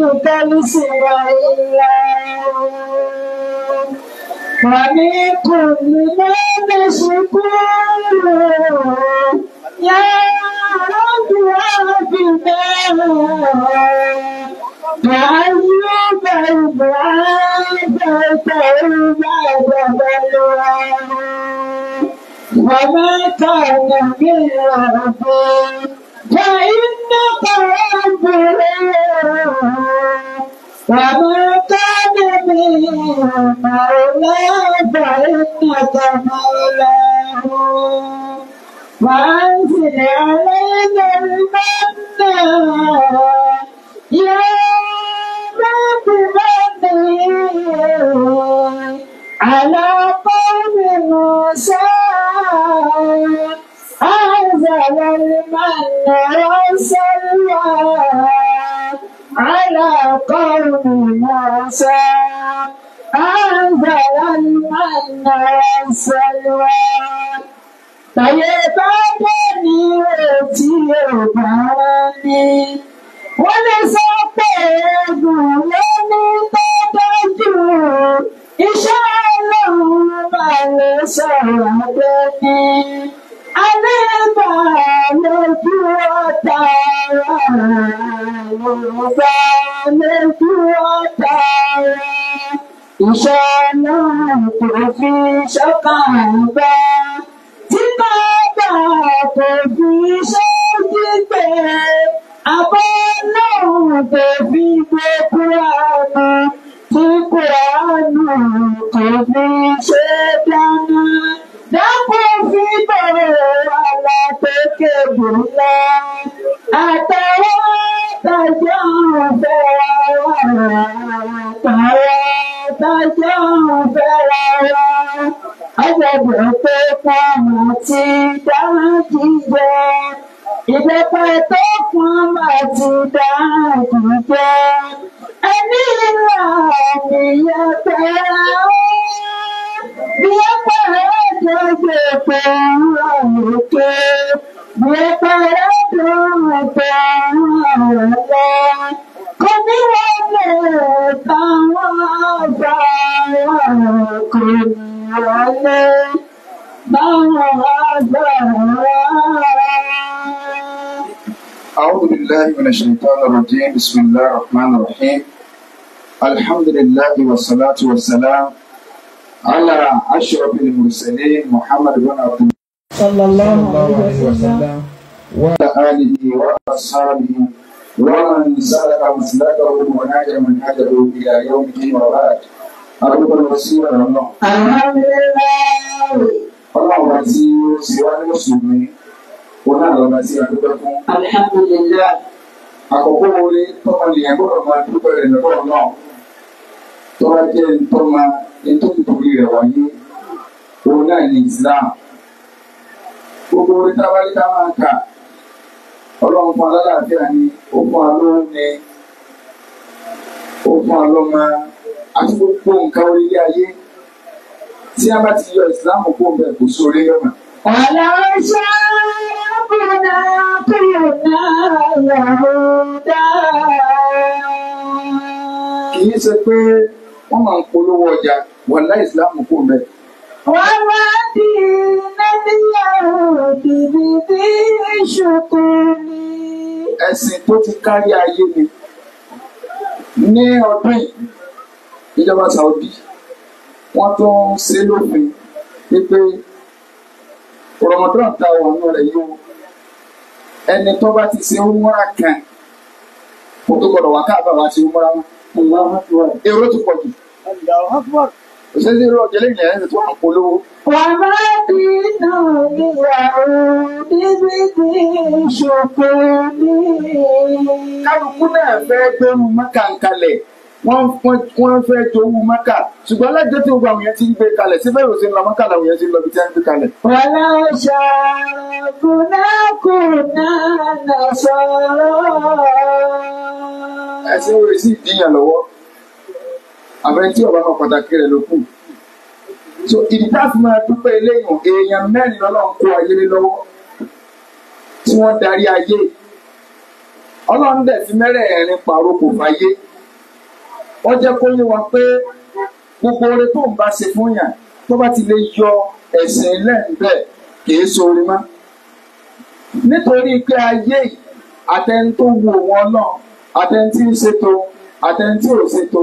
no pelo celular. Amigo, me manda socorro. E aonde a vida Pra ajudar o braço Pra ajudar o braço Pra matar na minha vida Pra ir matar a mulher ومكان منه مولى فإنك مولاه وأنزل علينا المنى يا رب مني على قوم موسى أنزل المن والسلوى على قوم موسى أنزل المن والسلوى فيبقى نيوتي وبرني ولسبب لمن تدعو إن شاء الله ما لسببني Àlébà lójú ọ̀tá ara Yorùbá lójú ọ̀tá ara. Iṣẹ́ náà kò fi ṣọ́kàn gbá. Tí bàbá kò fi ṣe gbígbé, àbọ̀ náà kò fi gbé Kúránù. Tí Kúránù kò fi ṣe dáná. kébùlá àtàwọn tàjọ fẹ́ra wa àtàwọn tàjọ fẹ́ra wa ọjọ́gbọ̀n pé fọ́ọ̀mù ti dáàbì jẹ ìdẹ́pẹ́ tó fọ́ọ̀mù ti dáàbì jẹ ẹni ìlà ìyẹn fẹ́ra ó bí ó pẹ̀lú ẹ̀jẹ̀ gbèpè ńlá òkè. أعوذ بالله من الشيطان الرجيم بسم الله الرحمن الرحيم الحمد لله والصلاة والسلام على أشرف المرسلين محمد بن عبد صلى الله عليه وسلم وعلى آله وأصحابه ومن سلك مسلكه ونهج منهجه إلى يوم الدين وبعد أبوك الوسيلة الله الحمد لله ọlọ́run bá tí ó ṣe wá ní mùsùlùmí ó náà lọ́ba tí a dúpẹ́ fún. alihamudulila. àkọ́kọ́ wọlé tọ́mọ nìyẹn gbọ́dọ̀ máa dúpẹ́ rẹ̀ lọ́dọ̀ náà tọ́wá jẹ́ ntọ́ma ntọ́ntorí rẹ̀ wáyé òun náà ní Islam gbogbo orí tábàlì ká máa kà ọlọ́run fún alálàáfíà ni ó fún alóhùn ni ó fún alọ́mọ àti gbogbo nǹkan orílẹ̀ ayé tí a bá ti yọ ìsìláàmù kó bẹ̀ kò sóore lọ́mọ. ọ̀la ṣe kùnà kùnà yàrá. kì í ṣe pé wọ́n máa ń polówó ọjà wọ́n lá ìsìláàmù kó bẹ̀. wọ́n máa Ẹ̀sìn tó ti kárí ayé ni. Ní ọdún yìí, ìjọba Saudi, wọ́n tó ń ṣe lófin wípé Ramadan ta ọ̀nà rẹ̀ yóò. Ẹni tó bá ti ṣe umura kan, kò tó gbọdọ̀ wá káàbà wá ṣe umura wọn. Èrò ti pọ̀ jù ṣé ní irú ọjọ́ lẹ́yìn lẹ́yìn tí wọ́n polówó. wà á má bínú ìyàwó bíbí ní ìṣòfò ní. kálukú náà fẹ́ gbẹ́rù mọ́kà ń kalẹ̀ wọ́n fẹ́ jowú mọ́kà ṣùgbọ́n alájọ́ tí gbogbo àwọn yẹn ti ń gbé kalẹ̀ sí bẹ́ẹ̀ òsè ńlọ mọ́kà làwọn yẹn ti ń lọ bí tí wọ́n ń gbé kalẹ̀. wàlá ṣàkùnákùná nà sọ̀rọ̀. ẹ̀sìn wo èsì ìdíyàn lọ́wọ́ àfẹnití ọba kan pàtàkì rẹ̀ ló kù so ìdíjáfi máa dúpẹ́ eléyàn èèyàn mẹ́rin lọ́lọ́run kó ayé lé lọ́wọ́ tí wọ́n darí ayé ọlọ́run dẹ̀ fi mẹ́rẹ̀ẹ̀rin pàrọ̀ kò fàyè wọ́n jẹ́ kó yé wa pé gbogbo oore tó ń bá ṣe fún yàn tó bá ti lè yọ ẹ̀sìn lẹ́ǹbẹ̀ kìí sori mọ́ nítorí pé ayé àtẹni tó wu òun ọlọ́run àtẹni tí ń ṣètò àtẹni ò ṣètò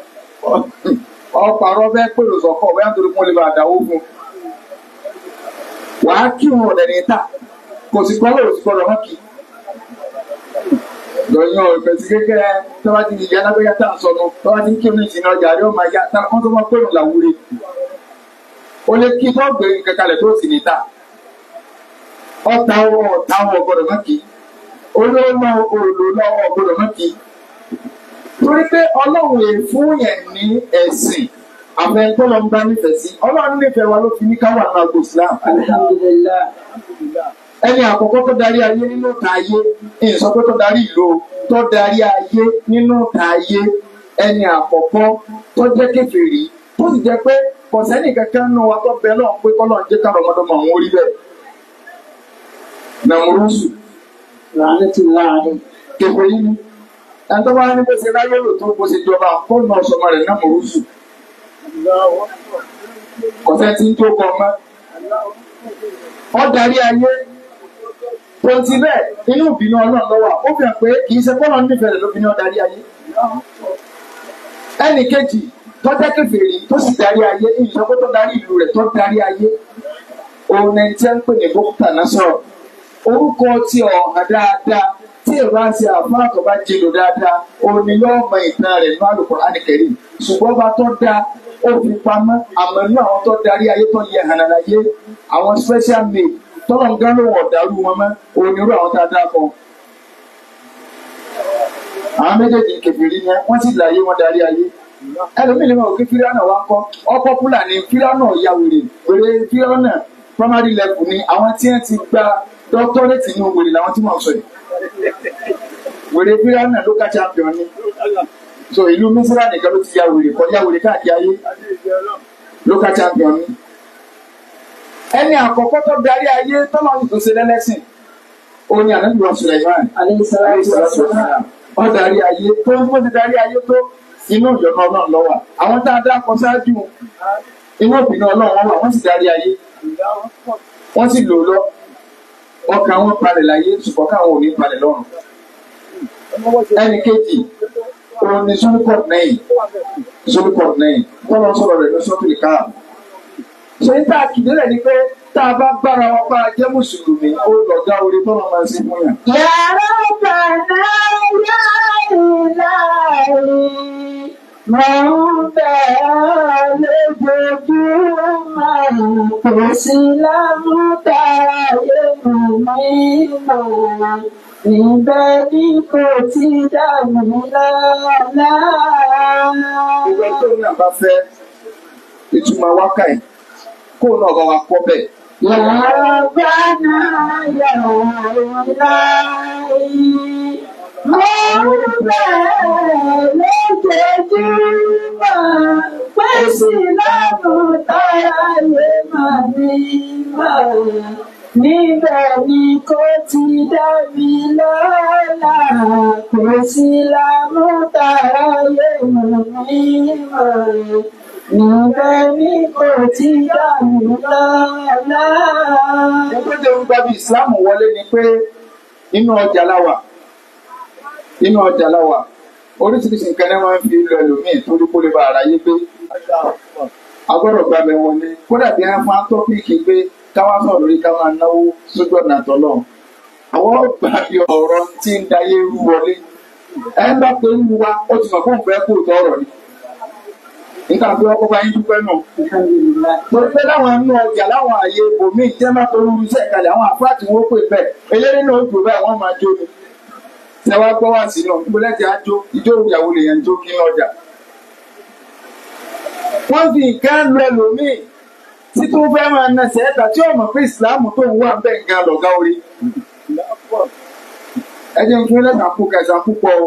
ọ̀pọ̀ àrọ́ bẹ́ẹ̀ pé òsọ̀kọ̀ bẹ́ẹ̀ nítorí kún lè bá àdáwó fún un. wàá kí wọn ọ̀dẹ̀ ní ta kò sì gbọ́dọ̀ kò sì gbọ́dọ̀ mọ́ kí. lọ́yìn ọ̀fẹ́ ti kékeré tọ́wá ti yíyá lágbẹ́yà tá à ń sọnù tọ́wá ti ń kí oní ìsìn ọjà rẹ̀ ọmọ ayá tá wọ́n tó wá pé òun làwúre. o lè kí tó gbé kankanlẹ̀ tó sì ní ta. ọ̀tá ọ̀tá ọ̀ torí pé ọlọ́run yẹn fún yẹn ní ẹ̀sìn àfẹnukọ́lọ́ ń bá nífẹ̀ẹ́ sí ọlọ́run nífẹ̀ẹ́ wa ló fi ní káwà náà gbò Islam. ẹni àkọ́kọ́ tó darí ayé nínú ìta ayé ẹni sọ tó darí ìlú tó darí ayé nínú ìta ayé ẹni àkọ́kọ́ tó jẹ́ kékeré tó sì jẹ́ pé kò kankan nù wa tó bẹ náà pé kọ́lọ́ ń jẹ́ káwọn ọmọdọ́mọ àwọn orí bẹ́ẹ̀. nàmúrúsù. ràánẹ́tì láàrin. kékeré ni ẹni tó bá ní bó ṣe láyé rò tó bó ṣe jọba kó nà ọ̀sọ̀mọ rẹ̀ náà mọ̀rúsù kọ̀sẹ́ tí ń tó kọ mọ́ ọ darí ayé tonti bẹ́ẹ̀ inú ìbínú ọlọ́run lọ́wọ́ ó fi hàn pé kì í ṣe kọ́nà nífẹ̀ẹ́ rẹ̀ ló fi ní ọ darí ayé ẹnì kejì tọ́jà kẹfìrì tó sì darí ayé ìṣọ́kó tó darí ìlú rẹ̀ tó darí ayé òun ẹni tí a pè ní bókútà náà sọ̀rọ̀ orúkọ tí ọ̀hàn dáadáa tí ẹ bá ṣe àfáà tó bá jìnnà dáadáa òní yóò mọ ìtàn rẹ̀ nínú Al-Qur'an Al-Karim ṣùgbọ́n bá tó dá ó fi pamọ́ àmọ́ ní àwọn tó darí ayé tó yẹ hàn láyé àwọn special maid tọ́lọ̀ ń gán ló wọ̀ dàrú wọn mọ́ onírú àwọn tá a dá kan. àwọn méjèèjì kèfèrí yẹn wọ́n sì láyé wọ́n darí ayé ẹlòmíì ni wọn ò kí fíráànà wá kọ́ ọkọ̀ fúlàní fíráànà ya wèrè wèrè fíráànà primary level ni àwọn tí wọ́n ti gba dọ́kítọ́rẹ́tì ni wèrè làwọn tí wọ́n sọ yìí wèrè bíráàmì ló ká champion ni so ìlú mísírà nìkan ló ti ya wèrè kọjá wèrè káàkiri ayé ló ká champion ni ẹni àkọ́kọ́ tó darí ayé tọ́lọ́ tó ṣe lẹ́lẹ́sìn ó ní ànábì wa Sulaiman ó darí ayé tó ń bóde darí ayé tó inú ìyọnu ọlọ́run ló wà àwọn tá a dá kọ ṣáájú inú òbí náà ọlọ́run wà wọ́n sì darí ayé wọ́n sì lò lọ ọkàn wọn parẹ̀ láyé ṣùgbọ́n káwọn ò ní parẹ̀ lọ́run. ẹnì kejì òun ni zolikọt nẹ́yìn zolikọt nẹ́yìn tọ́lọ́ sọ̀rọ̀ rẹ̀ ló sọ́kìlì ká. ṣé tá a kìdí rẹ̀ ni pé tá a bá bára wọn bá jẹ́ mùsùlùmí ó lọ dá orí tọ́lọ́ máa ṣe fún yàn. yàrá bàbá yàrá ìlà rí. Mo ń bẹ̀ ọ́ lójoojúmọ́, kò sí lámúta ayé mi mímọ́. Níbẹ̀ ni kò ti dà mí lọ́la. Ìwé tó ní àbá fẹ́ ìtumọ̀ wákàtí kó náà bá wa kọ́ bẹ́ẹ̀. Yàrá bá náà yàrá ìwọ̀n láàyè. Lórúkọ lójoojúmọ́, pèsè lọ́rùn tára lè máa ní mọ̀. Níbẹ̀ ni kò ti dá mi lọ́la, kò sí lámú tára lè máa ní mọ̀. Níbẹ̀ ni kò ti dá mi lọ́la. Ẹgbẹ́ tó ń gbabi ìsìlámù wọlé ni pé inú ọjà la wà. Inu ọjà láwà oríṣiríṣi nǹkan náà fi lọ ẹlòmíì torí kó lè bá ara yé pé agbọ́dọ̀ gba kódà bí wọ́n máa ń tọ́pìkì pé káwá sọ̀rọ̀ rí káwá náwó sójú ọ̀nà àtọ̀lọ́ àwọn ọgbà ọ̀rọ̀ tí ń dayé wọlé ẹ bá ti mọ̀ fún ni nígbà yín dúpẹ́ náà pé láwọn inú ọjà láwọn àyè tẹ wá gbọ́ wá sí náà níbo lẹ́tì á jó ijó ìyàwó lè yẹn jó kí lọ́jà. wọ́n fi nǹkan lu ẹlòmíì tí tó fẹ́ máa nẹsẹ̀ ẹ̀ta tí ọmọ pé ìsìláàmù tó ń wà bẹ́ẹ̀ gan lọ̀gá orí. ẹ jẹ́ nítorí lẹ́tà kú kẹsàn púpọ̀ o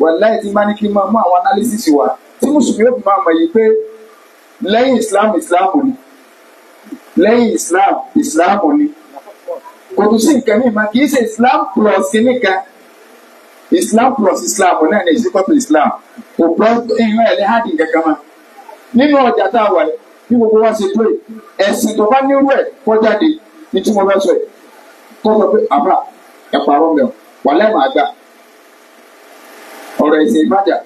wàláì tí máa ní kí n máa mú àwọn analysis wá tí mùsùlùmí yóò fi máa mọ̀ yìí pé lẹ́yìn ìsìláàmù ìsìláàmù ni lẹ́yìn ìsìláàmù ìsìláàmù ni kò tún sí nǹkan mìíràn kì í ṣe ìsìláàmù plus kìíní islam plus islam ọ̀ náà ní ìsìnkọ́pù islam kò gbọ́ ìran ẹ̀ lẹ́hàdì kankan mọ́ nínú ọjà tá a wà bí gbogbo wa ṣe tó ẹ̀sìn tó bá nírú ẹ̀ kọjáde ní tí mo fẹ́ sọ yìí tó sọ pé àbá ẹ̀pà rọ̀ mẹ́ọ̀ wà lẹ́mọ̀ àgbà ọ̀rọ̀ ẹ̀sìn ìbàdà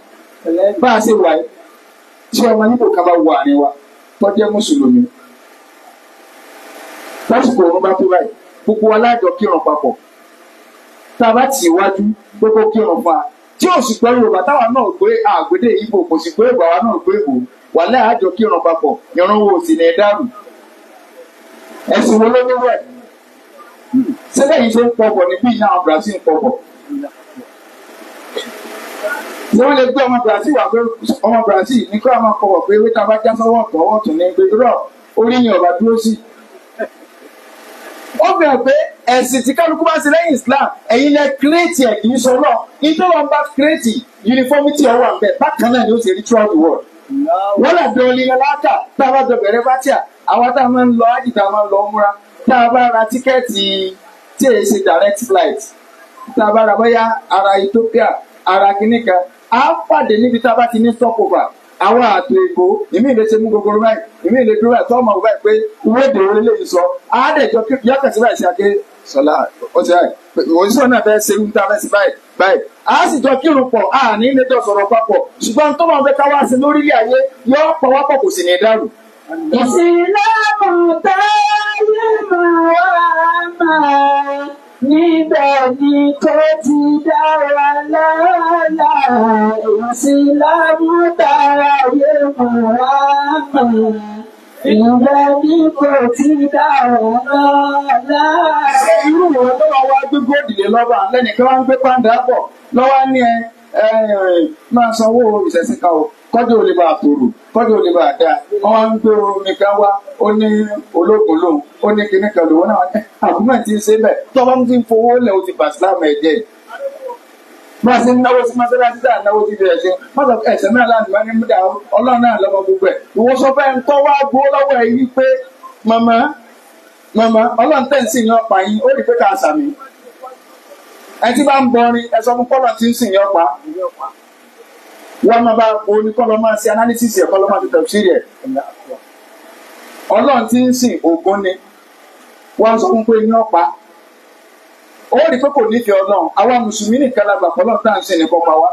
bá a ṣe wà yìí tí ọmọ yíbo kan bá wọ àárín wa tó jẹ́ mùsùlùmí lásìkò òun bá tó báyìí gbogbo alájọ kírun papọ̀ tá a bá tì wájú pé kó kírun fún wa tí ò sì pẹ́ yorùbá táwa náà gbé àgbédè ibo kò sì pé ìgbàwa náà gbé ìbò wà láàjọ kírun papọ̀ ìran wo sì ní dàrú ẹ̀sìn wo ló ní wẹ̀ sẹ́lẹ̀ yìí ṣe ń pọ̀ bọ̀ ní bí ìyá àwọn Brazil ń pọ̀ bọ̀ ṣé wọ́n lè gbé ọmọ Brazil wà pé ọmọ Brazil ní kí wọ́n máa pọ̀ bọ̀ pé wíta bá já sọ́wọ́ ọ̀tọ̀ ọ̀tún ní gbẹdúrọ̀ orí ni ọ̀bà dúró sí ó fi hàn pé ẹ̀sìn tí kálukú bá ṣe lẹ́yìn Islam ẹ̀yin lẹ kírètì ẹ̀ kì í sọ náà ìjọba ń bá kírètì uniformity ọwọ́ àbẹ̀ bákan náà ni ó ṣe rí throughout the world. wọ́n lè dán olè láàkà tá a bá jọ bẹ̀rẹ̀ fatia àwa tá a máa ń lọ ájì tá a máa ń lọ múra tá a bá ra tíkẹ́ẹ̀tì tí èyí ṣe direct flight tá a bá ra bóyá ara Ethiopia ara kìnìkan á pàdé níbi tá a bá ti ní stopover àwọn àtò èkó ìmí ìlẹ̀ ṣe mú gogoro báyìí ìmí ìlẹ̀ dúró àti ọmọ báyìí pé wọ́ọ̀dì orí lè sọ àádẹ́jọ yọkàn sí báyìí sí aké sọlá ọtí báyìí òṣìṣẹ́ náà fẹ́ ṣe ń ta fẹ́ sí báyìí báyìí a sì jọ kírun pọ̀ a ní ilé jọ sọ̀rọ̀ papọ̀ ṣùgbọ́n tó máa ń fẹ́ ká wá sí lórílẹ̀ ayé yọ pọ̀ wá pọ̀ kò sì ní dàrú. ìsìlámù táyé máa wá máa Níbẹ̀ ni tó ti dá wa lọ́la, ìsìlámù tara yé Mùhàmmà. Ìwẹ́ ní kò ti dá wa Irú wọn lọ́wọ́ wá gbé góòdì lé lọ́wọ́, lẹ́nìkan wá ń gbé pàǹdà bọ̀, lọ́wọ́ ní ẹ. Eh, máa sanwó ìṣẹ̀sìn kan o kọ́jú ò lè bá àtòrò kọ́jú ò lè bá àdá wọ́n ń gbé omi kan wá ó ní ológun lòun ó ní kinní kan lòun náà àgùnmọ̀ tí ń ṣe bẹ́ẹ̀ tó bá ń fi fowó lẹ̀ o ti bà sílámù ẹ̀jẹ̀ yìí máa ṣe ń náwó sí mọ́sálásí tá à ń náwó sí ibi ẹ̀ṣẹ̀ mọ́tò ẹ̀ṣẹ̀ náà láti máa ní múdà ọlọ́run náà lọ́mọ gbogbo ẹ̀ ìwọ sọ fẹ́ ń tọ́ wá lọ́wọ́ ẹ̀ yí pé màmá màmá ọlọ́run tẹ̀ ń sìn ní ọ̀pá yín ó rí pé ká sàmì ẹni tí bá ń bọrin ẹsọ fún kọlọ tí ń sìn yọ pa wọn máa bá oní kọlọ máa ṣe analysis ẹ kọlọ máa ti tafsiri ẹ Ọlọ́run tí ń sìn ògún ni wọn sọ fún pé ní ọpa ó rí pé kò nífẹ̀ẹ́ Ọlọ́run àwa mùsùlùmí nìkan la gbà pọlọ tá à ń sìn ní kọpa wa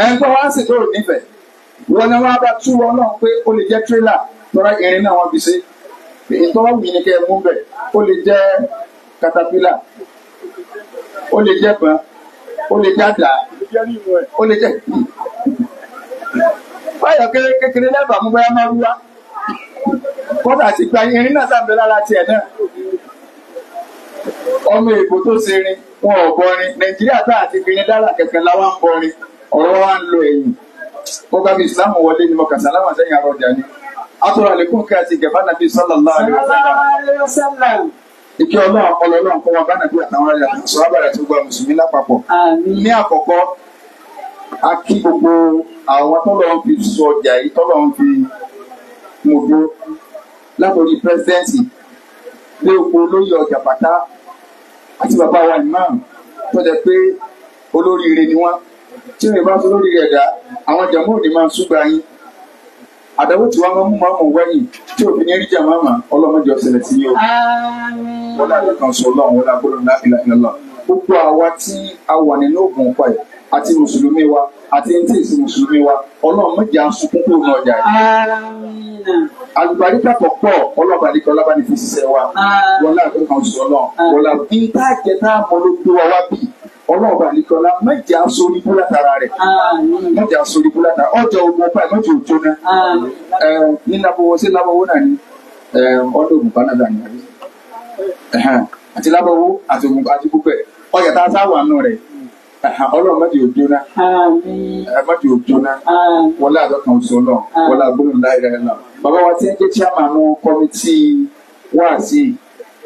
ẹni tó wá tó nífẹ̀ẹ́ wọn ni wọn bá tú Ọlọ́run pé ó lè jẹ tírélà lọ́ra irin náà wọn fi ṣe èyí tó wà kẹ́ ẹ mú bẹ̀ ó lè jẹ katapila ó lè jẹ́ bọ́n ó lè jẹ́ àdá ó lè jẹ́ kì. báyọ̀ kékeré lẹ́bàá mú báyọ̀ máa wúwá kọ́dà ti gba irin náà sàbẹ̀ lára tiẹ̀ náà ọmọ èkó tó ṣe rin wọn ò bọrin nàìjíríà tá àti gbìyànjú dára kẹ̀kẹ́ láwa ń bọrin ọ̀rọ̀ wa ń lo ẹ̀yìn ó bá fi ìsìlámù wọlé ni mo kà sálámà sẹ́yìn àrọ̀jà ni. atọ́rọ̀ àlékún kí a ti gẹ̀fà nàbí sallallahu alaihi wasallam ìkẹ́ ọlọ́run ọpọlọ ọlọ́run kọ́ wọn bánàbí àtàwọn ará àti sọ́ábà àti gbogbo mùsùlùmí lápapọ̀. ní àkọ́kọ́ a kí gbogbo àwọn tọ́lọ̀ ń fi sọ ọjà yìí tọ́lọ̀ ń fi mòdó látòrí pírẹsidẹ́ǹtì lé oko olóyè ọjà pátá àti bàbá wa imam tọ́jà pé olóríire ni wọ́n tí wọ́n bá sọ olóríire ẹ̀dá àwọn jàmbá òní máa ń súgbà yín Adawo tí wọn máa mú màmú wáyé tí òfin ní ríjà màmá ọlọmọdé ọsẹlẹ sí yóò wọn láyé kan sọ Ọlọ́run wọn lágbọdọ ńlá ìlà ìlà lọ gbogbo àwa tí a wà nínú òkun pa yìí àti mùsùlùmí wa àti ntí ìsìn mùsùlùmí wa Ọlọ́run méjì kúrò ní ọjà yìí alùpàdé pọ̀ ọlọ́ba ní kọlá bá ní fi ṣiṣẹ́ wa wọn lágbọdọ kan sọ Ọlọ́run wọn lágbọdọ ọlọ́ọ̀bà nìkọ́lá mẹ́jà sórí búlá tara rẹ̀ mẹ́jà sórí búlá tara ọjọ́ ogun ọba mẹ́jọ òjò náà ní labọwọ sí labọwọ náà ni ọdún ògùn kanada ni àti labọwọ àti ògùn àti gbogbo ẹ ọjà tá a sá wà nù rẹ ọlọ́run mẹ́jọ òjò náà mẹ́jọ òjò náà wọlé àdọ́kan oṣù náà wọlé agbóhùn láìra ẹ̀ náà bàbá wa ti ń jẹ́ chairman kọ́mítì wáàsí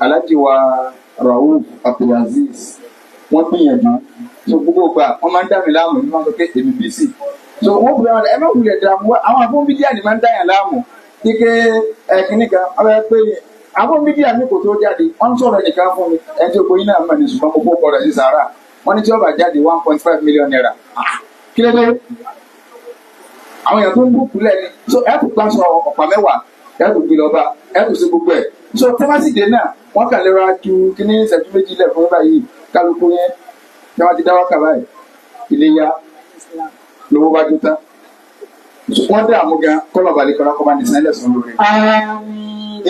alájì wa Rauf Abdulaziz wọ́n gbìyànjú so gbogbo ìgbà wọ́n máa ń dá mi láàmú ní wọ́n sọ pé èmi bí sì so wọ́n bùrẹ̀ wọn ẹ má wulẹ̀ dà mú àwọn afọ́n bídíà ni máa ń dá yàn láàmú kíkẹ́ ẹ̀kíní kan ọ̀rẹ́ pé afọ́n bídíà mi kò tó jáde wọ́n sọ̀rọ̀ nìkan fún mi ẹni tí ogbóyin náà mọ̀ ní ṣùgbọ́n mo kó sí sàárà wọ́n ní tí ọba jáde one point five million naira kí ló dé àwọn èèyàn tó ń bùkún lẹ́ni so ẹ̀ kò gbàsọ ọ̀pá mẹ́wàá ẹ̀ kò gbé lọ́ba ẹ̀ kò so tẹ́másìdè náà wọ́n kàn lè ra ju kíní ìṣẹ́jú méjì kálukú yẹn tí wọ́n ti dá wákà báyìí iléyà lówó bá dún tán wọ́n dá àmúga kọ́lọ̀ balẹ̀ kọ́lá kọ́ bá ní sẹ́lẹ̀ sọ lórí.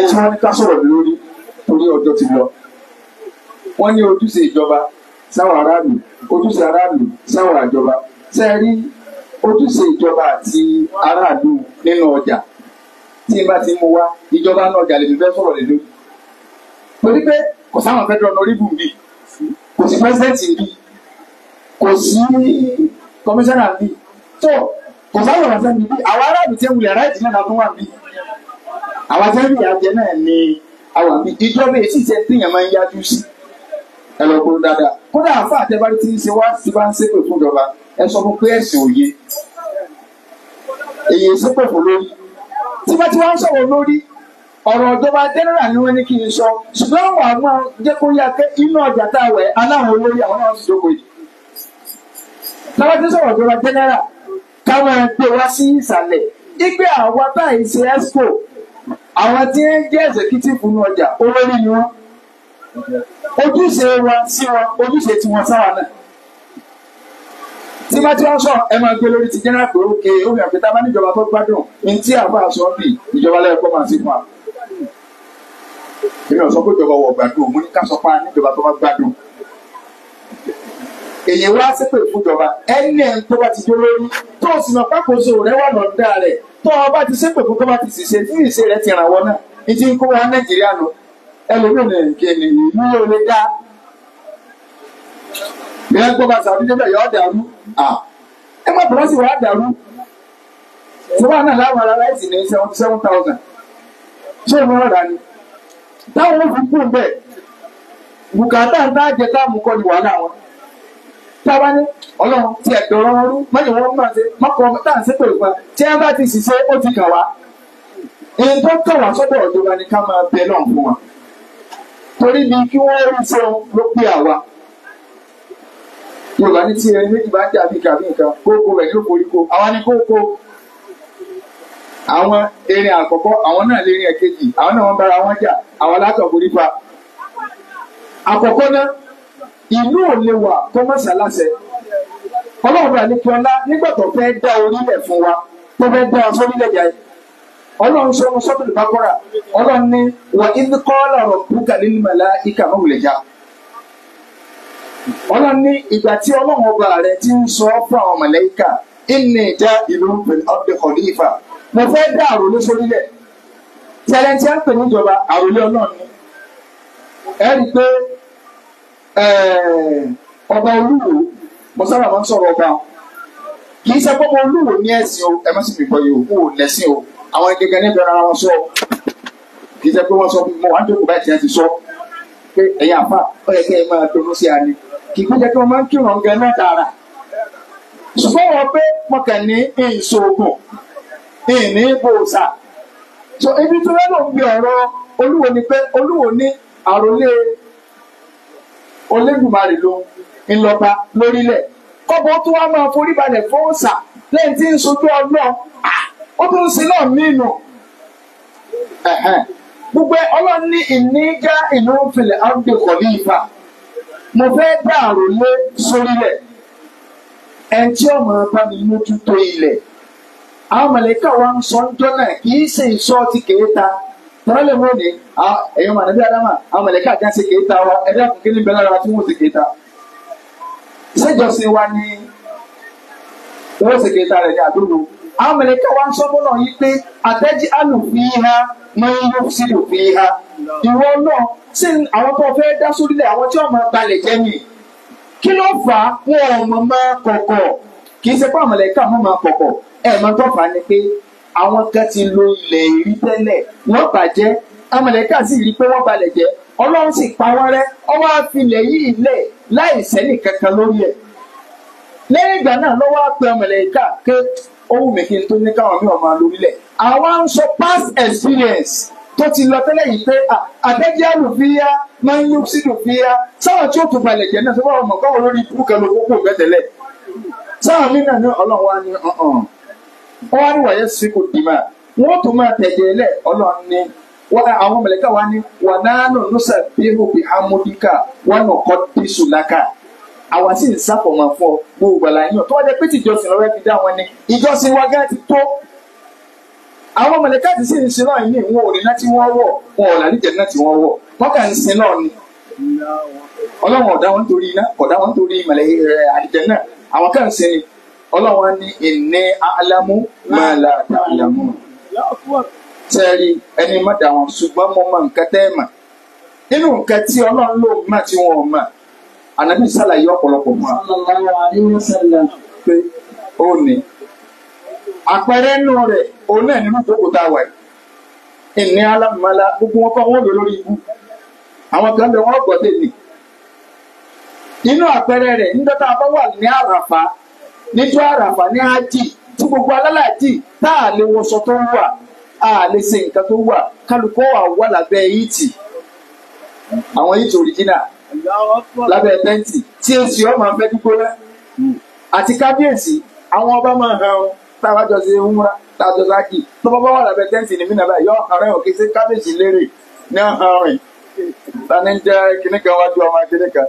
ètò wọn ní ká sọ̀rọ̀ lórí torí ọjọ́ ti lọ. wọ́n ní ojúṣe ìjọba sáwọn aráàlú ojúṣe aráàlú sáwọn àjọba sẹ́ẹ̀rí ojúṣe ìjọba àti aráàlú nínú ọjà tí n bá ti mú wá ìjọba náà ọjà lè fi fẹ́ sọ̀rọ̀ lè lórí. torí pé kò sáwọn fẹ́ dọ̀nà orí bùnbí kò sí pẹ́sidẹ́ǹtì bí kò sí kọmíṣánná bí tó kò sáwọn ọ̀rọ̀ sẹ́ni bí àwọn aráàlú tẹ́ wulẹ̀ aráàlú náà tó wà bí àwọn atẹ́rù ìyàjẹ náà ni àwọn àbí ìjọba èsì tẹ téèyàn máa ń yájú sí ẹ lọ kó dáadáa kódà àfa àtẹ́bárí tí ń ṣe wá sí bá ń ṣépè fún ìjọba ẹ sọ fún pé ẹ̀sìn òye èyí ṣépè fún lórí tí wọ́n ti wá ń sọ̀rọ̀ lórí ọ̀rọ̀ ìjọba jẹ́nẹ́rà ni wọ́n ní kí n sọ ṣùgbọ́n wà á máa jẹ́ kó yá pé inú ọjà tá a wẹ̀ aláwọn olóyè àwọn náà ti dókòó yìí. táwa ti sọ̀rọ̀ ìjọba jẹ́nẹ́rà káwọn gbé wá sí ìsàlẹ̀ ipe àwa táyì ṣe expo àwọn tí ń jẹ́ executive fún ọjà olórí ni wọ́n ojúṣe wa sí wọn ojúṣe tiwọn sáwa náà tí bá tí wọ́n sọ ẹ máa gbé lórí ti general pé ó ké omi àpẹta bá níjọba tó gbádùn ní tí àbá sọ bì ìjọba lẹ́yìn kọ́ máa sí fún wa èmi ò sọ pé ìjọba wọ̀ gbàdúrà mo ní ká sọ pé níjọba tó bá gbàdúrà. èyí wá sípè fúnjọba ẹni ẹ̀ tó bá ti dé lórí tó o sì mọ̀ pákóso rẹ̀ wà lọ́dà rẹ̀ tó o bá ti sépè fún tó ti ṣiṣẹ́ tí ìṣe rẹ̀ ti ràn wọ́n náà ìdí kó wa nàìjíríà nù ẹlòmíràn ìlú yóò lè dá. bí wọ́n gbọ́ sàbí débẹ̀ yọ ọ́ dàrú ẹ má bọ̀ sí wàá dàrú ṣùgbọ́n náà láwọn ará ní seven thousand ṣé ìmúra rà ni táwọn òfin kù ń bẹ̀ bùkátà ń tàjẹ káàmù kọ́ ni wàhálà wọn táwa ní ọlọ́run tí ẹ̀ dọ̀rọ̀ wọn rú mọ́yìn wọn máa ṣe mọ́kọ́ tá à ń ṣépè pa tí ẹ bá ti ṣiṣẹ́ ó ti kàn wá ìyẹn tó kàn wá sọ́dọ̀ ìjọba ni ká máa bẹ náà fún wa torí bí kí wọ́n rí fún ló pé àwa yorùbá ní tí ẹni méjì bá dàbí kàbí nǹkan kókó rẹ̀ yóò koríko àwa ni kókó àwọn erin àkọ́kọ́ àwọn náà lè rin ẹ̀kejì àwọn náà wọ́n bára wọn jà àwọn alátọ̀kùnrin pa. àkọ́kọ́ náà ìlú ò lè wà kọ́mọ́sálásẹ ọlọ́run àlekí ọlá nígbà tó fẹ́ dá orílẹ̀ fún wa tó fẹ́ dá aṣọ orílẹ̀ yà yìí ọlọ́run sọ ọmọ sọ́tò ìbákọ́ra ọlọ́run ní wà ìdíkọ́lá rọ̀ búkà nínú mẹ́lá ìkà mọ́wùlẹ̀ já ọlọ́run ní ìgbà tí ọlọ́run ọba rẹ̀ ti ń sọ fún àwọn màláíkà mo fẹ́ dá àròlé sórílẹ̀ tẹ́lẹ̀tì á pè níjọba àròlé ọlọ́run ni ẹ rí i pé eh, ọba olúwo mo sábà máa ń sọ̀rọ̀ ọba kì í ṣe pé ọba olúwo ní ẹ̀sìn o ẹ má sì fi gbọ́ yìí o kò lẹ́sìn o àwọn ẹgbẹ́ gan níbi ara wọn sọ kì í ṣe pé wọ́n sọ mo wà ń jókòó báyìí tí wọ́n ti sọ pé ẹ̀yin àfa ó yẹ kí ẹ máa dùnnú sí ani kì í kó jẹ́ pé wọ́n máa ń kírun gan náà dára ṣùgbọ́n wọ́n pé mọ̀kàn ní ìṣòògùn ìní bòòsà so ibi tó yẹ́nà ń gbé ọ̀rọ̀ olúwo ni pé olúwo ní àròlé olódùmarè ló ń lọ́ba lórílẹ̀ kọ́bọ̀ tó wá máa forí balẹ̀ fọ́ọ̀sà lẹ́yìn tí ń sojú ọlọ́ọ̀ ó tún ń sin náà nínú gbogbo ọlọ́run ní ìníjà ìlú òfìlẹ̀ áńdè kọ̀lí ìfà mo fẹ́ dá àròlé sórílẹ̀ ẹ̀ tí ọmọ bá mi mójútó ilẹ̀ àwọn mọ̀lẹ́kà wa ń sọ ń jọ́ náà kì í ṣe ìṣọ́ ti kèéta tọ́lá lè mú ni ẹ̀yin mọ̀ níbi adama àwọn mọ̀lẹ́kà já ṣe kèéta wa ẹ̀dá kìkì ní bẹ̀rẹ̀ ara tí wọ́n ṣe kèéta. ṣèjọsìn wa ni wọ́n ṣe kèéta rẹ̀ ní àdúgbò àwọn mọ̀lẹ́kà wa ń sọ mọ́ náà yí pé àtẹ́jí àlùfín ha máa ń yọ sí òfin ha ìwọ náà ṣé àwọn tó fẹ́ dá sórílẹ̀ àwọn tí wọ́n máa balẹ̀ jẹ́ mi kí ló fà á wọn ò mọ̀ máa kọ̀kọ̀ kì í ṣe pé àmọ̀lẹ́kà mọ̀ máa kọ̀kọ̀ ẹ̀mọ́ tọ́fà ni pé àwọn kan ti lo ilẹ̀ ìrí tẹ́lẹ̀ wọ́n bàjẹ́ amọ̀lẹ́kà sì rí i pé wọ́n balẹ̀ jẹ́ ọlọ́run sì pa wọ́n rẹ́ ọwọ́ àfilẹ̀ yìí lẹ̀ láì sẹ́nì kankan lórí ẹ̀ lẹ́yìn ìgbà náà lọ́wọ́ àpẹ amọ̀lẹ́kà pé ohun mi kí n tó ní káwọn mi ọmọ lórílẹ̀ àwa ń sọ past experience tó ti lọ tẹ́lẹ̀ yìí pé àtẹ́jẹ́ àlùfíà máa ń yún sínú fíà sáwọn tí ó tún balẹ̀ jẹ́ náà sọ́wọ́ ọmọ káwọn lórí ikú kan ló kókó bẹ́tẹ̀lẹ̀ sáwọn mí náà ní ọlọ́run wa ní ọ̀hún wọ́n wá ní wàyẹ síkù dìímà wọ́n tún máa tẹ̀jẹ̀ e lẹ̀ ọlọ́run ní àwọn mẹ̀lẹ́kà wá ní wà náà nù nùsà bíhù bí amúdíkà wọ́n nù kọ́ dísù lákà àwa sì ń sáfọ̀mọ́ fún ọ gbogbo àlà yín tó wá jẹ́ pé tìjọsìn lọ́wọ́ fi dá wọn ni ìjọsìn wa gá ti tó àwọn mẹ̀lẹ́kà ti sì ń sin náà ní ìwọ̀n òrìnà tí wọ́n wọ̀ wọn ò làlíjẹ̀ náà tí wọ́n wọ̀ wọ́n kà ń sin náà ni ọlọ́run ọ̀dá wọn torí iná ọ̀dá wọn torí mẹ̀lẹ́ àlìjẹ̀ náà àwọn kà ń sin ni ọlọ́run á ní ìní alámú máa la ẹni má wọn ṣùgbọ́n mo mọ nǹkan tẹ́ mà. nínú nǹkan tí ọlọ́run ló mà ti mà ànábì sàlàyé ọ̀pọ̀lọpọ̀ mọ́. ó ní. àpẹẹrẹ òun náà tá a wà yìí. ìní alámú máa la gbogbo wọn kọ́ wọn lò lórí ibú. àwọn kan gbọ́ tèmi. inú àpẹẹrẹ níjọ́ àràfà ní ájì tí gbogbo alálàájì tá a lè wọṣọ tó wà a lè ṣe nǹkan tó wà kálukọ́ wà wà lábẹ́ ìtì àwọn ìtì òrìjínà lábẹ́ tẹ́ǹtì tí èsì ọmọ afẹ́ gbígbóná àti kábíyèsí àwọn ọba máa hàn ọ́ táwa jọ ṣe ń múra táwa jọ sáàkì tó bá bá wà lábẹ́ tẹ́ǹtì ní mínà yọ ọ̀rẹ́ òkè sí kábíyèsí lérè ní ọ̀hán rìn tani ń jẹ́ kíníkan wájú ọmọ kíníkan.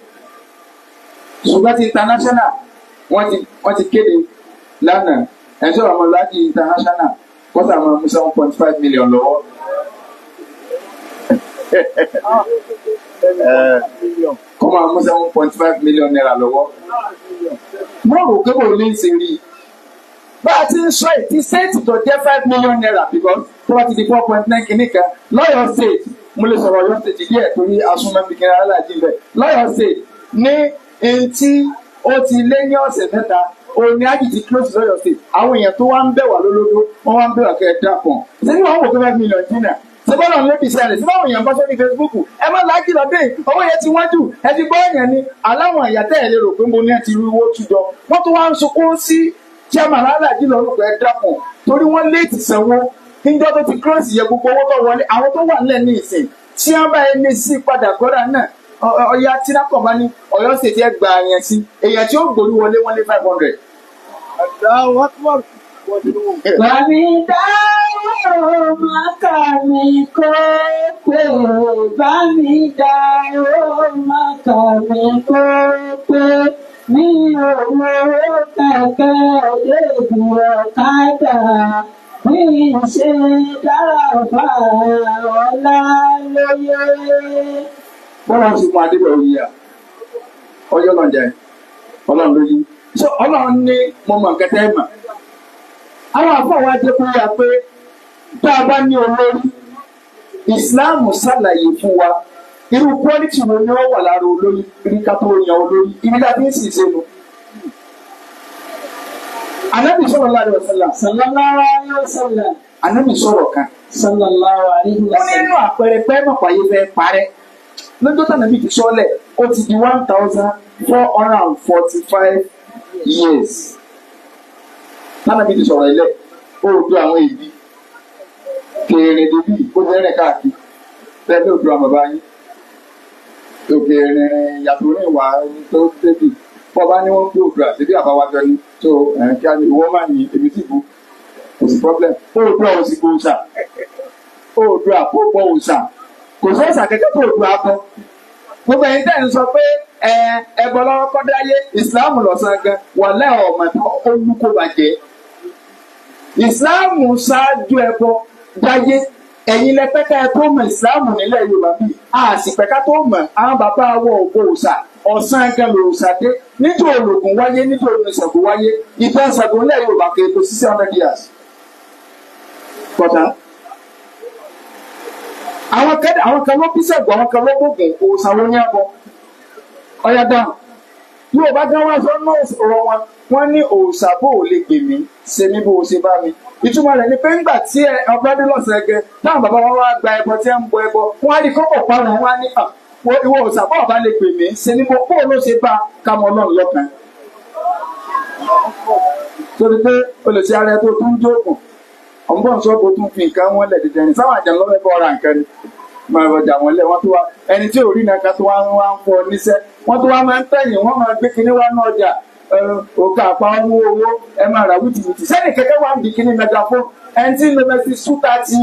ṣùgbọ́n ti international wọ́n ti wọ́n ti kéde lánàá ẹ̀ṣọ́ àwọn ọlọ́dún international wọ́n sà máa mú seven point five million lọ́wọ́. Eh, kọ́ máa mú seven point five million naira lọ́wọ́. mo rò pé ní ìsinmi bá a ti ń sọ èyí ti sẹ́ẹ̀tì tó jẹ́ five million naira because tó bá ti di four point nine kìíní kan lọ́yọ̀ state mo lè sọ̀rọ̀ ọ̀yọ́ state díẹ̀ torí asúnmọ́ mi kìíní aláàjì bẹ́ẹ̀ lọ́yọ̀ state ní ntí ó ti lé ní ọ̀sẹ̀ mẹ́ta òní àjèjì close lọ́yọ̀ sí àwọn èèyàn tó wá ń bẹ̀ wá lólódó wọ́n wá ń bẹ̀ wá kẹ́ ẹ dàpọ̀ sínú àwọn òkú five million jìnnà sọ́kọ́nà ló fi ṣẹlẹ̀ sí báwọn èèyàn bá sórí Facebook ẹ má láàkì lọ owó yẹn ti wọ́n jù ẹ ti gbọ́ èèyàn ni aláwọn àyà tẹ́ ẹ lè rò pé mo ní ẹ ti ru owó tù jọ wọ́n tún wá ń sunkún sí chairman aláàjì lọ rúkọ ẹ dàpọ̀ torí wọ́n léètì sanwó níjọ́ tó ti kírọ́ọ̀sì yẹ gbogbo owó tó wọlé àwọn tó wà nílẹ̀ ní ìsìn tí wọ́n bá ẹni sí padà gbọ́dọ̀ náà ọ̀yà tínàkọ̀ bá ní ọ̀yọ́ ṣètì ẹ̀ gba àyàn sí èèyàn tí ó gbòòrú wọlé wọn five hundred. Bàbí dáwọ́ màkà mi kó pé o, bàbí dáwọ́ màkà mi kó pé mi ò mọ̀ kẹ̀kẹ́ léèbù ọ̀kadà mi ṣe dára fà ọ̀la lóye bọ́lá ti mú adébẹ̀ òye à ọjọ́ náà jẹ ọlọ́run ló yí so ọlọ́run ní mo mọ̀ nǹkan tẹ́ mà àwọn àfọwọ́ ajẹ́kọ̀ọ́ yà pé tá a bá ní olórí ìsìláàmù ṣàlàyé fún wa irú pọ́lìtì wo ni wọ́n wà lára olórí ibi ká tó yan olórí ibi ká fi ń sì ṣe nu. Ànábì sọ̀rọ̀ láàrin ọ̀sánlá. Sàlámàlá ayé ọ̀sánlá. Ànábì sọ̀rọ̀ kan. Sàlámàlá ayé ọ̀sánlá. Wọ́n nínú àpẹẹrẹ pẹ́ẹ́mọ̀pá yìí fẹ́ parẹ́ lọ́jọ́ tàbí bíi ìṣọ́lẹ̀ ó ti di one thousand four hundred and forty-five years tàbí bíi ìṣọ̀rọ̀ ilẹ̀ ó do àwọn èdè kéré débi ìkóbẹ̀rẹ̀ káàkiri tẹ́lẹ̀ ó do àwọn bàbá yín òkèèrè yàtọ̀ ní ìwà tó débi bọ́ba ni wọ́n gbé òkúra síbi àbáwájọ ni tó kí a ní ìwọ́n máa ní ebi tí bu kò sí problem ó do àwọn òsìkò òòsà ó do àpòpọ̀ òòsà kò sọ́ọ̀sà kẹ́kẹ́ tó du abọ́ gbogbo ẹ̀yin tẹ́ ń sọ pé ẹ ẹbọ lọ́wọ́ kọ́dáyé ìsìláàmù lọ́sàn gan wọ́n lẹ́ ọ̀mọ̀ tó olùkó bàjẹ́ ìsìláàmù ṣáájú ẹbọ dáyé ẹ̀yin lẹ́pẹ́ká ẹ tó mọ̀ ìsìláàmù nílẹ̀ Yorùbá bíi àṣìpẹ́ká tó mọ̀ àwọn bàbá wọ ògbó òòṣà ọ̀sán gan lòòṣà dé nítorí ológun wáyé nítorí ìṣàgbó wáyé ìtàn ìṣàgbó nílẹ̀ Yorùbá kéré tó six hundred years. Kọ̀tà àwọn kan àwọn kan ló bí sẹ́gun àwọn kan ló gbógun òòsàn ló ní abọ ọ̀yà dáhùn yorùbá gan wá sọ náà sọ̀rọ̀ wọn wọ́n ní òòsà bò ó lè pè mí ṣe mí bó o ṣe bá mi ìtumọ̀ rẹ̀ ni pé ńgbà tí ẹ ọ̀bẹ́dé lọ́sẹ̀ gẹ táwọn bàbá wọn wá gba ẹbọ tí ẹ ń bọ ẹbọ wọn á di kọ́kọ̀ parun wọn á ní à ìwọ òòsà bò ọba lè pè mí ṣe mí bó bó ló ṣe bá kámọ náà lọ́kàn. torí pé olùsí ara ẹ tó tún jókòó ọ̀nbọ̀n ṣọ́ọ̀bù tún fi nǹkan wọn lẹ̀ dídẹ ní sáwọn àjẹmọ́ fẹ́ bọ́ ra nǹkan ni máa rọjà wọn lẹ̀ wọ́n tó wá ẹni tí ò rí nǹkan kan tó wá ń wá ń fọ níṣẹ́ wọ́n tó wá máa ń tẹ̀yìn wọ́n máa gbé kinní wá náà ọjà òkà àpá owó owó ẹ máa rà wìtìwìtì sẹ́ni kẹ́kẹ́ wá ń bì kinní mẹgàfóònù ẹni tí mẹmẹ ti súta ti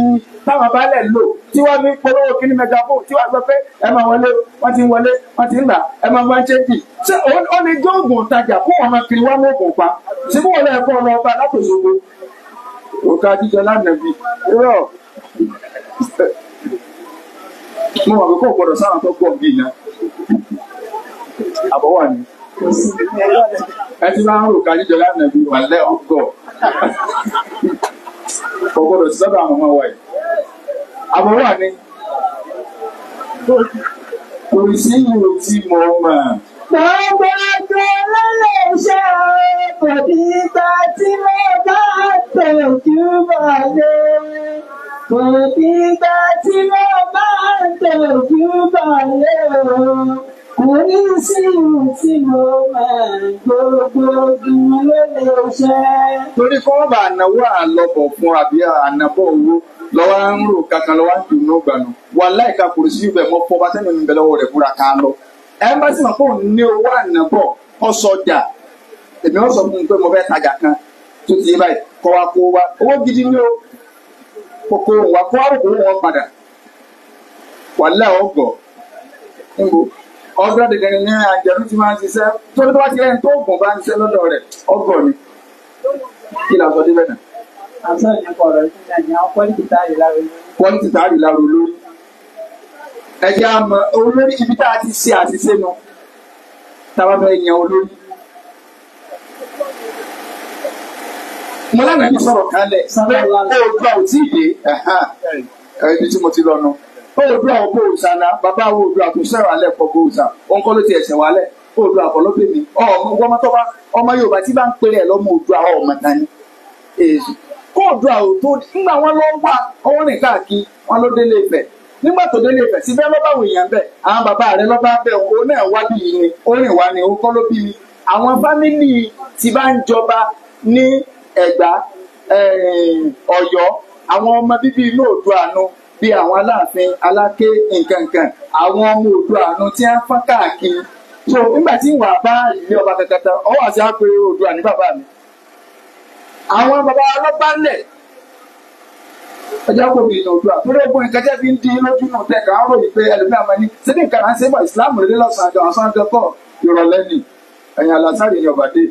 táwọn balẹ̀ lò tí wọ́n fi polówó kinní mẹgàfóònù tí wọ́n gbọ́ pé ẹ máa wọlé wọ́n ti ń wọlé wọ́n ti ń rà ẹ máa wọ́n ṣe bì ṣé ó lè gbé oògùn ìtajà kó wọn máa kiri wá mọ́ oògùn pa ṣé bí wọ́n lè kọ́ ọ lọ látòṣogbo òkà jíjẹ lánàbí rọ mo mọ̀ pé kò gbọdọ̀ sáwọn tó pọ̀ bíi yẹn àbọ̀wà ni ẹ ti máa ń rò ká jíjẹ lánàbí wà lẹ́ ọ̀gọ̀ kò gbọdọ̀ sí sọ́dọ̀ àwọn ọmọ wa yìí àbọ̀wà ni kò sí ìrò tí mo mọ̀. Gbogbo ọjọ́ lọ́lẹ̀ iṣẹ́ ọ̀rọ̀ kò ní gbà tí mo bá tọ́jú mọ̀ lé. Kò ní gbà tí mo bá tọ́jú mọ̀ lé o. Kò ní sí ìhùn tí mo máa gbogbo ọdún lọ́lẹ̀ iṣẹ́. Torí kọ́ bá ànáwó àlọ́bọ̀ fún àbí ànábọ̀ owó lọ́wọ́ ń rò kankan lọ́wọ́ ń dùn ní ọgbà nù. Wàláì kò sí ibẹ̀ mọ́ fọ́ sẹ́nu ìbẹ̀lẹ́wọ̀ rẹ̀ fúnra ká lọ ẹmbásí mọ̀ pé òun ní owó ànàbọ̀ ọ̀sọ̀jà èmi ọ̀sọ̀ fún mi pé mo fẹ́ tajà kan tó ti yé báyìí kọ́ wa kó wa owó gidi ní o kókó wa kó wa kó wọn padà wàhálà ọgọ̀ níbo ọgọ́ dẹ̀dẹ̀ ní àjẹrú ti máa ń ṣiṣẹ́ tó ní tó bá ti lẹ́yìn tó gùn bá ń ṣiṣẹ́ lọ́dọ̀ rẹ̀ ọgọ̀ ni kí la sọ débẹ̀ náà. àṣà ìyẹn kọ̀ ọ̀rọ̀ ìṣẹ̀lẹ̀ àjẹ́ àwọn pọ́lìtì táàrí láàrú lórí ẹ̀yà mọ̀ olórí ibi tá a ti ṣe àṣìṣe nu táwa bẹ yan olórí. mo lánàá ní sọ̀rọ̀ kalẹ̀ oòdùà ò tí ì dé ibi tí mo ti lọ nu oòdùà ò bó òòsà náà bàbá oòdùà tó sẹ̀rọ̀ alẹ́ pọ̀ bó òòsà òun kọ́ ló ti ẹ̀sẹ̀ wálẹ̀ oòdùà kọ́ ló bèbí ọmọ ọmọ Yorùbá tí bá ń pèrè ẹ̀ lọ́mọ oòdùà ọmọ tani kóòdùà ò tó nígbà wọn lọ wà ọwọ́ nìkan kí wọn ló délé Ifẹ̀ nígbà tó délé Ifẹ̀ síbẹ̀ lọ́ba àwọn èèyàn bẹ̀ àwọn bàbá rẹ̀ lọ́ba bẹ̀ òun náà wá bí mi ni ó rìn wá ni òun kọ́ ló bí mi àwọn fámìlì tí bá ń jọba ní Ẹ̀gbá eh, Ọ̀yọ́ àwọn ọmọ bíbí inú Oòduà àánú bíi àwọn Aláàfin Aláké nkankan àwọn ọmọ Oòduà àánú tí wọ́n fọ́n káàkiri so nígbà tí ìwà bá ilé ọba kankan tán ọwọ́ àti àpè Oòduà ní bàbá mi àwọn bàbá ọlọ́ba lẹ̀ ẹjẹ kò bí ìyàn òdua torí ẹ̀gbọ́n nǹkan jẹ fi ń di lójú nù tẹ kà á ròyìn pé ẹlòmíràn máa ní sídìí nǹkan à ń sèbọ ìsìláàmù lé lọsàn àjọ àwọn àjọ kọ ìrọ̀lẹ́ ni ẹ̀yìn alásàrì ni ọba dé.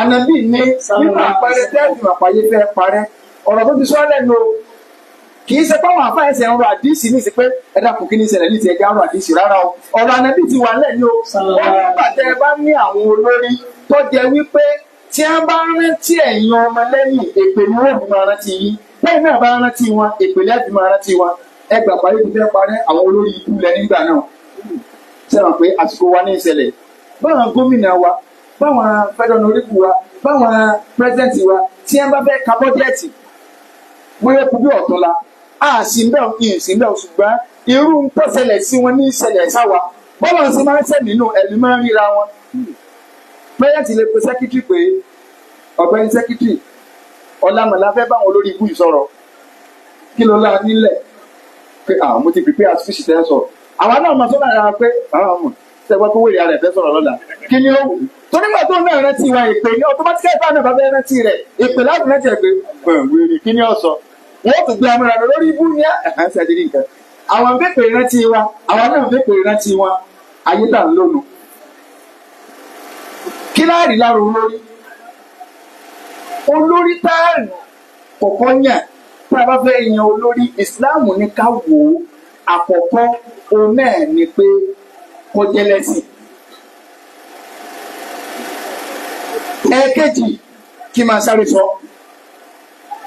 ànàbí ní nínú àpẹẹrẹ tẹ́ẹ̀tì àpáyé fẹ́ parẹ́ ọ̀rọ̀ tó ti sọ lẹ́nu kì í ṣe páwọn àfa ẹsẹ̀ ń rọ àdísì ní ìsìnkú ẹ̀dá kò kí ní ìṣẹ̀lẹ̀ ní ti ẹ̀gá rọ àdísì rárá o ọ̀rọ̀ ànàbí ti wà lẹ́nu o ó nígbà tẹ́ ẹ bá ní àwọn olórí tó jẹ wípé tí a bá rántí ẹ̀yin ọmọ lẹ́yìn èpè ni wọ́n fi máa rántí yín lẹ́yìn náà bá rántí wọn èpè lẹ́yìn fi máa rántí wọn ẹ gbà parí ibi fẹ́ parẹ́ àwọn olórí ikú lẹ nígbà náà sẹ́wọ̀n pé àsìkò wa ní ìṣẹ̀lẹ̀ báwọn gómìnà wa báwọn fẹ́dọ̀nà oríkù wa báwọn pírẹ́sidẹ̀ntì wa tí a bá fẹ́ ka bọ́jẹ́ẹ̀tì wọ́n kú bí ọ̀tún la a sì ń bẹ̀ ń sì ń bẹ̀ ṣùgbọ́n irú ń pẹ́rẹ́ǹtì lè pe sẹ́kítírì pé ọ̀gbẹ́ni sẹ́kítírì ọ̀làmọ̀lá fẹ́ báwọn olórí ibú yìí sọ̀rọ̀ kí ló lára nílẹ̀ pé àwọn ah, mo ti pèpè àti fíṣì tẹ́ sọ̀rọ̀ àwa náà mọ̀ sọ́nà ara pé àwọn ah, ọmọ sẹ́gbọ́n tó wèrè rẹ̀ fẹ́ sọ̀rọ̀ lọ́la kí ni ó wù torí wà tó náà rántí wa èpè ní automatically bá náà bá fẹ́ rántí rẹ̀ èpè láti rántí ẹ̀ pé wèrè ni ó sọ wọ́n tún gbé amúra rẹ̀ lórí ibú ní ẹ̀hán sẹ́dí nǹkan àwọn fẹ́ pè wa àwọn náà fẹ́ wa ayé tà lónìí láàrí lára olórí olórí táàrí kọ̀kọ́ yàn tá a bá fẹ́ yan olórí ìsìláàmù ní ká wò ó àkọ́kọ́ òun náà ni pé kọjá lẹ́sìn. ẹ̀ẹ̀kejì kí máa sáré sọ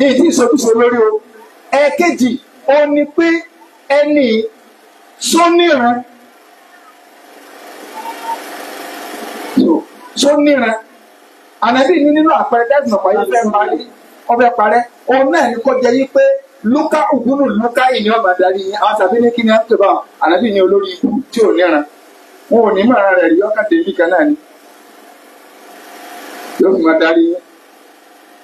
èyí tí ìsọkúsọ o ẹ̀ẹ̀kejì ó ní pé ẹni sọ́nìrán. tó níran ànábì ní nínú àpẹẹrẹ dẹ́sùn ọ̀pá yìí fẹ́ parí ọbẹ̀ parẹ́ òun náà ni kò jẹ́ yí pé lúkà ògúnù lúkà ìní ọmọ àdarí yín àwọn tàbí ní kíni àti tọ́ba ànábì ní olórí ikú tí ò níran wọn ò ní mọ ara rẹ̀ rí ọkàn tèmi kan náà ni yóò fi máa darí yín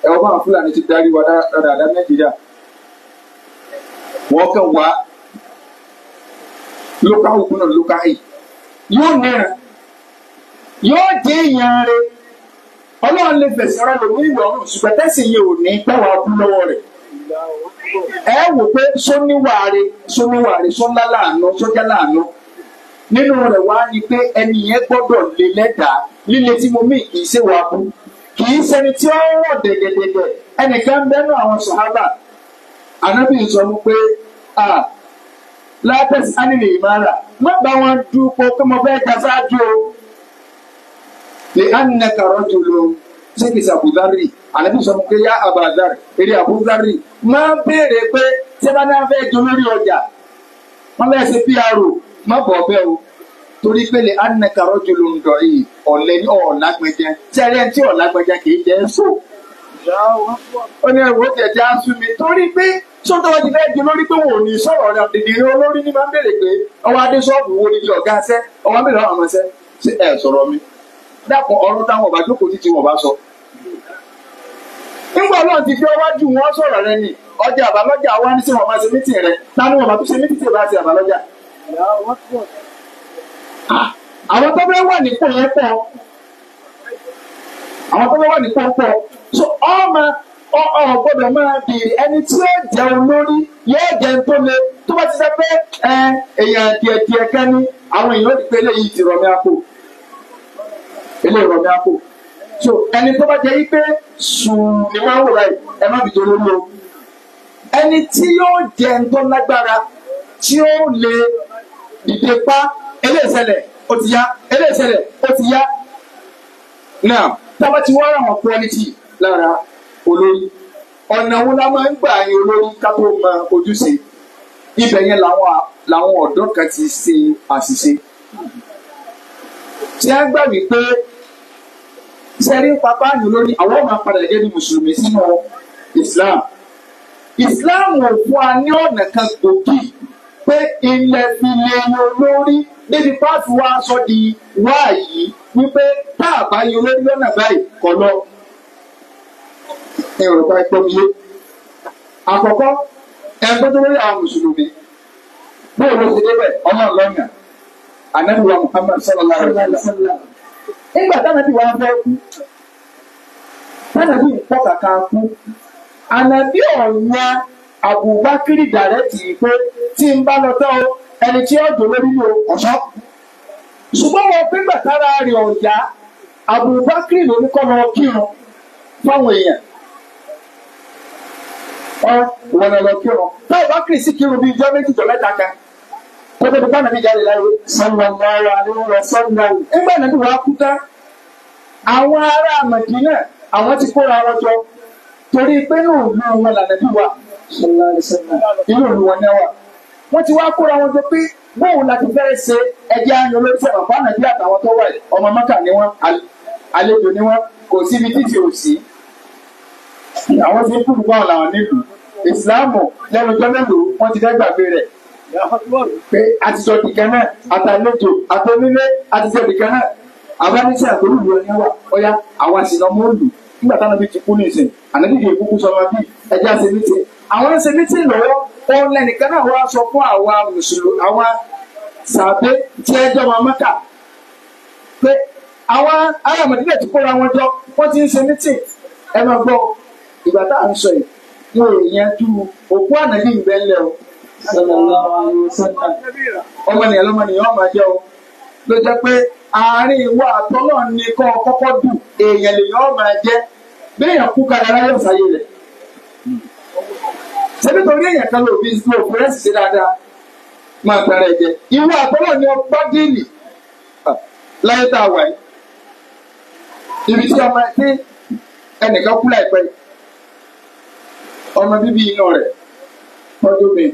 ẹ̀wọ̀n fún àwọn fúlàní ti darí wa dáadáa nàìjíríà wọ́n kàn wá lúkà ògúnù lúkà yìí yóò níran yóò jẹ́ èèyàn rẹ ọlọ́run lè fẹ̀sẹ̀ rẹ lòmí ìrọ̀rùn ṣùgbọ́n tẹ́sí yìí ò ní pẹ́ wàá kú lọ́wọ́ rẹ̀ ẹ wò pé sóníwàre sóníwàre sọ́nlá láàánú sọ́jà láàánú nínú rẹ̀ wá ni pé ẹni yẹn gbọ́dọ̀ lè lẹ́dàá líle tí mo mí kì í ṣe wàá kú kì í ṣẹni tí ó ń wọ̀ dẹ̀dẹ̀dẹ̀dẹ̀ ẹnìkan bẹ́nu àwọn sàhábà ànábì sọ fún pé látẹ̀sí ánìlè ìmára má bá wọn dúpọ̀ pé mo fẹ́ sáájú o lè ànà kàrọ́ tó lọ ṣéèkì sàbùdárì ànábì sọ fún pé yá àbàdàrì eré àbùdárì máa ń béèrè pé sẹ́bàdà fẹ́ dolórí ọjà wọ́n bẹ́ẹ̀ ṣe pr má bọ̀ bẹ́ẹ̀ o torí pé lè ànà kàrọ́ tó lọ ń dọ̀ yìí ọ̀lẹ́ ní ọ̀làgbẹ̀jẹ sẹ́rẹ́ tí ọ̀làgbẹ̀jẹ kì í jẹ́ sọ. ó ní ẹ̀wọ́ tẹ̀jẹ̀ á sún mi torí pé sọ́tọ́ wa ti fẹ́ di olórí pé wọn ò ní sọ̀rọ̀ ọ̀dà dìdìrín olórí ní máa ń béèrè pé ọwọ́ adé sọ́ọ̀bù wo ni ọ̀gá sẹ́ ọwọ́ mélòó ọmọ sẹ́ ẹ̀ sọ̀rọ̀ mi dàpọ̀ ọ̀rọ̀ táwọn ọ̀bà jókòó títí wọn bá sọ. nígbà náà ti fi ọwájú wọn sọ̀rọ̀ rẹ ni ọjà àbálọ́jà wá ní sí wọn máa ṣe mítìn rẹ táwọn ọ̀bà tó ṣe mítìn tí ò bá ṣe àbálọ́jà. Ah, àwọn tó bẹ́ẹ̀ wà nípò yẹn pọ̀ àwọn tó bẹ́ẹ̀ wà nípò pọ̀ so ọmọ ọ̀ọ̀ gbọ́dọ̀ máa bèèrè ẹni tí ó jẹun lórí yóò jẹun tó le tó bá ti sẹ́ pé èèyàn díẹ̀díẹ̀ kan ní àwọn èèyàn ti pé eléyìí ti rọ̀ mí àpò ilé ìrọ̀lẹ́ àpò so ẹni tó bá jẹ́ yí pé sùn ni wọ́n wò láì ẹ má bìí torí o ẹni tí yóò jẹ ńtọ́ lágbára tí ó lè dìde pa eléèsẹ̀lẹ̀ ó ti yá eléèsẹ̀lẹ̀ ó ti yá náà tábà tí wọ́n ràn wọ́n quality lára olórí ọ̀nà wo la máa ń gbà yín olórí ká tó mọ ojúṣe ibẹ̀ yẹn làwọn làwọn ọ̀dọ́ kan ti ṣe àṣìṣe tí a gbà wípé sẹ́rí papá yìí lónìí àwọn ọmọ padà jẹ́ ní mùsùlùmí sínú Islam Islam ò fún wa ní ọ̀nà kan gbòógì pé ilẹ̀ fi lè yan lórí níbi páàfù wa sọ di wáàyí wípé tá a bá yan lórí lọ́nà báyìí kọ́ lọ. ẹ rọ̀ bá ẹ gbọ́ mi yé àkọ́kọ́ ẹ gbọ́dọ̀ lórí àwọn mùsùlùmí bóòlù ti débẹ̀ ọmọ ọlọ́yàn anábìwá Muhammad sallallahu alaihi wa sallam nígbà tánàbí wàá fẹ́ kú tánàbí pọ̀ kàkà kú ànàbí ọ̀nà àbùbákírì dàrẹ́tì pé tí n bá lọ tán ẹni tí ó dòwe nínú ọ̀ṣọ́ ṣùgbọ́n wọn pínpà tára rẹ̀ ọ̀yá àbùbákírì ló ní kọ́ lọ kírun fáwọn èèyàn ọ wọn lọ kírun táwọn bákírì sì kírun bíi ijọ́ méjì jọ mẹ́ta kan kótó tó bá nàbí jáde láyé sallallahu alaihi wasallam. nígbà nàbí wàá kú tán àwọn ará Mẹdínà àwọn ti kóra wọn jọ torí pé inú ìlú wọn lànàbí wà sallallahu alaihi wasallam inú ìlú wọn náà wà. wọ́n ti wá kóra wọn jọ pé bóun láti fẹ́ẹ́ ṣe ẹjẹ́ àyàn lórí sẹ́ bàbá nàbí àtàwọn tó wà yìí ọmọ mọ́kà ni wọ́n àlejò ni wọ́n kò síbi títí ò sí àwọn tí ń kúrú báwọn làwọn nílùú ìsìláàmù lẹ́nu jọ́mẹ́lò wọ́n ti dẹ́gbàgbé rẹ̀ pé a ti sọ nìkan náà àtàlejò àtọ́nílé a ti sọ nìkan náà abáníṣe àtòrò ìlú ẹni wà ọ̀yá àwa sì lọ mọ́ òlù nígbà táwọn ibi ti kú ní ìsìn ànábì yìí kúkú sọ wọn bí ẹjẹ́ àti mítì àwọn ṣe mítì lọ́wọ́ òun lẹ́nìkan náà wá sọ fún àwa mùsùlùmí àwa sàbẹ tí ẹ jọ máa mẹ́ta pé àwa ará mọ̀dílẹ̀ ti kóra wọn jọ wọ́n ti ń ṣe mítì ẹ máa gbọ́ ìgbà táà sọ yìí wọn ò yanjú òkú ànábì ìgbẹ́ńlẹ̀ o sallallahu alaihi wasallam ọmọ nìyẹn lọ́mọ nìyẹn ọmọ jẹ́ o ló jẹ́ pé àárín ìwọ àtọ́lọ́ ni kọ́ kọ́kọ́ dù èèyàn lèyàn ọmọ jẹ́ béèyàn kú kára láyọ̀ sáyé rẹ̀ ṣebí torí èèyàn kan lòbí ló fúrẹ́ sì ṣe dáadáa máa tẹ̀rẹ̀ jẹ ìwọ àtọ́lọ́ ni ọgbà dìlì láyé tá a wà yìí ibi tí ọmọ ẹtí ẹnìkan kú láìpẹ́ ọmọ bíbí inú rẹ̀ tọ́jú mi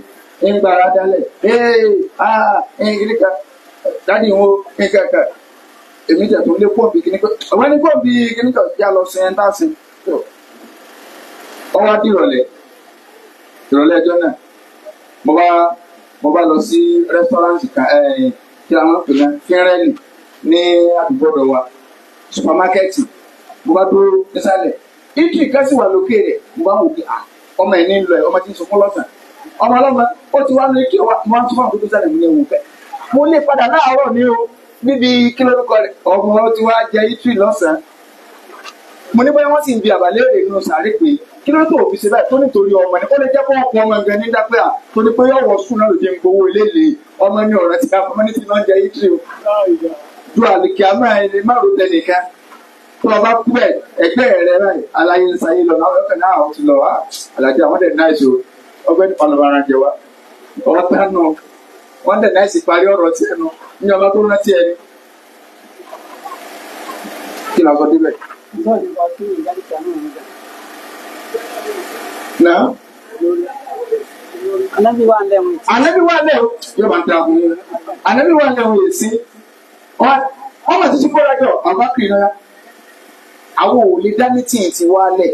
ń gbára dálẹ̀ ee aa ẹ̀yìn kan dání wo nǹkan kan èmi jẹ tó lé pọ́ǹpì kíní kan ọ̀wẹ́ ní pọ́ǹpì kíní kan yà lọ sin ẹ̀ńtà sin ọwọ́ dìrọ̀lẹ́ ìrọ̀lẹ́ ẹjọ́ náà mo bá mo bá lọ sí rẹ́sítọ́ráǹtì kan ẹ̀ẹ́n kí a máa ń pè náà fínrẹ́lì ní àdúgbòdò wa supamakẹ́ẹ̀tì mo bá dúró nísàlẹ̀ ìdí ìkásíwà lókè rẹ̀ mo bá wò pé ọmọ ẹ̀ ní ń lọ ẹ̀ ọmọ ti sọ fún lọ́sàn-án ọmọ ọlọ́mọ ó ti wá ní kí wọ́n tún fún àkókò sálẹ̀ mi ní ewu fẹ́. mo lè padà láàárọ̀ ní o níbi kí lórúkọ rẹ̀ ọmọ ti wá jẹ itri lọ́sàn-án. mo ní bóyá wọ́n sì ń bi àbálẹ́ èrè inú sàárè pé kí ló tó òfin ṣe báyìí tó nítorí ọmọ ni ó lè jẹ́ fún ọkùnrin ọmọ ẹgbẹ́ ní dápẹ́ à tó ní pé ọwọ́ sùn náà lòdì gbowó eléèlé ọmọ ní ọ̀rọ̀ ti ká ọmọ ní ti náà jẹ itri o. ju àlèkè àmọ́ ẹni má ro tẹnìkan tó o bá kú ẹ̀ ẹgbẹ́ rẹ̀ láì aláyé ń sáyé lọ láwọn ọkàn náà àwọn ti lọ wá ah, àlàjì àwọn dẹ̀ náà ṣe o ọgbẹ́ nìkan lọ́wọ́ ara jẹ wa ọ̀rọ̀ tá nù wọ́n dẹ̀ náà sì parí ọ̀rọ̀ tiẹ̀ nù ní ọba tó rántí ẹni. kí ló sọ débẹ̀. náà. anabi wa lẹ́wọ̀n. anabi wa lẹ́wọ̀n yóò máa ń dáa fún yín anabi wa lẹ́wọ̀n yẹn sí ọmọ tuntun kọ́ra jọ àbá kiri náà àwọn ò lè dá tìǹtì wa lẹ̀.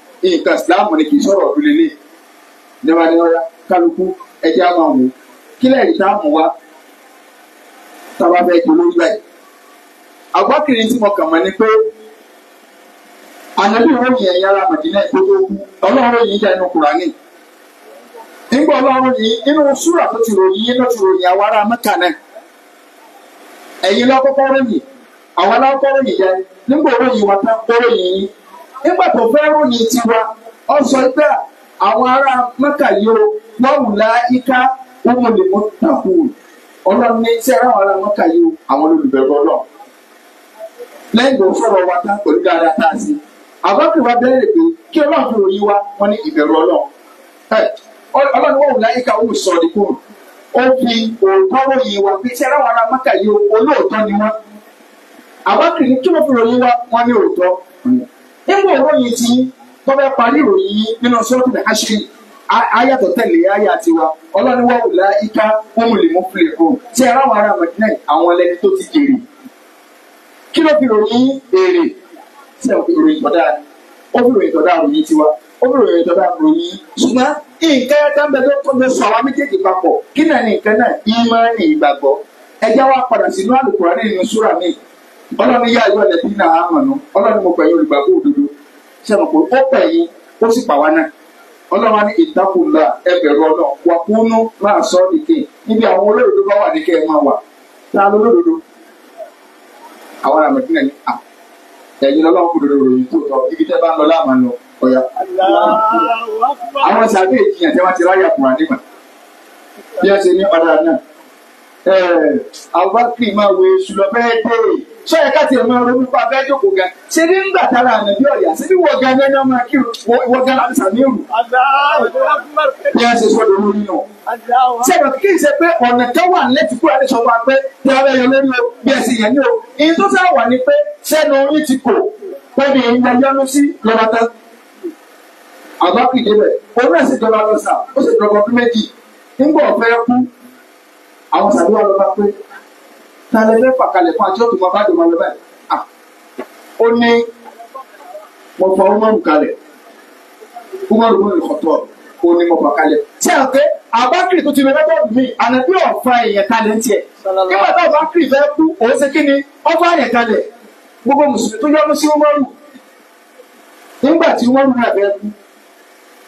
nǹkan ìsìláàmù ni kì í sọ̀rọ̀ ọdún lélẹ̀ ìjọba ni ọ̀rá kálukú ẹjẹ́ á máa wò kílẹ̀ ìsìláàmù wa táwa bẹ́ẹ̀ jẹ lórí báyìí. àgbákiri tí mo kàn mọ́ ni pé ànábì ròyìn ẹ̀yà ara màdínà ìgbógbó ọlọ́run ròyìn ìjà inú kùránì nígbà ọlọ́run yìí inú súrà tó ti ròyìn yín ló ti ròyìn àwọn ará mẹ́ta náà ẹ̀yin lọ́kọ́kọ́ ròyìn àwọn aláwọ̀kọ́ ròyìn jẹ nígbà ròyìn wọn tán ròyìn yín nígbà tó fẹ́ ròyìn tiwa ọ sọ pé àwọn ará mẹ́kà yìí o wọ́n wùlá ika owó lè mú tàkù ọlọ́run ní sẹ́ra àwọn ará mẹ́kà yìí o àwọn olùbẹ̀rù ọlọ́run lẹ́yìn tó sọ̀rọ̀ wa tán pẹ̀lú dáadáa tá a sí àbákùn wa bẹ̀rẹ̀ pé kí ọlọ́run fi ròyìn wa wọ́n ní ìbẹ̀rù ọlọ́run ọlọ́run wọ́n wùlá ika owó sọ̀rọ̀ kúrò ó fi òótọ́ ròyìn wa pé sẹ́ra àwọn ará mẹ́kà yìí o olóòótọ́ ni wọ́n àbákùn kí wọ́n fi ròyìn wa wọ́n ní òótọ́ nínú ìròyìn tí tó fẹ́ parí ìròyìn yìí nínú sọ́ọ̀tù àṣírí ayàtọ̀ tẹ̀lé ayà tiwa ọlọ́niwọ̀ wùlá ika òmùlẹ̀ mú filẹ̀ o tí ara àwọn ará Mẹdínà àwọn ẹlẹ́ni tó ti jèrè kí ló fi ròyìn èrè tí ẹ̀ fi ròyìn tọ́da ó fi ròyìn tọ́da ròyìn tiwa ó fi ròyìn tọ́da ròyìn ṣùgbọ́n nǹkan ẹ̀ka ń bẹ tó tó fẹ́ sọ àwa méjèèjì papọ̀ kí náà ní nǹkan náà ìmọ̀ ní ìgbàgbọ́ ẹ̀já wa padà sínú àlùkùránì nínú súrà míì ọlọ́run yá ayọ́ ẹ̀lẹ́bí náà á mọ̀ nù ọlọ́run mo pẹ̀yìn olùgbàgbọ́ òdodo ṣe mọ̀ pé ó pẹ̀yìn ó sì pàwá náà ọlọ́run á ní ìtakùnlá ẹbẹ̀rù ọlọ́run wà kúnú máa sọ ọ́ nìkẹ́ níbi àwọn olódodo bá wà ní kẹ́ ẹ máa wà ta ló lódodo àwọn àmọ̀tí náà ní à ẹ̀yin lọ́lọ́run kò dodo ròyìn tó tọ́ ibi tẹ́ bá ń lọ láàmú lọ ọ̀yà. àwọn sàbẹ̀ èjìyàn tẹ́ wá ti ráyà kùnà sọ yẹ ká tiẹ̀ máa ronú pa bẹ́ẹ̀ jókòó gan ṣe ní ńgbà tára ànàbí ọ̀yà ṣe ní wọ gan ní ọmọ akíru wọ gan láti sàmì rù. bí a ṣe sọ lórí orí náà. ṣé ìrọ̀ kí n ṣe pé ọ̀nà tó wà létí kúrò àti sọ̀rọ̀ pé bí abẹ́ yọ lórí o bí ẹ sì yẹn ní o. èyí tó sá wà ní pé sẹ́nu oyin ti kò pẹ́ẹ́ni ìyá yọnu sí lọ́ba tán. àbá kìdí rẹ̀ òun náà sì jọba lọ sà ó sì jọba ọdún méjì nígbà talẹ fẹ́ fàkalẹ̀ fún àti ọ̀tún bàbá àjọmọ̀ lọ báyìí ó ní mo fọ umaru kalẹ̀ umaru mú ìkọ̀tọ̀ ó ní mo fọ kalẹ̀. ṣé o pé abakiri tó ti lọ́dọ̀ mi ànàbí ọ̀fà èèyàn kalẹ̀ ń tiẹ̀ nígbà tó abakiri fẹ́ kú òun ṣe kí ni ọ̀fà èèyàn kalẹ̀ gbogbo mùsùlùmí tó yọ́nú sí umaru nígbà tí umaru náà fẹ́ kú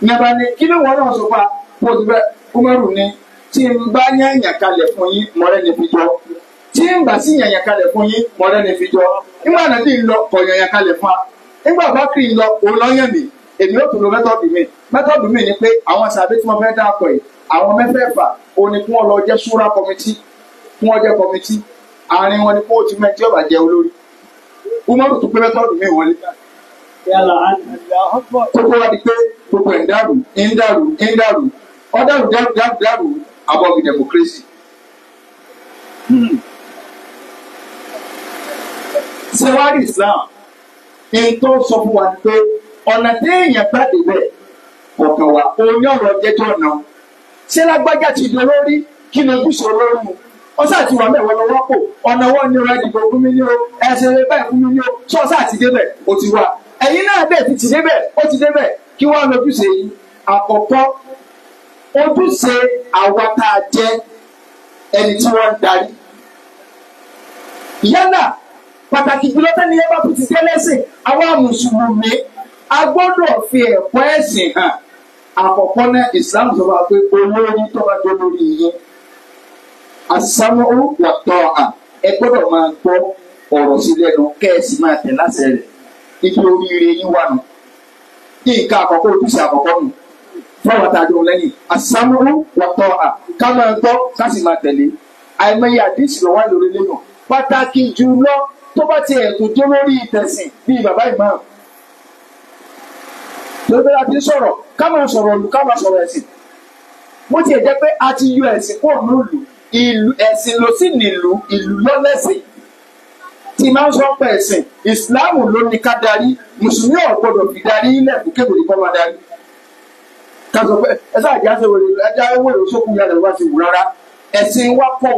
nígbà ni kí ló wọ́n náà sọ fún wa kó o ti fẹ́ umaru ni tí n bá yẹn yàn kalẹ̀ fún yín mọ́rẹ́ tí ń gbà sí yànyàn kalẹ̀ fún yín mọ̀rẹ́ ni fi jọ nígbà náà bí lọ kọ̀ yànyàn kalẹ̀ fún wa nígbà bá kiri lọ òun lọ yàn mí èmi ò tún lo mẹ́tọ́ọ̀dù mi mẹ́tọ́ọ̀dù mi ni pé àwọn sàbí tí wọ́n fẹ́ dá akọ yìí àwọn mẹ́fẹ̀ẹ̀fà òun ni kí wọ́n lọ jẹ́ súra kọmitì kí wọ́n jẹ́ kọmitì àárín wọn ni kó o ti mẹ́ tí ọ̀bà jẹ́ olórí umaru tún pé mẹ́tọ́ọ̀dù mi wọlé. kókó wa di pé gbogbo ẹ̀ ń dàrú ń dàrú ń dàrú ọ̀ dàrú dàrú dàrú dàrú abọ́ mi democracy ṣé wàá rí islam ẹni tó sọ fún wa pé ọ̀nà téèyàn bá débẹ̀ ọ̀kan wa òun yóò rọ jẹjọ́ náà ṣé lágbájá ti di olórí kí ni ojúṣe olórí mu ọsà àti wàmẹ wọn lọ wọpọ ọ̀nà wọn ni ọ̀rẹ́ ìdìbò fún mi ní o ẹsẹ̀ rẹ báyìí fún mi ní o sọ ọsà àti débẹ̀ o ti wà ẹ̀yin náà bẹ́ẹ̀ ti ti débẹ̀ ó ti débẹ̀ kí wọ́n lọ ojúṣe yìí àkọ́kọ́ ojúṣe àwa tá a jẹ́ ẹni tí wọ́n ń darí yálà pàtàkì jùlọ tẹ́ni ẹ bá tún ti jẹ́lẹ́sìn àwa mùsùlùmí a gbọ́dọ̀ fi ẹ̀kọ́ ẹ̀sìn hàn àkọ́kọ́ náà Islam sọ wá pé olórí tó bá dúró lórí yín asámúhù wàtọ́ à ẹ gbọ́dọ̀ máa gbọ́ ọ̀rọ̀ sí lẹ́nu kẹ́ẹ̀sì máa tẹ̀ láṣẹ rẹ̀ ibi oríire yín wà nù nǹkan àkọ́kọ́ ojúṣe àkọ́kọ́ nù fọwọ́ tá a dùn lẹ́yìn asámúhù wàtọ́ à ká máa gbọ́ ká sì máa tẹ̀lé àìmọye àdìsí lọ́wọ́ lórí lẹ́nu pàtàkì jùlọ tó bá ti ẹ̀tún jó lórí ìtẹ̀sìn bíi bàbá ìmáà tó bá ti sọ̀rọ̀ ká máa sọ̀rọ̀ lù ká máa sọ̀rọ̀ ẹ̀sìn bó tiẹ̀ jẹ́ pé a ti yọ ẹ̀sìn kó lù lù ẹ̀sìn ló sì nílù ìlú lọ́lẹ́sìn tí máa ń sọ pé ẹ̀sìn ìsìláàmù ló ní ká darí mùsùlùmí ò gbọdọ̀ fi darí ilẹ̀ kó kébèrè kọ́ máa darí ká sọ pé ẹ sáà jẹ́ àṣẹ wèrè ẹja wèrè sókun yàrá ìwà ti wù rárá ẹ̀sìn wa kọ́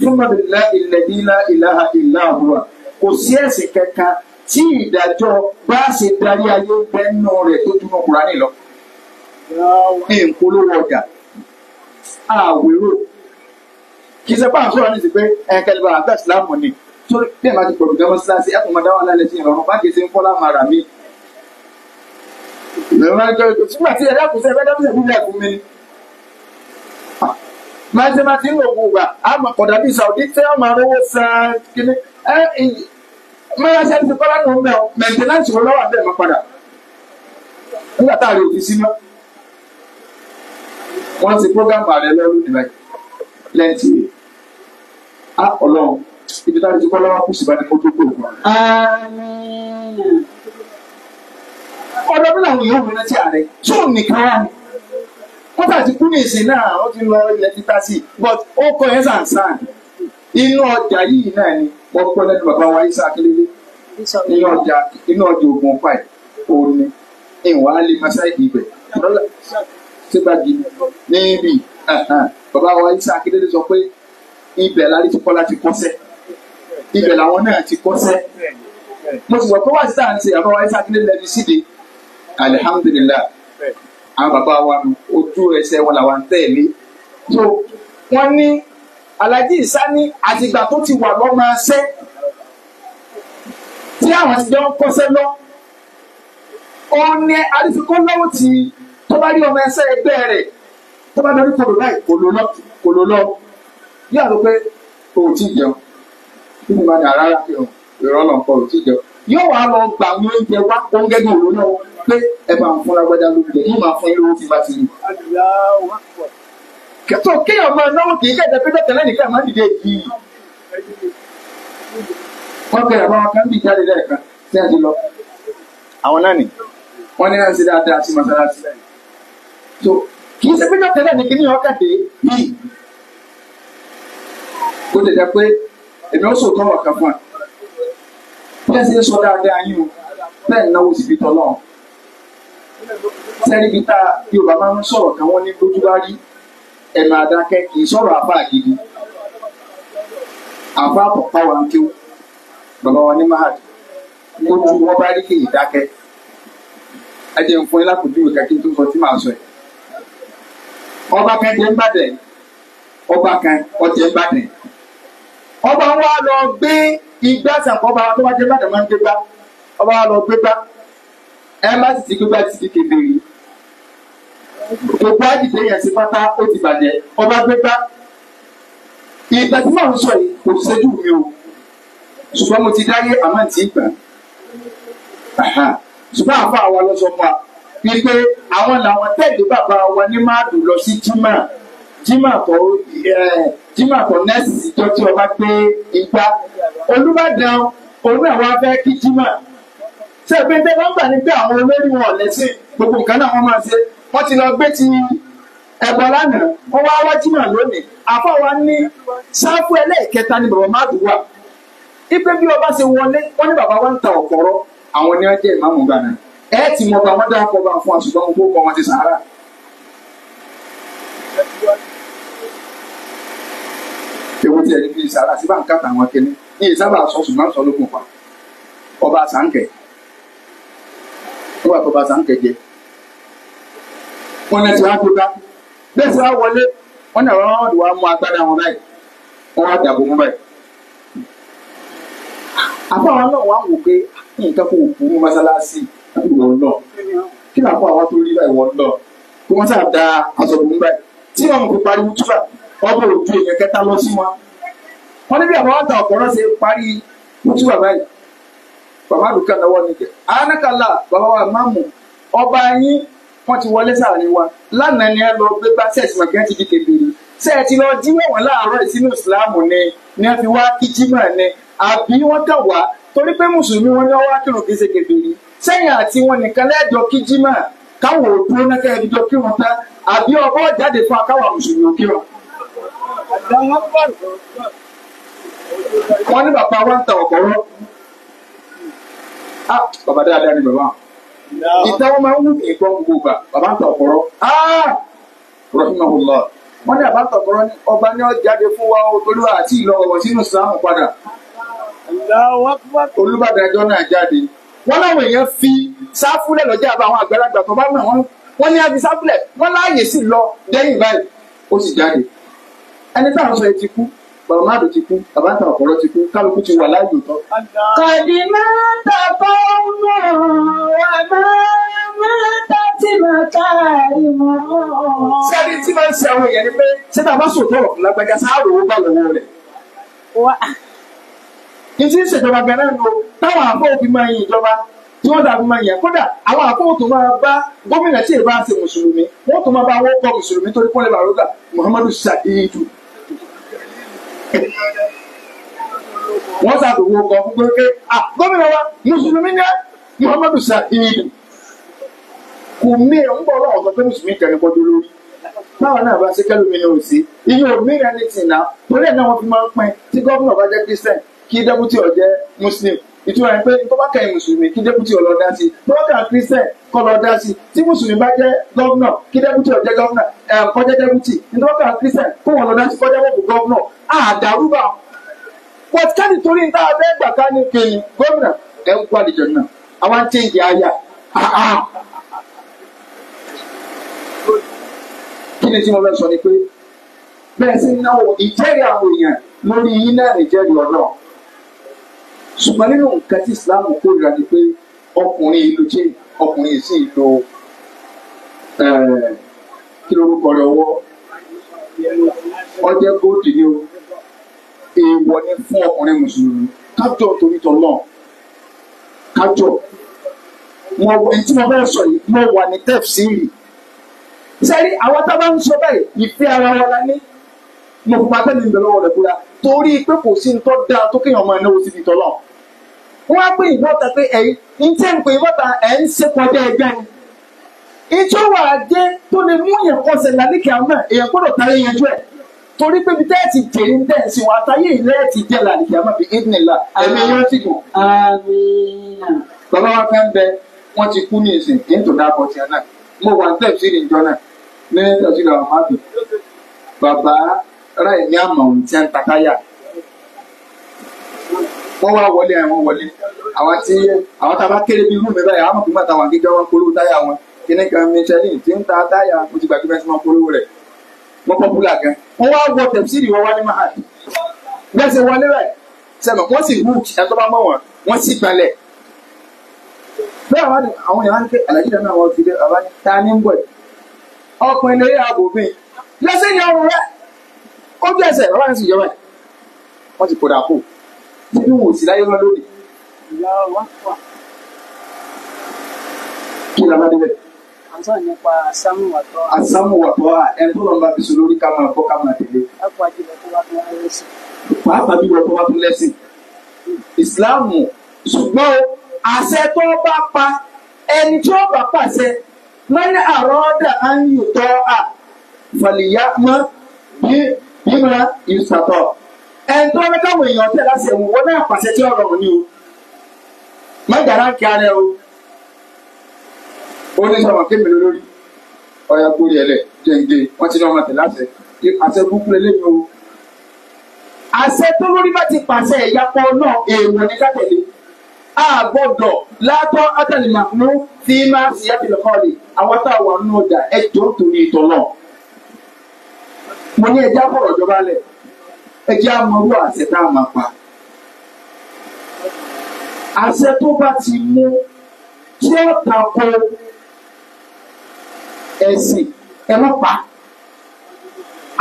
súnmọ́ bìlá ìlẹ̀dílá ìlàhà ìlàhùwà kò sí ẹ̀sìn kankan tí ìdájọ́ bá ṣe darí ayé bẹ́ẹ̀nù rẹ̀ tó túnú kúránì lọ. ìpolówó ọjà àwérò kì í ṣe báwọn sọ̀rọ̀ ní ti pé ẹ̀kẹ́lẹ́bà àgbà ìsìlámù ni torí bí ẹ̀ máa ti pọ̀lù gẹ́gẹ́ síláṣí ẹ̀ kò máa alẹ́ sí ìrọ̀rùn bá kì ṣe ń fọ́lá màrà mi. ìrọ̀rùn máa ṣe máa ti ń lò wò wà á mọ̀ kọ̀dà bíi Saudi tẹ́ ọmọ arówó san kíní ẹ máa ṣe ti kọ́lá nù mẹ́ o mẹ́ntẹ́nánsì wọn lọ́wọ́ àbẹ́ mọ́ padà nígbà tá a lè fi sí mọ́ wọ́n ti prógámù ààrẹ lọ́rùn nígbà yìí lẹ́ǹtì yìí á ọlọ́run ibi tá a lè ti kọ́lá wà kù sí bá ní kótó kó o. ọ̀dọ́ bí làwọn na wọlé tí ààrẹ tó nìkan wà wọ́n tàbí kú ní ìsìn náà wọ́n ti lọ ilẹ̀ títà sí but ó kọ ẹ̀ sàn sàn inú ọjà yìí náà ni wọ́n kọ́ lẹ́nu bàbá wa isa akérèlé inú ọjà inú ọjà ògùn pa ẹ̀ òun ni ìwọ̀n á lè máa ṣáìdì ibẹ̀ sígbàgì níbi bàbá wa isa akérèlé sọ pé ibẹ̀ la ti kọ́ láti kọ́sẹ́ ibẹ̀ làwọn náà ti kọ́sẹ́ mo sì sọ pé wá sí àǹtí àbáwá isa akérèlé lẹ́nu síde alihamudulilayi àwọn bàbá wa nù ojú ẹsẹ̀ wọn làwọn tẹ̀lé so wọ́n ní Alhaji Sani àtìgbà tó ti wà lọ́mọ ẹsẹ̀ tí àwọn ti jọ ń kọ́sẹ́ lọ òun ni alifikó lọ́wọ́ tí tó bá rí ọmọ ẹsẹ̀ ẹgbẹ́ rẹ̀ tó bá darí kòló láì kòló lọ kòló lọ yóò rò pé òun ti jẹun nínú ìbàdàn rárá ìrọ̀lọ́ nǹkan òun ti jẹun yóò wá lọ gba àwọn oúnjẹ wá oúnjẹ bí òun náà pé ẹ máa fún agbada lóúnjẹ yóò máa fún ilé òfin bá ti rí. kẹtọ kéèyàn máa náwó kì í kẹjẹ pé tẹtẹlẹ nìkan máa ń dìde yìí. wọn kẹ àwọn kan bí jáde lẹ́ẹ̀kan tí a ti lọ. àwọn náà nì. wọn ní láti ṣe dáadáa sí mọ́sálásí. tó kì í ṣe pé tẹtẹlẹ nìkan ní ọkà dé yìí. kó tẹ̀lé pé èmi ó sòtọ́ wọ̀ kan fún wa bẹ́ẹ̀ ṣe ń sọ dáadáa yín o bẹ́ẹ̀ náwó sì fi tọ́lọ́ sẹ́ríbi tá Yorùbá máa ń sọ̀rọ̀ kan wọ́n ní lójú bá rí ẹ̀mà àdákẹ́ kì í sọ̀rọ̀ àbá gidi àbá àpọ̀pá wa ń kíw bàbá wa ní mahad lójú wọn bá rí kì í dákẹ́ ẹ jẹ́ ń fún yín lápòjúwe kakí tó sọ tí màá sọ ẹ̀ ọba kan jẹ́ ń bàdẹ̀ ọba kan ọjẹ́ ń bàdẹ̀ ọba wa lọ gbé igbá sàkọ́ ọba tó bá jẹ́ bàtà máa ń gbégbá ọba wa lọ gbégbá ẹ má sì ti gbégbá ti di kébèrè gbogbo àdìdé yẹn ti pátá ó ti bàjẹ́ ọba gbégbá ìgbà tí màá ń sọ yìí kò ṣẹ́jú mi o ṣùgbọ́n mo ti dáyé àmọ́ ti gbà ṣùgbọ́n àfa àwa lọ sọ fún wa wípé àwọn làwọn tẹ̀lé bàbá wa ní máàdù lọ sí jimá jimá tó ẹ jimá kò nẹ́ẹ̀sì síjọ́ tí ọba gbé igbá Olúbàdàn òun àwọn afẹ́ kí jimá ṣe pé tẹ bá ń gbà ní pé àwọn olórí wọn lẹ́sìn gbogbo nǹkan náà wọ́n máa ṣe wọ́n ti lọ gbé ti ẹ̀bọ̀ lánàá wọ́n wá wá jimá lónìí àfọwọ́ ní sáfù ẹlẹ́ẹ̀kẹta ni bàbá máa dùn wá ipe bí ọba ṣe wọlé wọ́n ní bàbá wa ń ta ọ̀kọ́rọ́ àwọn ni wọ́n jẹ́ ìmáàmù gbàna ẹ ti mọ̀ bá wọn dáhùn kọ́ bá fún àṣùgbọ́n gbogbo wọn ti sàárà tiẹ̀ ní fi sàrà sí bá ń kàtà àwọn akẹ́ni ní ìsábà sọ ṣùgbọ́n sọ lókun pa ọba sànkẹ́ wọ́n àtọ́ba sànkẹ́ jẹ wọ́n lẹ́sí wọn tó dá bẹ́ẹ̀ sọ wọlé wọ́n ní àwọn ọmọdé wa mú agbára wọn báyìí wọ́n wá dàbò mú báyìí. àbá àwọn náà wà wò pé hmm, nǹkan kò kú mọ́sálásí àbí wọ́n lọ kí ni àpò àwọn tó rí báyìí wọ́n lọ kí wọ́n sà da aṣọ tó ń báyìí tí wọn kò pariwo túbà ọbẹ̀ òdu èèyàn kẹta lọ sí wọn wọ́n ní bí àwọn àtà ọ̀pọ̀rọ̀ ṣe parí kútú bàbá yìí bàbá àdùkà lọ́wọ́ ni kẹ́ àánákàlà bàbá wa máa mú ọba yín wọ́n ti wọlé sáàrin wa lánàá ni ẹ lọ gbé bá sẹ́ẹ̀sì màkì ẹ̀ ti di kébìrì sẹ́ẹ̀tì lọ jíwọ̀ wọ́n láàárọ̀ ìsínú ìsìláàmù ni ni a fi wá kí jímọ̀ ni àbí wọ́n kà wá torí pé mùsùlùmí wọn lọ́wọ́ akínú kì í ṣe kébìrì sẹ́yìn àti wọn nìkan lẹ́ẹ̀dọ̀ kí jímọ̀ káwọn òdúró náà kẹ́ ẹ̀dọ̀ kí wọn tán àbí ọgbọ́n jáde fún akáwà mùsùlùmí òkè wọn wọ́n ní bàbá wa ń ta ọ̀pọ̀ rọ́ a ah, bàbá dáadáa ni bàbá ìta wọn máa ń wù mí gbọ́ gbogbo gbà bàbá ń ta ọ̀pọ̀ rọ́ a ah! rahimahullah wọ́n ní bàbá ń ta ọ̀pọ̀ rọ́ ní ọba ní ọjáde fún wa olúwa àti ìlọ́wọ́ sínú sàmù padà olùbàdàn ẹjọ́ náà jáde wọ́n láwọn èèyàn fi sáfúlẹ̀ lọ́jà bá àwọn àgbàlagbà tó bá mọ̀ wọ́n wọ́n ní àfi sáfúlẹ̀ wọ́n láàyè sí lọ dẹ́yìn báyìí ó sì jáde ẹni táwọn sọ ẹ ti kú Bàbáàdù ti kú, bàbá àtàwọn ti kú, kálukú ti wà láàyè tán. Kàdí máa ń tàbọ̀ náà, àmọ́ máa ń tà tí màá káàrí mọ́. Sẹ́ni tí máa ń ṣe àwọn èèyàn pé ṣé tá a bá sòtò ọ̀rọ̀ sáárò owó bá lọ́wọ́ rẹ̀. Ìtí ìṣèjọba gan-an táwọn àbọ̀ òbí máa yin ìjọba tí wọ́n dàbí máa yàn kódà àwọn àkókò tó máa bá gómìnà tí ì bá ṣe mùsùlùmí wọ́n tó máa bá wọ́pọ̀ mùsùlùmí torí pọ́lẹ́ bàrógà Muhammadu Sadiq wọ́n ṣàbẹ̀wò ọkọ̀ fún pé à gómìnà wa mùsùlùmí jẹ́ Muhammadu Saheed kò mí ẹ̀ ń bọ̀ lọ́wọ́ sọ pé mùsùlùmí kẹrin bọ́ dúró báwa náà bá ṣe kẹlòmí náà ò sí iye ò mí rẹ̀ ní tìǹà torí ẹ̀ náà wọ́n fi máa ń pín tí gómìnà bá jẹ́ Christian kí dẹ́kútì ó jẹ́ Muslim ìtura ẹ pé tó bá kẹyìn mùsùlùmí kí dẹ́kùtì ọ̀ lọ dá sí tó bá kẹyìn kírísítẹ̀ kọ́ lọ dá sí tí mùsùlùmí bá jẹ́ gọ́vnà kí dẹ́kùtì ọ̀ jẹ́ gọ́vnà ẹ̀ kọ́ jẹ́ dẹ́kùtì tó bá kẹyìn kírísítẹ̀ kó wọn lọ dá sí kọjá wọ́pù gọ́vnà àdàrúbà pọtikẹ́ni torí ní táwọn abẹ́ gbà ká ní kéyìn gómìnà ẹ̀ ń kó àlejò náà àwọn àti ìdí ayà kí ni tí mo fẹ́ sọ ni pé bẹ́ẹ̀ ṣùgbọ́n nínú nǹkan tí Islam kórìíra ni pé ọkùnrin ìlú chain ọkùnrin sì lo eh, kí lorúkọ rẹ̀ ọwọ́ ọjẹ́ góòdì ni o èèwọ̀ ni fún ọkùnrin mùsùlùmí kájọ torí tọ́lọ̀ kájọ wọn èyí tí wọn bá sọ yìí wọn wà ní tẹ̀síìlì sẹ́rí àwọn tá a bá ń sọ báyìí ìfẹ́ ara wa la ní mo pupa tẹ́lẹ̀ ìbẹ̀rẹ̀ ọ̀rẹ́ búra torí pé kò sí nǹkan dáa tó kéèyàn máa náwó síbi tọ́lọ̀ wọ́n á pè ìbọ́ta pé ẹ̀yìn ní tẹ́ ń pè ìbọ́ta ẹ̀ ń ṣe kọjá ẹgbẹ́ ni ìjọ wà dé tó lè mú yẹn kọsẹ̀ lálẹ́kẹ̀ àmọ́ èèyàn gbọ́dọ̀ tààrẹ yẹn jù ẹ̀ torí pé bí tẹ́ẹ̀tì jèrè ń tẹ̀sí wọn àtàyè ìlẹ́ẹ̀tì jẹ́ lálẹ́kẹ̀ àmọ́ bí ìdìnnìlá ẹ̀mí yóò ti dùn. bàbá wa rẹ̀ ní àmọ̀hún tí ń takáyà wọ́n wá wọlé àwọn wọlé àwọn tí àwọn tá a bá kéré bí irú mi báyìí àwọn mọ̀kúmọ̀ táwọn akéjọ́ wọn polówó táyà wọn kíní kan michelin tí ń ta táyà mo ti gbàgbé fẹ́ẹ́ polówó rẹ̀ wọ́n pọ̀ búlà gan wọ́n wá wọ tẹ̀síìrì wọ́n wá ní mahad bẹ́ẹ̀ ṣe wọlé rẹ̀ sẹ́mọ̀ wọ́n sì hook ẹ̀tọ́ bá mọ̀ wọn wọ́n sì gbalẹ̀ bẹ́ẹ̀ wá ní àwọn èèyàn ń pẹ́ àlàyé náà wọ́n ti dé ọ̀rọ̀ ní ń bọ̀ ọkùnrin lè yà àbòmí lọ́sẹ̀ yẹn ọ̀rọ̀ rẹ̀ ojú ẹsẹ̀ bàbá mi sì yọ báyìí wọ́n ti kódà kó ibi wò sí láyé wọn lónìí. kí ló máa débẹ̀. àǹtọ́ nípa asámúwàtọ́. asámúwàtọ́ ẹni tó lọ́nba fi sùn lórí ká máa bọ́ ká máa tẹ̀lé. pàápàá jùlọ tó bá tún lẹ́sìn. pàápàá jùlọ tó bá tún lẹ́sìn. ìsìláàmù ṣùgbọ́n àṣẹ tó bá pa ẹni tó bá pàṣẹ mẹ́rin àrọ́dà á ń yòtọ́ à fàlìyá mọ́ bí yíma ìsàtọ̀ ẹ̀ńtọ́ bẹ káwọn èèyàn tẹ̀ láti ẹ̀wọ̀n wọn náà pàṣẹ tí ọ̀rọ̀ wọn ni o má dàrá kí ara o ó ní sọ̀rọ̀ kémi lórí ọ̀yà gbórí ẹlẹ̀ jẹ̀ǹde wọ́n ti ní ọmọ tẹ̀ láti àṣẹ kúkú lélẹ́yìn o àṣẹ tó lórí bá ti pàṣẹ ìyapọ̀ náà èèwọ̀ ní kátẹ̀lé a gbọ́dọ̀ látọ́ átàlímà mú fíìmà síyàtìlẹ̀kọ́ọ̀lì àwọn táwọn náà dà ẹjọ́ torí ìtọ́ náà mo ní ẹjẹ́ àbọ̀rọ̀ ìjọba lẹ̀ ẹjẹ́ àmọ́rú àṣẹ tá a máa pa. àṣẹ tó bá ti mú tí ó tako ẹ̀sìn ẹ̀rọ pa.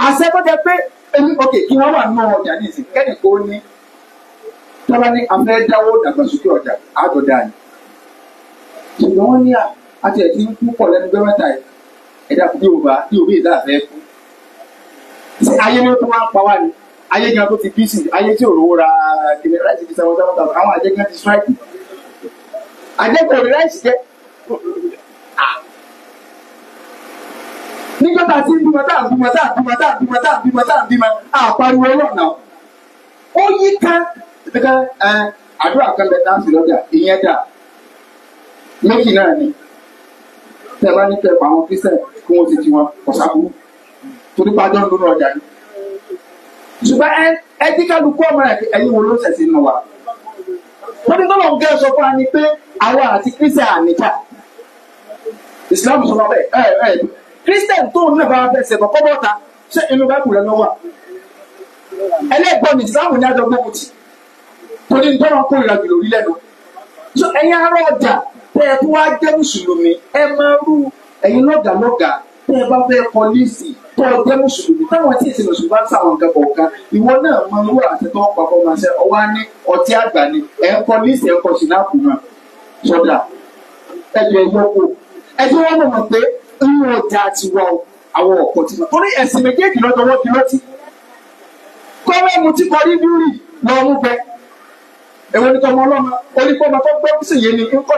àṣẹ tó jẹ pé èmi ok kí wọ́n wà nínú ọjà ní ìsìn kẹ́nì kó ní tọ́lá ní afẹ́ dáwó dàgbàsókè ọjà àgọ́dá ni. ṣùgbọ́n wọ́n ní à àti ẹ̀ tí ń kú pọ̀ lẹ́nu gbẹ́mẹ́ta yìí ẹ̀dá bí òbá bí òbí ìdá àfẹ́ kú ṣé ayé ni ó tún wá pa wá ni ayé gan tó ti bí sí ayé tí ò rówó ra kìnìún láti fi seven seven thousand àwọn àjẹ ti strike àjẹkùn òní láì ṣiṣẹ́ nígbà tá a ti ń bímọ tá a bímọ tá a bímọ tá a bímọ tá a bímọ tá a bímọ a pariwo lọ́nà ó yí ká gẹ́gẹ́ ẹ àdúrà kan bẹ dáńsì lọ́jà ìyẹn dà méjì náà ni tẹ̀ bá ní tẹ̀ pa àwọn kristian kí wọ́n ti ti wọn kọ̀sákú torí pa jọ ń lónú ọjà ni. ṣùgbọ́n ẹ ẹ jí kálukú ọmọ rẹ̀ ẹ̀yin wo ló ṣẹ̀ṣẹ̀ nù wa. wọ́n ní tọ́lọ̀ ń gẹ́ sọ fún wa ni pé àwa àti kírísítẹ̀ àníkà Islam sọ fún wa bẹ́ẹ̀ ẹ̀ ẹ̀ kírísítẹ̀ tó ń nà bá wa bẹ́ẹ̀ sẹ̀kọ̀ kọ́bọ̀ ta ṣé inú bá kù lọ́wọ́ ẹlẹ́gbọ́n ní Islam ní àjọ gbogbo ti torí ń tọ́lọ̀ kó ìrìnàjò lórí lẹ́nu. ẹ̀yin ará ọjà bẹ́ẹ̀ tó wá jẹ́ mùsùlùmí ẹ máa rú ẹ̀yin lọ́gàá tẹ́ ẹ bá fẹ́ kọ lísì tó o jẹ́ mùsùlùmí táwọn tí èsì mùsùlùmí bá ń sàwọn nǹkan kọ̀ọ̀kan ìwọ náà máa ń wà àti tó ń papọ̀ máa ṣe ọwọ́ á ní ọtí àgbà ni ẹ̀ ń kọ lísì ẹ̀ ń kọ sínáàpù náà sọ́dà ẹ̀jẹ̀ ìyókù ẹ̀jẹ̀ wọn mọ̀ pé irú ọjà ti wọ àwọn ọ̀pọ̀ tí wọn. torí ẹ̀sìn méjèèjì lọ́jọ́ wọn fi lọ́tí kọ́wé mu ti kọrí dúrì lọ́ọ́ mú bẹ́ẹ̀ èwo ni tọmọ ọlọ́mọ onípọ̀ ọmọ tó gbọ́ sí yé ni ń kọ́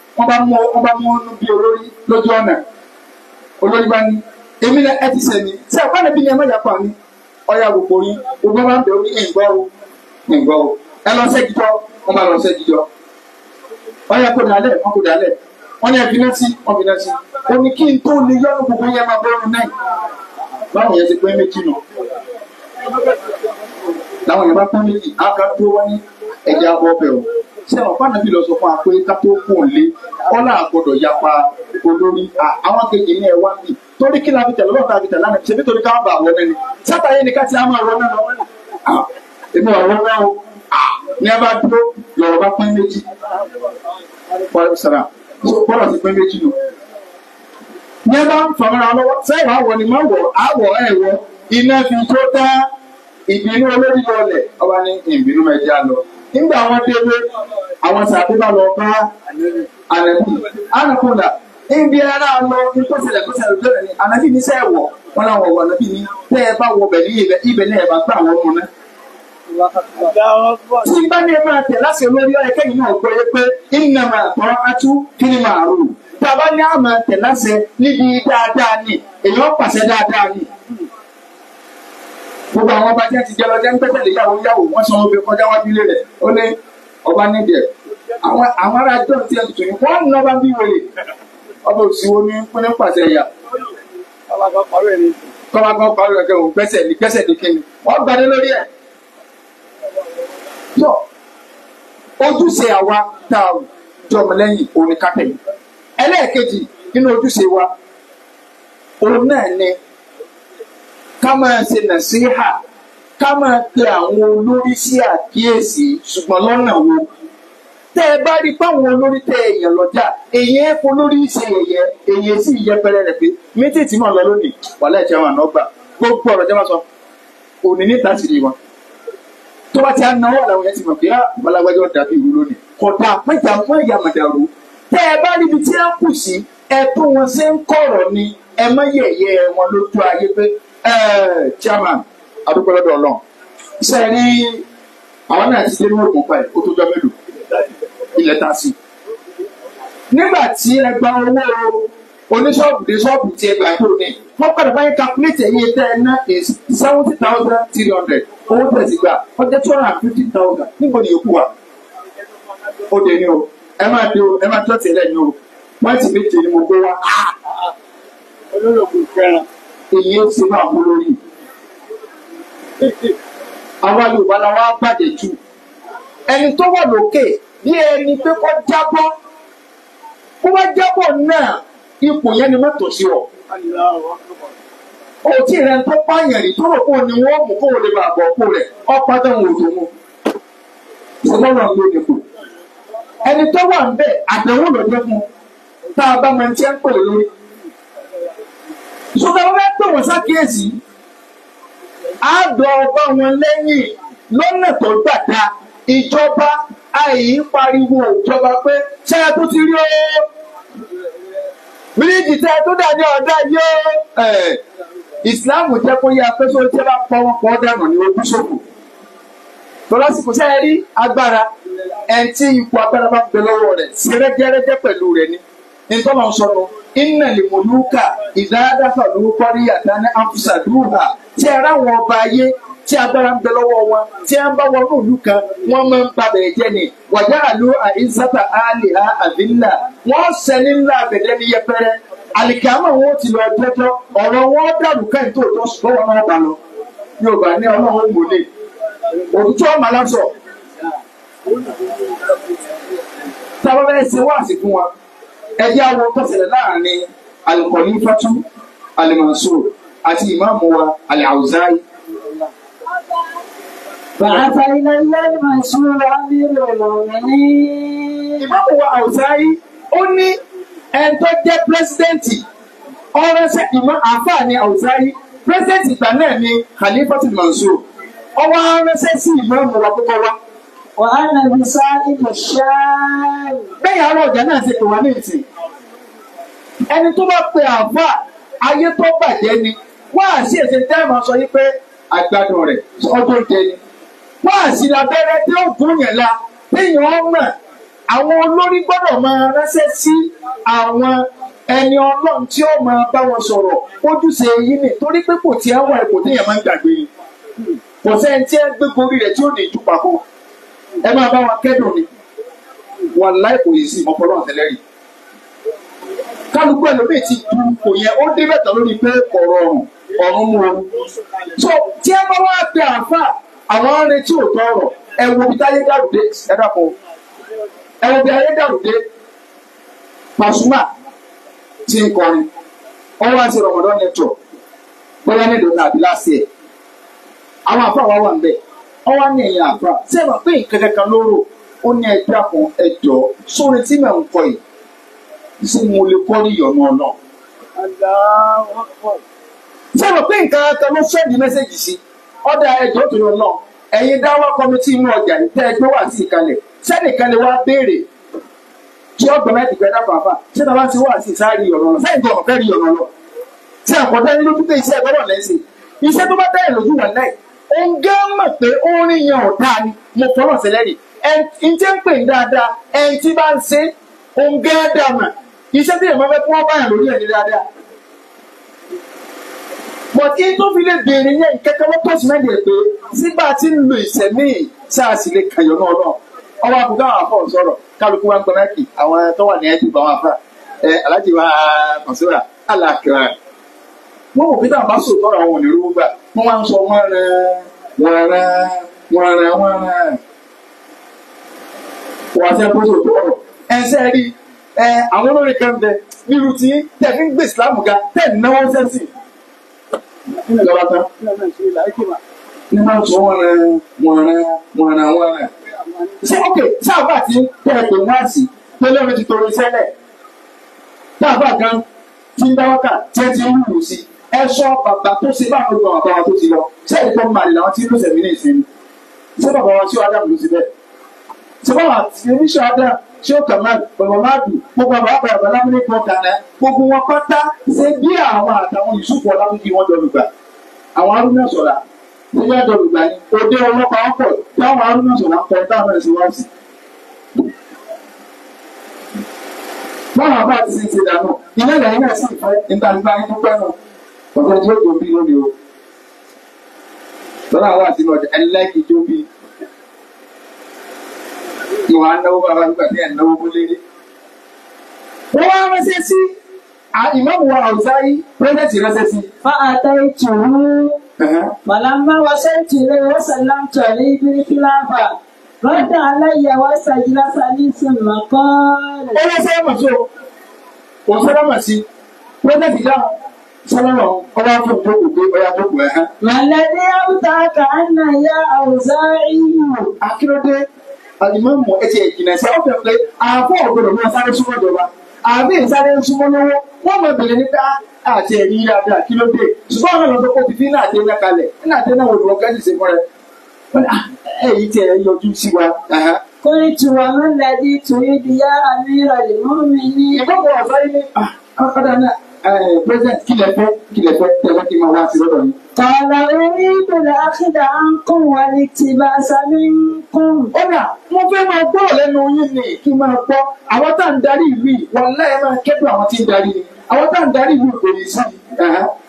wọ́n bá mú wọ́n bá mú ọ́nú bí olórí lójú ọ̀nà olórí bá ní èmi náà ẹ ti sẹ̀ mí ṣé ọ̀pá nàbí ni ẹ má yà pa mí ọ̀yà gbogbo rí gbogbo máa ń bẹ̀rù ní ìgbọ́ o ìgbọ́ o ẹ lọ sẹ́gidọ́ wọ́n bá lọ sẹ́gidọ́ ọ̀yà kò dálẹ̀ wọ́n kò dálẹ̀ wọ́n ní ẹbí náà sí wọ́n fi náà sí omi kí n tó lè yọ́nù gbogbo yẹn máa bọ́ọ̀rù náà báwọn yẹn ti pẹ́ méjì nù làwọn yẹn bá pẹ́ méjì á ká tó wọ́n ní ẹ̀jẹ̀ abọ́ bẹ̀ sẹ́wọ̀n fún ànábì lọ sọ fún wa pé ká tó kó o lé ọlá àgbọ̀dọ̀ yapa olórí àwọn kejì ní ẹwà mi torí kí la fi tẹ̀lé lọ́ta fi tẹ̀lé lánàá ṣebí torí káwọn bá wọ lẹ́nu sátayé ni ká ti á máa rọ náà lọ́wọ́ náà èmi ò rọ náà o ní a bá dúró lọ́rọ̀ bá pín méjì bọ́lá ti pín méjì nù. ní a bá ń fàmọ́ra lọ́wọ́ sẹ́wọ̀n àwọ̀ ni máa wọ̀ àwọ̀ ẹ̀ wọ iná fi tó tá ìbínú olórí lọ lẹ̀ nígbà àwọn délé àwọn sàbíbà lọ bá ànàbí ànàkùnà níbi ara lọ nítòsílẹ̀ tó ṣẹlẹ̀ lórí ni ànàbí ní sẹ́ wọ̀ wọn làwọn wọ̀ ànàbí ní tẹ́ ẹ bá wọ bẹ̀lí ibẹ̀ ibẹ̀ ní ẹ̀bà gbà wọn mọ́ná. tí bá ní ẹ máa tẹ̀ láti olórí ọ̀yẹ́ kẹ́yìn náà gbọ́ yẹ pé iná máa tọ́ atú kí ni màá rò tá a bá ní àmà tẹ̀ láti níbi dáadáa ni èèyàn pàṣẹ dáadáa ni gbogbo àwọn ọba tí wọ́n ti jẹ lọ jẹ́ ń pẹ́pẹ́ lè yàwó yàwó wọ́n sanwó fi kọjá wájú ilé rẹ̀ ó ní ọba nídìí àwọn àwọn ará jọ ti ẹ̀ tuntun yìí wọ́n ń nọba bí wòye ọba òsìwò ní pínlẹ pàṣẹ yà. tọ́ba kan parí rẹ̀ kẹ́hìn gbẹ́sẹ̀ ní gbẹ́sẹ̀ ní kíni wọ́n gbadé lórí ẹ̀. yọ ojúṣe àwa tá a jọmọ lẹ́yìn orin kápẹ́ ẹlẹ́ẹ̀kejì nínú ojúṣe wa òun náà ni ká máa ṣe nàṣíhà ká máa pe àwọn olórí sí àkíyèsí ṣùgbọ́n lọ́nà wo tẹ́ ẹ bá rí fáwọn olórí tẹ èèyàn lọ́jà èèyàn ẹ fún olórí ṣe yẹ̀yẹ́ èèyàn sì yẹpẹrẹ rẹ̀ pé mítìtì mọ̀ lọ lónìí wàhálà ẹ̀jẹ̀ wọn àná gbà gbogbo ọ̀rọ̀ jẹ́ máa sọ òní níta sì rí wọn tó bá ti á náwó àwọn yẹn ti mọ̀ pé á ah, balágbájọ́ dàbí ìlú lónìí kọ̀dà mẹ́ta fún ẹ̀yà màdàrú tẹ́ ẹ bá rí ibi tí á kù sí ẹ tó wọn ṣe ń kọ̀rọ̀ ni ẹ má yẹ̀yẹ́ wọn lójú ayé pé chairman adúgbò lọ́dọ̀ Ọlọ́run iṣẹ́ rí àwọn náà ti dé ní òògùn pa ẹ̀ ó tó jọ mélòó ilẹ̀ ta sí. nígbà tí ẹ gba owó oníṣọ́ọ̀bù dé ṣọ́ọ̀bù tí ẹ gbà tó ní wọ́n padà báyìí calculate ẹ̀yẹ tẹ́ ẹ ná is seventy thousand three hundred owó tẹ̀ sí gbà ó jẹ́ two hundred and fifty thousand níbo ni yòókù wa. ó dé ní o ẹ máa dé o ẹ máa tọ́tì ẹ lẹ́yìn o wọ́n ti méje ni mo gbé wa. olólùkù fẹ́ràn èyí ó ṣe máa mú lórí. àwa Yorùbá la wá bàjẹ́ jù ẹni tó wà lókè bí ẹni pé kó jábọ́ kó wá jábọ́ náà ipò yẹn ni mọ́tò sí ọ. o tí rẹ tó pààyàn rí tó rò kó ni wọ́n mú kó o lè bá àbọ̀ kó rẹ̀ ọ́ pátá wọn ò tó mú. ṣùgbọ́n náà ló dìbò ẹni tó wà ń bẹ̀ àdánwò lọ́jọ́ fún tá a bá máa ń tiẹ́ ń pè lórí sọfẹ́ wọ́n fẹ́ pè wọ́n sákìyèsí á dọ̀ ọba wọn lẹ́yìn lọ́nà tó gbàdá ìjọba àìyí pariwo ìjọba pé ṣé tó ti rí o bíríìjì tẹ tó dà ní ọ̀dà yóò ìsìláàmù jẹ́ kó yá pé sóun tẹ́ bá pọ́ wọn pọ́ dànù ní ojú ṣòfò tọ́lásìkò sẹ́yìn rí agbára ẹ̀ ń tí ipò agbára bá ń bẹ lọ́wọ́ rẹ̀ ṣe rẹ́gẹ́rẹ́gẹ́ pẹ̀lú rẹ̀ ni ntọ́lọ̀ sọ̀rọ̀ iná lè mú lúkà ìdáadáfà ló kọ́rí àtàní àfúsà lúhà tí ara wọn ọba ayé tí agbára ń bẹ lọ́wọ́ wọn tí a ń bá wọn lóòlù kan wọ́n máa ń babẹ̀rẹ̀ jẹ́ ni wàjá àlọ́ àìsàtà àlìhà àbílà wọ́n sẹ́ni ńlá àbẹ̀dẹ́ ní yẹpẹrẹ àlìkàmà wọn ti lọ tẹ́tọ́ ọ̀rọ̀ wọn dàrú káyìn tó tọ́ ṣùgbọ́n wọn náà bà lọ yóò bá ní ọlọ́run mọ́lé òtútù ọmọ aláṣọ tábàbẹ̀ ṣe wá àsìkò wọn ẹjẹ́ àwọn tó ṣẹlẹ̀ láàrin al-Khalifatu al-Mansur àti ìmáàmù wa al-Awza'i. bàtà ilẹ̀ ilẹ̀ Mansur amírò lọ́mìnì. ìmáàmù wa Awza'i ó ní ẹni tó jẹ́ pírẹsidẹ́ǹtì ọ̀rẹ́sẹ̀ ìmọ̀ àfààní Awza'i pírẹsidẹ́ǹtì ìgbà náà ni Khalifatu al-Mansur ọwọ́ ọ̀rẹ́sẹ̀ sí ìmáàmù wa kókó wa wàhálà mi sáré lọ ṣááyé. bẹ́ẹ̀ àwọn ọ̀jà náà ṣe pè wá ní ìsìn. ẹni tó bá pe àfa ayé tó bàjẹ́ ni wá sí èsì dáìmọ̀ sọ yí pé àgbàdo rẹ̀ ọdún jẹ ni. wá sí labẹ́rẹ́ tí ó gún yẹn la téèyàn ń mọ̀ àwọn olórí gbọ́dọ̀ máa ránṣẹ́ sí àwọn ẹni ọlọ́run tí ó máa bá wọn sọ̀rọ̀ ojúṣe yín ni torí pé kò tí ẹ wà ipò téèyàn máa ń gbàgbé kò sẹ́ni tí ẹ gbégorí rẹ̀ tí ó lè jù papọ̀ ẹ máa bá wa kẹ́dùn ni wọn láì kò yìí sí ọpọlọ àtẹlẹ rí kálukú ẹlòmíì ti du kò yẹ ó dé bẹ́tà lórí pé ọ̀rọ̀ ọ̀run mu ooru so tí ẹ bá wá gbé àáfà àwọn arìnrìn tí ò tọ ọ̀rọ̀ ẹ wo bí táyé dàrú dé ẹ dàpọ̀ ẹ wo bí ayé dàrú dé Pasuma ti ń kọrin wọn wá sí Ramadan network bóyá nílò nàbí láti ẹ àwọn àfà wa wà ń bẹ́ẹ̀ ọwọ́ ní ẹ̀yìn àbúrà tí ẹ bá pé ìkẹ́kẹ́ kan lóró ó ní ẹgbẹ́ àwọn ẹ̀jọ́ sórí tí mẹ̀ ń kọ yìí sí mo lè kọ́ ní ìyọ̀nù ọ̀nà. tí ẹ bá pé nǹkan kan ló sẹ́ẹ̀dì mẹ́sẹ̀gì sí ọ̀dà ẹ̀jọ́ tó yọ náà ẹ̀yin dáwọ́ kọ́mítì inú ọjà yìí tẹ́ ẹgbẹ́ wà sí ìkalẹ̀ sẹ́nìkan lè wá béèrè kí ọgbọ̀n láti gbẹ dáfà fà ṣé tàbá ti wà sí ìsáàrí ọ̀rọ̀ lọ sẹ́yìn gbọ́n ọ̀fẹ́ rí ọ̀rọ̀ lọ. tí àkọ́tẹ́ nínú pípé iṣẹ́ ẹ̀kọ́ wà lẹ́sìn iṣẹ́ tó bá tẹ̀yìn lójú ó ń gẹ́ mọ̀ pé orin yẹn ò dáa ni mo fọlọ́ sí lẹ́yìn ẹni tí ń pè dáadáa ẹni tí bá ń ṣe ó ń gẹ́ dàmà iṣẹ́ tí èèmọ́ fẹ́ kí wọ́n báyàn lórí ẹ̀yìn dáadáa. bọ̀dé tó fi lè béèrè yẹn kẹ́kẹ́ wọ́n pọ̀ sí mẹ́rin ẹ̀ pé sígbà tí ń lo ìṣẹ̀mí sáàsì lè kàyọ̀ náà lọ ọwọ́ àbúkà àwọn afọ sọ̀rọ̀ kálukú wa ń gbọ́n náàkì àwọn tó wà ní ẹ wọ́n wá ń sọ wọ́nrẹ́ wọ́nrẹ́ wọ́nrẹ́ wọ́nrẹ́ wọ́n ṣe kó tó tó ọ̀rọ̀ ẹ ṣe rí ẹ àwọn olórin kan bẹ nírú tí tẹ fi ń gbé ìsìlámù ga tẹ náwó sẹ́sì nílẹ̀ lọ́ba tán ní máa ń sọ wọ́nrẹ́ wọ́nrẹ́ wọ́nrẹ́ wọ́nrẹ́ ṣé ok sáàbà tí tẹ̀ pé wọ́n á sì pé lórí ti torí sẹ́lẹ̀ sáàbà kan tí ń dáwọ́kà tí ẹ ti ń lù sí i ẹ sọ bàbá tó ṣe báwọn olùkọ́ bàbá wa tó ti lọ ṣé èyí tó ń balẹ̀ làwọn tí lóṣẹ̀ mí ní ìsinmi ṣé bàbá wa ṣé ó Ádámù ló ti bẹ́ẹ̀ ṣé bàbá àti ṣé Ádámù ṣé ó kàmá bàbá má dùn gbogbo àbá bàbá lámúlé kan kàná gbogbo wọn pátá ṣe bí àwọn àtàwọn Yùsúfù ọlámúkí wọn dọ̀lùgbà àwọn arúgbó sọ̀rọ̀ nígbà dọ̀lùgbà ni òde ọlọ́pàá ń pọ̀ táwọn arúgbó sọ̀rọ̀ ń pọ̀ táwọn ẹ̀sìn wá sí. báwọn àbá ti ṣe ìṣèdánù ilé ìlànà ẹ̀sìn ìfẹ́ ìgbàlùgbà ẹni tó pẹ́ náà ọ̀sán tí ó tó bí lónìí o lọ́nà àwọn àti lọ́jà ẹlẹ́kì tó bí ìwà náwó bàbá nígbà tí ẹ̀ náwó mọ́lẹ́lẹ́. wọ́n wá ránṣẹ́ sí ìmáàmù wa àwùsáyí pírẹ́sẹ̀tì ránṣẹ́ sí. fa àtàrí tòun màlámà wa sẹ́ǹtì rẹ̀ wọ́n sàlám tọ̀lé ìbírí kíláàfà rọ́dà aláyàwó sàjìlá sàlí sùnmọ̀ kọ́ọ̀lù. ó lọ sọ́dọ̀ mọ̀ sí o kò sọ́dọ̀ mọ̀ sí pírẹ́sẹ̀tì dáhùn sọ́lọ́rọ̀ ọba fún ìjókòó pé ọya jókòó ẹ̀ hán. mọ̀lẹ́dẹ́ ọ̀tá kàánà ya àwùjá ìlú. akérèdé alimọ́mọ́ ẹ̀tì ẹ̀jìnà sí ọ̀fẹ́ pé àbọ̀ ọ̀gbọ̀dọ̀ máa sáré súnmọ́ ìjọba àbí ìsáré súnmọ́ lọ́wọ́ wọ́n mọ̀ bẹ̀rẹ̀ nípa ah, àti ẹ̀rí ilé abẹ́ àkílódé ṣùgbọ́n àwọn ọ̀dọ́ kò fífi náà tẹ́lẹ̀ kalẹ̀ náà tẹ́lẹ̀ wò lọ́ọ́ kẹ́sì sí fọ́rẹ́ ẹ̀yìn tẹ̀ yọjú sí wa. kórè tiwa ló ń lẹ́ẹ̀dí torí ibi yá àmì ìrọ̀lẹ́ mọ́ mi ní. ìbọ̀wọ̀ ọ̀fẹ́ yìí ni ọ̀kadà náà Eh, president kílẹ̀ fẹ́ kílẹ̀ fẹ́ tẹ̀wé kí n máa wá sí lọ́dọ̀ yìí. Kọ̀ọ̀lá orí ìbẹ̀rẹ̀ àkìdá ń kún wa ní tìbá sáré ń kún. Ó rà mo fẹ́ máa gbọ́ lẹ́nu yín ni kí n máa gbọ́. Àwọn tá à ń darí ìlú yìí, wọ́n láyé máa kẹ́dùn àwọn tí ń darí ni. Àwọn tá à ń darí ìlú kò yìí sí.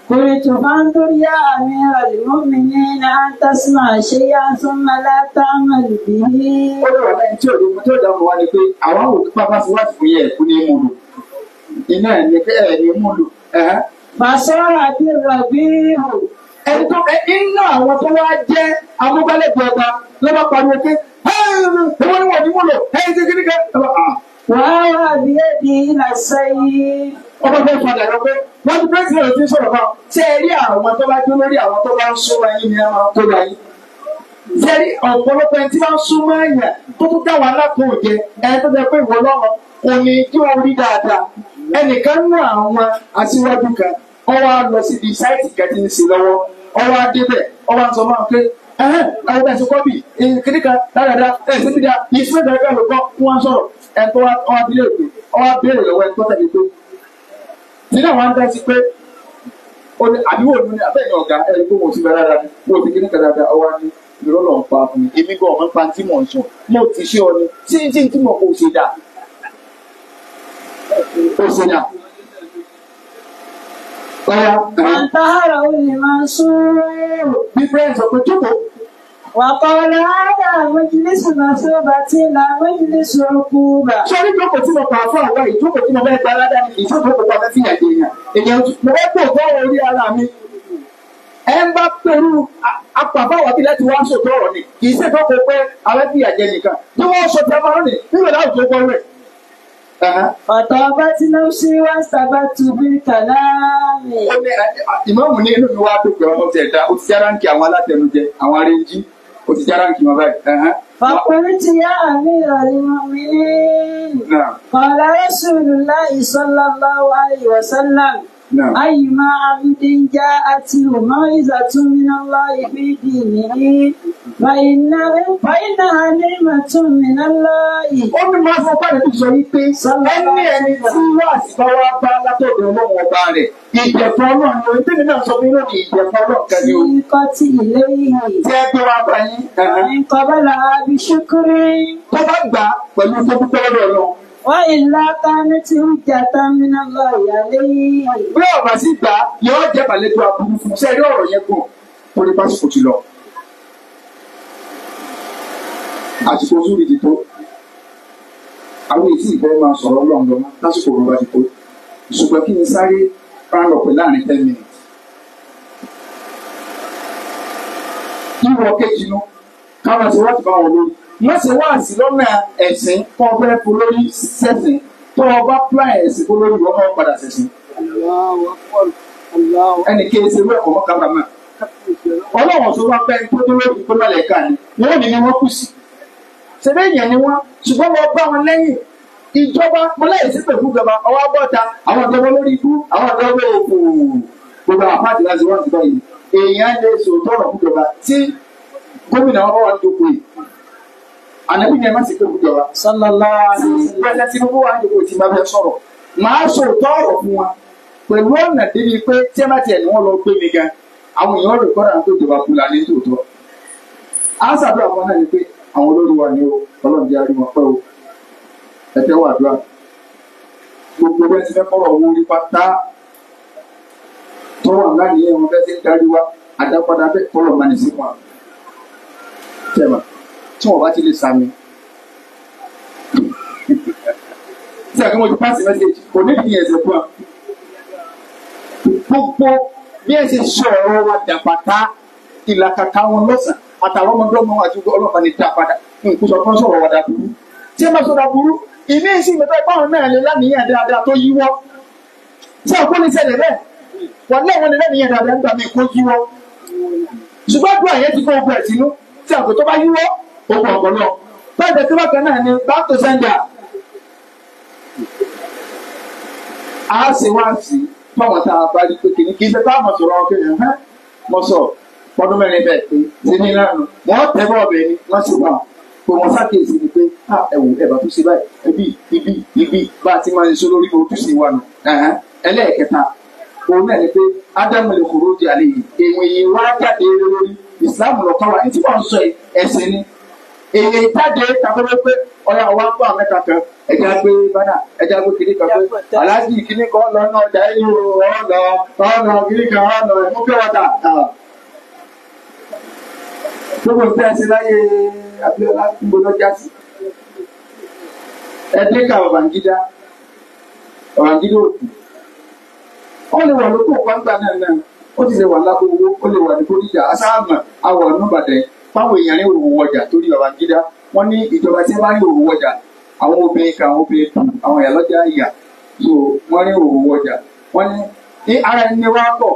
قلت فانظر يا أمير المؤمنين أن تسمع شيئا ثم لا تعمل به. Ó lọ́wọ́ ẹni tí ò ní mú tó dáhùn wá ni pé àwọn òkú pápá fún wá fún yẹ̀ kú ní mú lò iná ẹ̀yẹ pé ẹ̀yẹ mú lò. Màsọ́ra bí Rabiu. Ẹni tó ẹ iná àwọn tó wá jẹ́ amúgbálẹ́gbẹ̀ẹ́ ọba lọ́ba pariwo pé ẹ̀wọ́n ni wọ́n ní múlò ẹ̀yìn kékeré níkẹ́. Ah. Wàá wà ní èdè ìlà sẹ́yìn. Ọba fẹ́ padà lọ pé wọ́n ti pẹ́sì rẹ̀ ti sọ̀rọ̀ náà. Ṣé ẹ rí àwọn tó bá dún lórí àwọn tó bá ń súnmọ́ yín ni ẹ máa tó lọ yín? Ṣé rí ọ̀pọ̀lọpọ̀ ẹni tí wọ́n súnmọ́ ẹ̀yà tó tún dá wàhálà tó jẹ ẹni tó jẹ pé ìwọ lọ́rọ̀ òní kí wọ́n rí dáadáa ẹnìkan nú àwọn aṣíwájú kan ọwọ́ á lọ síbi sáìtì kẹ́tì ń ṣe lọ́wọ́ ọwọ́ á débẹ̀ ọwọ́ á sọ máa pé ẹ̀hẹ́n àwọn ẹ̀sìn kọ́bì kìnìkan dáadáa ẹ̀sìn mi dáa ìṣúná ìdájọ́ ló kọ́ wọ́n sọ̀rọ̀ ẹ̀tọ́ ọwọ́ abilé òkè ọwọ́ abéèrè lọ́wọ́ ẹ̀tọ́ tẹ̀lé pé nínú àwọn àǹdá sí pé àdúgbò mi ni abẹ́yẹn ọ̀gá ẹ̀rí pé mo ti bẹ̀rẹ̀ dáadáa mo ti kìnìkan dáadáa ọwọ́ ni ìrọ̀lọ́ ń pa fún mi èmi gan ọ̀mọ́ pa tí mò ń sùn mo ti ṣe ọ ni tí tí tí mo kò ṣe dáa ó ṣe dà. Báyà. Àǹtàrà olè máa ń èrò. Bí Bẹ́ẹ̀ sọ pé jókòó. Wàkọ̀ọ̀lẹ̀ ayé àmójúlísù náà tí ó bá ti la àmójúlísù okùnbà. Ṣé orí jókòó tí mo pa fún àwọn ìjókòó tí mo fẹ́ gba aládá ni kì í jókòó tó pamẹ́ fìyà jẹ èèyàn? Èèyàn mo fẹ́ kó gbọ́ orí ara mi. Ẹ ń bá pẹ̀lú apàbáwọ̀ bí láti wá sòtọ́ ọ̀rọ̀ ni kì í ṣètò kó pé alẹ́ fìyà jẹ nìkan. Bí wọ́n sọ Ọ̀tọ̀ọ̀bá tí náà ṣe wá sábà tubí kàlámì. Ó ní ìmáàmù ní inú mi wá tó pẹ̀lú ọmọ tẹ̀dá, ó ti já ránkì àwọn alátẹnujẹ, àwọn arẹ́jí, ó ti já ránkì wọn báyìí. Ọkùnrin ti yá àmì ìrọ̀lẹ́ mi ní. Qala Rasulullahi sallallahu alaihi wasallam. أيما عبد جاءته موعظة من الله في دينه فإن فإنها نعمة من الله. ó ní máa fọ́ báyìí sọ wípé ẹni ẹni tí wàá sáwá bá látọ̀dọ̀ ọlọ́run ọba rẹ̀ ìjẹ̀fọ́ náà ni ojú mi náà sọ mí lónìí ìjẹ̀fọ́ náà kan ni o. ikọ̀ ti ilé yìí. tí ẹ gbé wá bá yín. nǹkan bá la bí ṣúkúrú. tó bá gbà pẹ̀lú fọ́nbútọ́lọ́dọ̀ ọlọ́run. Wàhálà kánú tí ń jata nínú lọ ìyàlẹ́ yìí. Bí ọ̀rọ̀ sì gbà yóò jẹ́ bàlejò aburú fún sẹ́ẹ̀rí ọ̀rọ̀ yẹn gùn kó ní pásítọ̀ ti lọ. Àtìkó Zúri ti tó. Àwọn èyí tí ìfẹ́ máa sọ̀rọ̀ lọ́nà lásìkò òru bá ti tó. Ṣùgbọ́n kí ni sáré rárọ̀ pé láàrin ten minutes. Ìwọ kejì nu, káwọn ti wá ti bá wọn lórí mẹ́sìn wá sí lọ́nà ẹ̀sìn tó ọgbẹ́ polórí sẹ́sìn tó ọba plan ẹ̀sìn polórí wọ́n máa ń padà sẹ́sìn. ẹnì kí ẹsẹ̀ wẹ̀ ọmọ kábà máa. ọlọ́wọ̀n tó bá pẹ́ tó tó lórí tó bá lẹ̀ ká ni wọ́n ní ni wọ́n kù sí. ṣẹbẹ́ yẹn ni wọ́n ṣùgbọ́n wọ́n bá wọn lẹ́yìn ìjọba mọ́láyè sí pẹ̀lú ìjọba ọwọ́ abọ́ta àwọn ìjọba lórí ikú àwọn ìjọba òkú ànábì ní ẹ má ti pé kújọ wa. sallallahu alaihi wasallam. pẹ̀lẹ́ Tinubu wa ni kò tí ma fẹ́ sọ̀rọ̀ màá sọ tọrọ fún wa pẹ̀lú ọ̀nà débi pé tí ẹ bá tiẹ̀ ní wọ́n lọ gbé mi gan àwọn èèyàn rẹ̀ kọ́ra tó jọba fúlà ní tòótọ́. a sàdúrà wọn náà ni pé àwọn olórí wa ni o ọlọ́run jẹ́ àríwá pẹ́ o ẹ̀tẹ́ wà dúrà gbogbo bẹ́ẹ̀ ti fẹ́ kọ́rọ̀ owó orí pátá tọrọ àgbáyé wọn bẹ́ẹ̀ ti ń wa àdápadà bẹ́ẹ̀ kọ́rọ̀ mánìsí wọn tí wọ́n bá ti lè sàmì. Ṣé àgbẹ̀wò ti pass message kò ní ìdí ẹ̀sẹ̀ fún wa? Gbogbo bí ẹ ṣe sọ ọ̀rọ̀ wa dàpàtà ìlàkàkà wọn lọ́sàn àtàwọn ọmọdé ọmọ àti ọlọ́pàá ní dàpàdà nǹkó sọ fún sọ̀rọ̀ wa dàbúrú. Tí ẹ bá sọ dàbúrú, ìní ìsìn ìgbẹ́tọ̀ ìpáwọn náà lè lánìyàn dáadáa tó yíwọ́. Ṣé òkú ni ṣẹlẹ̀ bẹ́ẹ̀? Wọ́n lé wọn lè lánìyàn dáadáa nígbà mí kó yíwọ́. Ṣùgbọ́n àgbà yẹn ti kó ogun ẹ̀sìn nú tí àgbẹ̀ tó bá yíwọ́ gbogbo ọ̀pọ̀lọ́ bẹ́ẹ̀ tẹ̀sí bákan náà ni back to sender a sì wá sí fáwọn tá a bá rí pé kìíní kìí ṣe táwọn sọ̀rọ̀ ọ̀kẹ́ yẹn hẹ́ mo sọ ọdún mẹ́rin bẹ́ẹ̀ pé ṣe ní ìlànà wọ́n tẹ́ bọ́ọ̀ bẹ́ẹ̀ ni wọ́n sì wà pé wọ́n ṣàkíyèsí ni pé a ẹ̀wù ẹ̀bà tó ṣe báyìí ibi ibi ibi bá a ti máa ń ṣe lórí ojúṣe wa nù ẹlẹ́ẹ̀kẹta òun náà ni pé ádámù lè kúrò di àlè yìí èèyàn yìí wá jáde lórí ìsìlámù lọ́kọ́ wa ní tí sọ ẹ̀sìn ni èyí jáde kakọ́lọ́ pé ọ̀yà wa ń bọ̀ àmẹ́ta kan ẹja gbé bánà ẹja gbé kìnnì kan pé aláàjì kìnnì kan lọ́nà ọjà ẹ̀yìn o ọ̀nà ọ̀nà kìnnì kan ọ̀nà ẹ̀mú pé wọ́tà. gbogbo ìpín ẹsẹ̀ láyé abiola gbogbo jásí ẹdínkà ọ̀bàǹgídá ọ̀bàǹgídá òkú ó lè wà lóko pàǹgbà náà náà ó ti lè wà lábọ̀ owó ó lè wà ní kórìíyà asáàmà àwọ̀ ọ̀nùbàdàn yìí fáwọn èèyàn ní òwò ọjà torí Babangida wọ́n ní ìjọba tí wọ́n bá ní òwò ọjà àwọn obìnrin kan àwọn obìnrin kan àwọn èèyàn lọ́jà ìyà so wọ́n ní òwò ọjà wọ́n ní ní ara ẹni wá pọ̀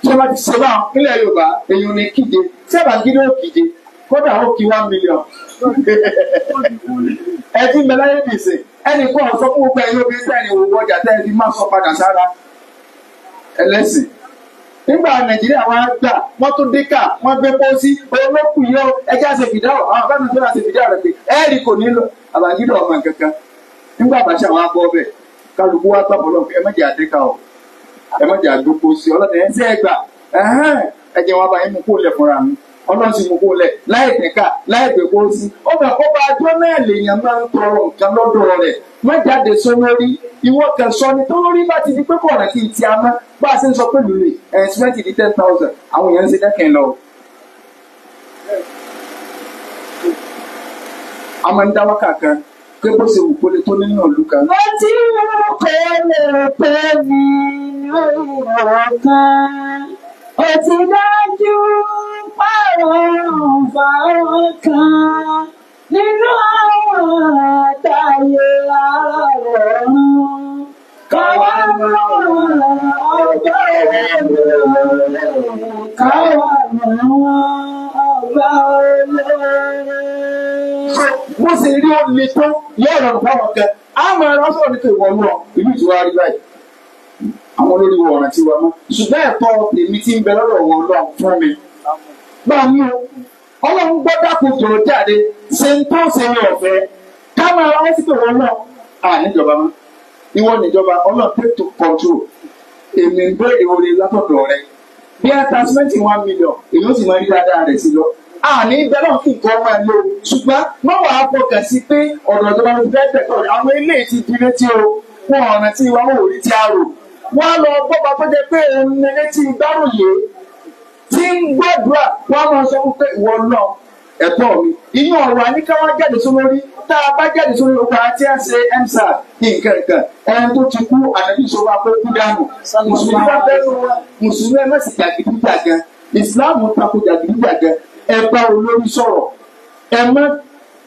tí wọ́n bá ti ṣe bá àwọn ilẹ̀ Yorùbá èèyàn ní kíje tí Babangida ó kíje kódà ó kí one million ẹ ti mẹ ẹnì kan sọ fún gbogbo ẹ̀yin obìnrin tẹ̀ ní òwò ọjà tẹ̀ ẹ ti sọ padà sára ẹlẹ́sìn nígbà nàìjíríà wa gbà wọ́n tún dé kà wọ́n gbé pósí olókùn yìí ó ẹjẹ́ àṣẹ fìdáwọ̀ àwọn bá mi tó láṣẹ fìdáwọ̀ rẹ̀ pé ẹ́ẹ̀rì kò nílò àbájídọ̀ ọmọ kankan nígbà àbáṣe àwọn abọ́ bẹ̀ kálukú wa tọ̀pọ̀ lọ́wọ́ ẹ mọ̀jẹ̀ àdékà o ẹ mọ̀jẹ̀ àdókòsí ọlọ́dẹ ẹ̀ ń sẹ́ẹ̀gbà ẹ̀hẹ́n ẹ̀jẹ̀ wọn bá yín mú kó lẹ̀ fúnra mi ọlọ́run ti mú kó lẹ̀ láì tẹ̀ka láì pèpò sí ọgbà kọ́ba ajọ́ náà lèèyàn máa ń tọrọ nǹkan lọ́dọ̀ rẹ̀ má jáde sọ́nà rí ìwọ kan sọ ni tó rí bá ti di pé kọ̀ọ̀nà kì í ti a mọ́ bá a ṣe ń sọ pé lulẹ̀ ẹ̀ ṣẹ́ntì di ten thousand àwọn èèyàn ń ṣe dẹ́kẹ̀ lọ. a máa ń dá wákà kan pé bó ṣe wù kó lè tó nínú ìlú kan. mo ti ń pé lè pè mí ní ìrọ̀ kan ó ti dájú pààrọ̀ fáwọn kan nínú àwọn àtàyè àrọ̀rùn káwá mọ́ ọjọ́ ìrẹ́lẹ̀ káwá mọ́ ọba olóore. bó ṣe rí ó le tó yóò rọrùn fáwọn kan á máa rán sọ̀rọ̀ nípa ìwọ̀n náà ìlú ìtura rí báyìí àwọn olórí wọn ọ̀ràn ti wà mọ́ ṣùgbọ́n ẹ̀tọ́ tèmi ti ń bẹ lọ́dọ̀ wọn lọ́wọ́ fún mi. gbà mí o ọlọ́run gbọ́dọ̀ kò tó jáde ṣe ń tó ṣe ní ọ̀fẹ́ ká máa wá sí ìwọ náà à níjọba mọ́ ìwọ níjọba ọlọ́run pé tó control èmi ń gbé ìwòye látọ̀dọ̀ rẹ bí attachment one million èmi ó sì máa rí dáadáa rẹ̀ sí lọ àní bẹ́ẹ̀ kí nǹkan máa lò ṣùgbọ́n má wàá fọkàn sí pé ọ̀dọ̀ ìjọba ló fẹ́ tẹ̀tọ̀ àwọn ilé ti di létí o wọn ọ̀ràn tí wọn ò rí ti àrò wọ́n á lọ gbọ́ba tó jẹ pé òun ní létí gbárùyé tí ń gbàdúrà wọ́n á máa sọ wípé ìwọ náà ẹ̀tọ́ mi inú ọ̀rọ̀ àníkà jáde sórí orí tá a bá jáde sórí oko àti ẹsẹ̀ ẹ̀msà nǹkan nǹkan ẹni tó ti kú àdàbí ìṣòro akókó dànù mùsùlùmí bá bẹ́rù wa mùsùlùmí ẹ má sì jàgídí jàgan ìsìláàmù tako jàgídí jàgan ẹ bá olórí sọ̀rọ̀ ẹ má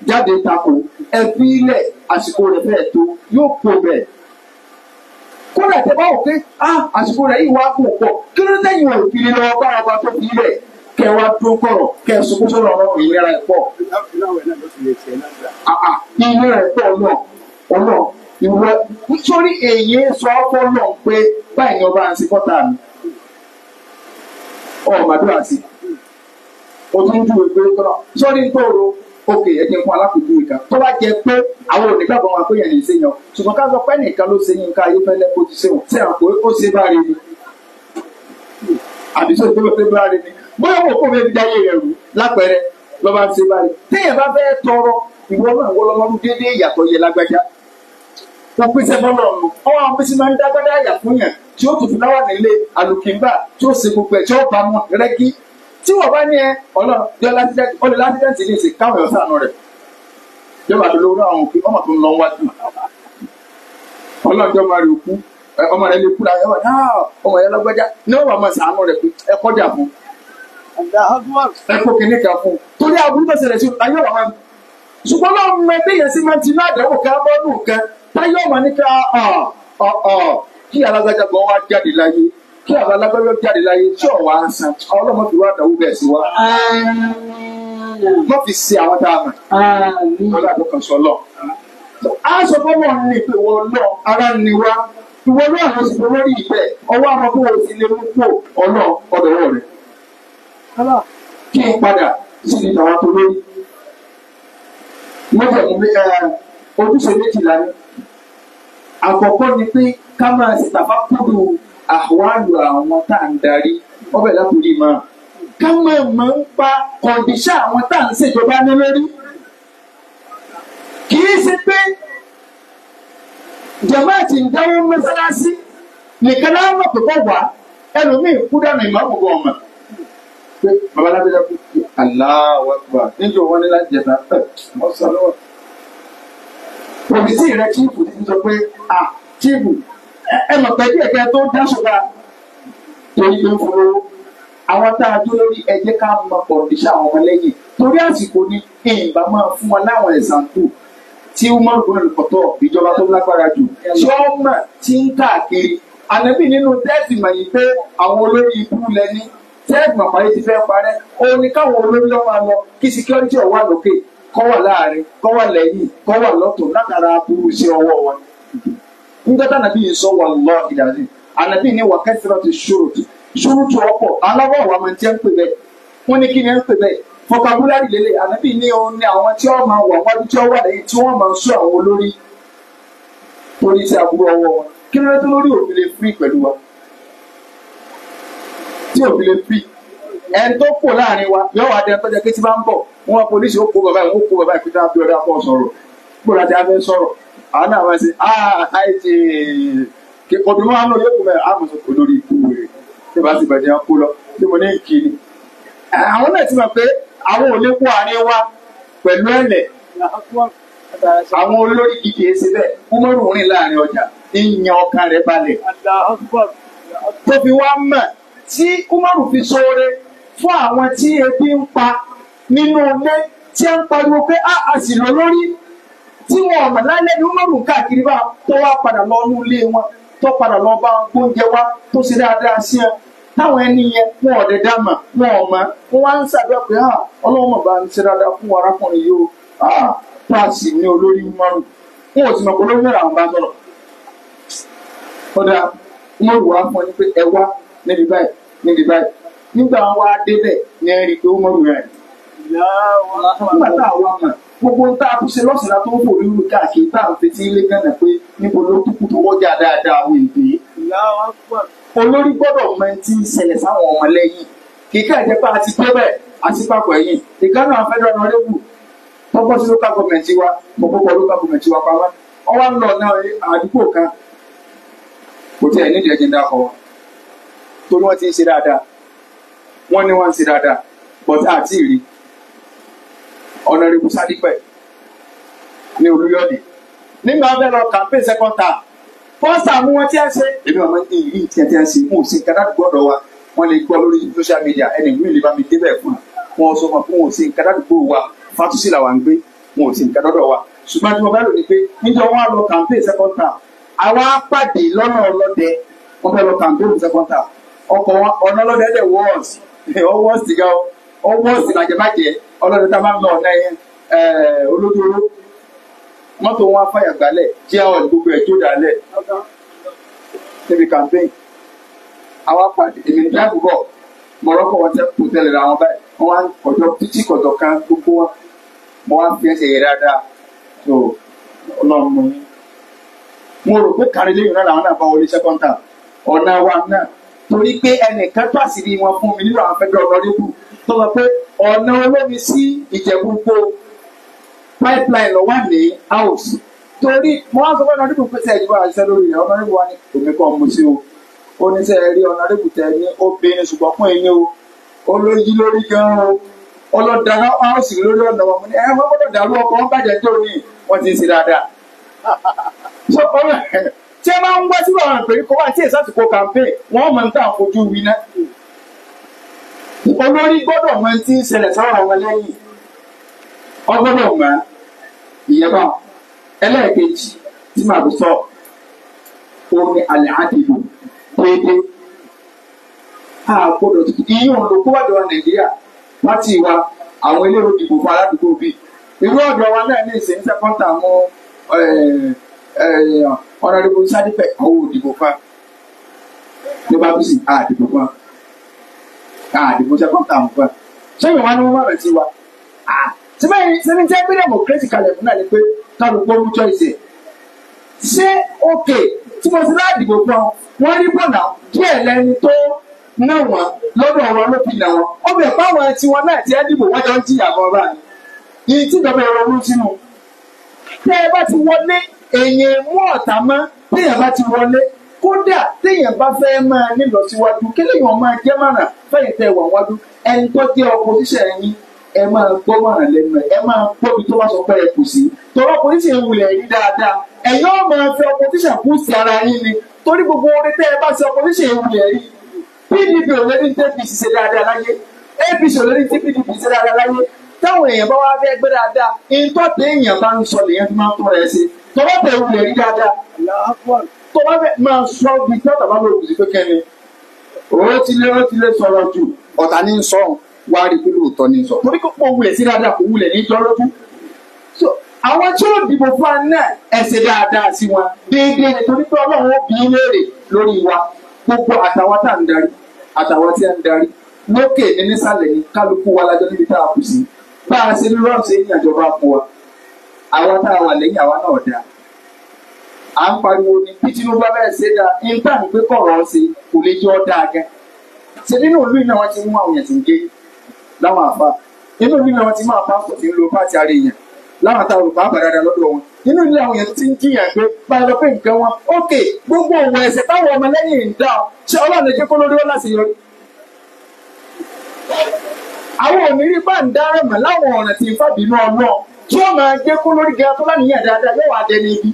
jáde tako ẹ fi ilẹ̀ àsìkò rẹ̀ fẹ́ẹ̀ tó yóò kó bẹ́ẹ̀ kódà tẹ bá wò pé ah, àsìkò rẹ̀ yìí wá kò pọ̀ kí ló dé ìwọ̀n òkìrì lọ bára wa tó fi ilẹ̀ kẹ wá tó kọ̀rọ̀ kẹ sunkún sọ̀rọ̀ ọ̀rọ̀ ìlera ẹ̀ pọ̀. Ah, ah, ìlera ẹ̀ pọ̀ náà ọ̀nà ìwọ nítorí èyí sọ ọ́pọ̀ náà pé báyìí ni ọba àti kọ́tà mi ọ̀ màdúrà sí i. o tún dùn ìgbé tọ́lá sọ́ni tó o ok ẹ jẹ́ fún alákòókò ìka tó bá jẹ pé àwọn onígbàgbọ́ wa pé yẹn ṣe yàn ṣùgbọ́n ká sọ pé nìkan ló ṣe yín ká ayéfẹ́lẹ́ kó ti ṣe wọ̀n tí àwọn kò ṣe bá rí ni àbí tó ṣe pé bá rí ni bóyá wò kó fẹ́ẹ́ dáyé rẹ̀ rù lápẹẹrẹ ló bá ṣe bá rí téèyàn bá fẹ́ tọrọ ìwọ náà wọ́n lọ́mọdún déédéé ìyàtọ̀ yẹ lágbájá òpèsè mọ́nà ọ̀nà ọ̀hún àwọn pèsè máa ń dá gbádá àyà fún yàn tí ó tutù láwà nílé àlùkìńbà tí ó ṣe gbogbo ẹ̀ tí ó bá mọ́ rẹ́gí tí wọ́n bá ní ẹ ọ̀nà ọ̀lẹ́ lásìdẹ́ǹtì ní ìsìn káwọn ẹ̀sán àánú rẹ̀ yọba ló lówó àwọn òkú ọmọ tó ń lọ wájú ọlọ́jọ́ máa rí òkú ọmọ rẹ̀ lè kúra ẹ̀wọ̀n náà ọmọ yẹn lọ́gbẹ́já ní ọmọ ọmọ sàánú rẹ̀ pé ẹ kọjá fún ẹ kó kinní kan fún torí aburú bẹ̀sẹ̀ rẹ̀ sí ayé wà máa ṣùgbọ́n náà mọ ẹgbẹ́ yẹn sí máa ti ní àdánwò ká bọ́ọ̀lù kan táyé ọmọ ní ká ah, ah, ah, kí alágbájá gan wá jáde láyé kí àwọn alágbára jáde láyé tí ọ̀wá ń san àwọn ọlọ́mọ fi wá àdánwò bẹ́ẹ̀ sí wa. wọ́n fi ṣe àwọn tá a mọ̀ ọlọ́run àdókan sọ lọ. a sọ fọwọ́ ní pé wọ́n lọ ara ni wá ìwọ náà ló sì fọwọ́ rí ìbẹ̀ ọwọ́ àwọn kó o sì lè mú kó ọ̀nà ọ̀dọ̀wọ̀ rẹ̀. kí n padà sí ní àwọn tó lórí. mo jẹ́ mi ojúṣe méjìlá ni àkọ́kọ́ ni pé ká máa ṣètàbá kúrò àwàlù àwọn tá à ń darí wọ́n bẹ̀rẹ̀ lápòlì mọ́ ká mọ̀ mọ̀ ń pa kọ̀ǹdíṣà àwọn tá à ń ṣèjọba ní lórí kì í ṣe pé jamaati ń dáwọ́ mọ́sálásí nìkan náà wọ́n pẹ̀kọ́ wá ẹlòmíì kú dànù ìmọ̀ọ́mù bọ̀ ọ̀mọ̀ pé babalábẹ́lá kú kí aláwọ̀ níjọ wọn ní láti jẹta ẹ̀ mọ́sálọ́wọ́ pọ̀lìsì rẹ̀ kíìpù ti sọ pé à ah, kíìpù ẹ mọ̀ pé díẹ̀ kẹ́ tó dá ṣùgbọ́n torí ló ń fowó àwọn tá a dúró lórí ẹ jẹ́ ká mọ kọ̀ọ̀díṣẹ́ àwọn ọmọlẹ́yìn torí àsìkò ni ìyìnbá máa fún wọn láwọn ẹ̀sàǹkù tí Umar gbọ́dọ̀ lùkọ̀tọ̀ ìjọba tó lágbára jù tí wọ́n mọ̀ tí ń káàkiri ànábì nínú tẹ́ẹ̀sì mọ̀ yìí pé àwọn olórí ikú lẹ́ni tẹ́ẹ̀sì mọ̀ parí ti fẹ́ parẹ́ òun ni káwọn olórí lọ́ máa lọ kí security ó wà lókè kó wà láàrin kó wà lẹ́yìn kó wà lọ́tún látara aburú iṣẹ́ ọwọ́ wọn nígbà tá ànàbí yìí sọ wà lọ ìdàdí ànàbí ní wà kẹsìrọ ti ṣòròtù ṣòròtù ọ̀pọ̀ aláwọ àwọn àmọ tí ẹ ń pè bẹ́ẹ̀ wọn ní kí ni ẹ ń pè bẹ́ẹ̀ vocabulary lélẹ̀ ànàbí ní òun ní àwọn tí wọn máa wà wájú tí wọn wà lẹ́yìn tí wọn máa ń sọ àwọn olórí torí ti àbúrò ọwọ́ wọn kí ló dé tó lórí òfin lè fi wa tí òfin lè ẹni tó kù láàrin wa yóò wá dé ẹgbẹ́jẹ́ kí tí bá polisi ó kó bàbá yìí ó kó bàbá yìí pé tá a Ana náà wá sí àìsè kí ọdún wa lọ yóò kú mẹ́rin àmọ̀ sọ olórí ikú rẹ̀ tí bá sì bàjẹ́ kú lọ tí mo ní kí ni. àwọn náà ti mọ̀ pé àwọn ò lè kó àárín wa pẹ̀lú ẹ̀lẹ̀ àwọn olórí kìkì èsì bẹ́ẹ̀ kúmọ́rù rìn láàrin ọjà ìyàn ọkàn rẹ̀ balẹ̀. tó fi wá mọ̀ tí kúmọ́rù fi sóore fún àwọn tí ebi ń pa nínú ilé tí ń pariwo pé ah, a sì lọ lórí tí wọn ọmọ lálẹ́ ni wọn rùn káàkiri bá tó wá padà lọ inú ilé wọn tó padà lọ bá oúnjẹ wá tó ṣe dáadáa sí ẹ táwọn ẹni yẹn wọn ọ̀dẹ̀ dáàmà wọn ọ̀mọ wọn wá ń ṣàdúrà pé hà ah, ọlọ́wọ́n mọ̀ bá ń ṣe dáadáa fún arákùnrin yìí o ah, paasi ní olórí márùn wọn ò sì mọ̀ pé olórí mẹ́rin àwọn bá sọ̀rọ̀ kódà wọn wò á fún ẹ pé ẹ wá níbi báyìí níbi báyìí nígbà wọn wá débẹ̀ ní ẹ rí i pé ó mọ̀ rẹ̀ nígbà tá wá gbogbo tá a tún ṣe lọ́sìn láti ń fò rírun káàkiri tá à ń fetí ilé gánà pé níbo ló kúkú tó wọ́jà dáadáa àwọn èdè. olórí gbọ́dọ̀ mọ ẹni tí ń ṣẹlẹ̀ sáwọn ọmọlẹ́yìn kíkà jẹ́ pé a ti tó bẹ́ẹ̀ a ti papọ̀ ẹ̀yìn ìkànnì àwọn federal honorable tọ́gbọ́n sí local government wa ọ̀pọ̀pọ̀ local government wa pamọ́ ọwọ́ ń lọ náà àdúgbò kan kò tí ẹ̀ nídìí ẹ̀jẹ̀ ń dákọ̀ wa torí wọ́n ti ń ṣe dáadáa wọ́n ní wọ́n ń ṣe dáadáa but àti ìrì ọ̀nàrẹ́bù sádìpẹ̀ ní olúyọ̀lì nígbà wọn bẹ́ẹ̀ lọ campaign second term first term wọn tí a ṣe èmi ọmọ ìrì tí a ti ṣe mú un ṣe nǹkan láti gbọ́dọ̀ wa wọn lè gbọ́ lórí social media ẹni ìlú ìlú bá mi débẹ̀ fún un wọn sọ fún un wọn ò ṣe nǹkan ládùúgbò wa fatusi là wà ń gbé wọn ò ṣe nǹkan dọ́dọ̀ wa ṣùgbọ́n tí mo bá lò ní pé níjọ wọn lọ campaign second term àwa pàdé lọ́nà ọlọ́dẹ wọn fẹ́ lọ campaign second term ọkọ̀ ọ̀nà ọlọ́dẹ dẹ̀ wọ́ọ̀sì ọwọ́ọ̀sì gan-an ọwọ́ sì bàjẹ́bàjẹ́ ọlọ́dún tá a máa ń lọ ọ̀nà olódóró mọ́tò wọn afáyà gbálẹ̀ jẹ́ àwọn gbogbo ẹ̀ tó dálẹ̀ níbi campaign àwọn apàdé èmi nígbà púpọ̀ mọ̀rọ́kọ̀ wọn tẹ́ kò tẹ́lẹ̀ ra wọn báyìí wọ́n wá kọjọ́ títí kọjọ́ kan gbogbo wọn mo wá fi ẹsẹ̀ yẹ dáadáa tó ọlọ́run mú yín. mo rò pé kárí lẹ́yìn náà làwọn náà bá wọlé sẹ́kọ́ńtà ọ̀nà wa náà torí pé ẹnìkan tó àṣírí wọn fún mi nínú àwọn fẹ́ẹ́ tó sọ pé ọ̀nà olómi sí ìjẹ̀bú pipeline lọ́wọ́ ní house torí mo wá sọ fún ọ̀nàdìbò pé sẹ́yìn bá àṣìṣe lórí rẹ̀ ọ̀nàdìbò wa ní òmí kan mú sí o ó ní sẹ́yìn rí ọ̀nàdìbò tẹ̀ ní obìnrin ṣùgbọ́n fún ẹ̀yìn o olóyí lórí gan-an o ọlọ́dàá house lórí ọ̀nà wọn ní ẹ̀rọ gbọ́dọ̀ dàrú ọkọ̀ wọn bàjẹ́ tó ní wọ́n ti ń ṣe dáadáa. tí ẹ máa ń wá sí ọ̀ràn pé kó wá tí èsì àtìkò campaign wọ́n mọ̀ ní olórí gbọ́dọ̀ mọ tí ń ṣẹlẹ̀ sáwọn ọmọ lẹ́yìn ọgbọ́dọ̀ mọ ìyẹ́bà ẹlẹ́ẹ̀kejì tí màá fi sọ omi alẹ́ àdìbò déédéé a gbọ́dọ̀ iyún ló kó wájọ nàìjíríà láti wa àwọn elérò dìbò fún aládùúgbò bíi irú ọ̀dọ̀ wa náà ní ìsìn sẹ́kọ́ńtà àwọn ọ̀nàdìbò sádìpẹ̀ àwọn òdìbò fún a ní bá bí sì àdìbò fún wa àdìmúṣe kọ́ńtà nǹkan ṣé ìwà ni wọ́n máa rẹ̀ sí wa síbẹ̀ síbi tí ẹgbẹ́ democracy kalẹ̀ fún náà ni pé kálukú ọmú choice ẹ̀ ṣé òkè tí mo ti láti dìbò fún ọ wọ́n rí bọ̀nà díẹ̀ lẹ́ni tó ná wọn lọ́dọ̀ ọ̀rọ̀ ló fi nà wọn ó bẹ̀ fáwọn ẹtí wọn náà ti ẹ́ dìbò wọ́n jọ ń jìyà wọn báyìí ìyí tí ìjọba ẹ̀rọ ọ̀run sínú tẹ́ ẹ bá ti wọlé èèyàn mú ọ̀tá mọ́ tẹ́yà bá ti wọlé kódà téèyàn bá fẹ́ máa nílọ síwájú kéèyàn máa jẹ́ mọ̀ràn fẹ́yìn tẹ́ wà wájú ẹni tó jẹ́ opposition yín ẹ máa gbọ́ mọ̀ràn lẹ́nu ẹ máa gbọ́ ibi tó bá sọ pé ẹ kù sí tọ́lá opposition wulẹ̀ yín dáadáa ẹ̀yin ọ̀ máa fẹ́ opposition kù sí ara yín ni torí gbogbo orin tẹ́ ẹ bá ṣe opposition wulẹ̀ yín PDP ò lórí APC ṣe dáadáa láyé APC ò lórí PDP ṣe dáadáa láyé táwọn èèyàn bá wá fẹ́ gbé dáadáa ìtọ́tẹ̀ èèyàn bá ń sọ lèèyàn fi máa ń tọrọ ẹ̀ ṣe tọ́lá tẹ̀ wulẹ̀ yín dáadáa tó bá fẹ́ máa sọ bí tí ọ̀tá bá bọ̀ òbí kékeré ni òun ti lé ó ti lé sọ̀rọ̀ jù ọ̀tá ní ń sọ̀rọ̀ wá rí pé lóòótọ́ ní sọ̀rọ̀. torí kò pọ̀ wulẹ̀ sí dáadáa kò wulẹ̀ ní jọ́lọ́dún. so àwọn tí ó dìbò fún wa náà ẹsẹ̀ dáadáa sí wọn déédéé ni torí pé ọlọ́run ó bí léèrè lórí wa gbogbo àtàwọn tá à ń darí àtàwọn tí à ń darí lókè ní nísàlẹ̀ ní kálukú wa lájọ́ níbi tá a kù sí bá a ṣe ní rọ́ọ̀ṣe ní àjọba fún wa àwọn tá a wà lẹ́yìn àwa náà dáa à ń pariwo ni bí Tinubu bá ṣe dáa nígbà ní kọ̀ọ̀rọ̀ ṣe kò lè dáa gẹ́ ṣe nínú ìlú wọn ti mú àwọn èèyàn tó ń gé láwọn àfa nínú ìlú iná wọn ti tí ń lo pàṣẹ ara èèyàn láwọn àtàwọn olùkọ́ àbàdàdà lọ́dọ̀ wọn nínú ilé àwọn èèyàn ti ń pé báyọ̀ lọ pé nǹkan wọn ókè gbogbo òun ẹ̀sẹ̀ táwọn ọmọ lẹ́yìn ń dá Ọlọ́run kó lórí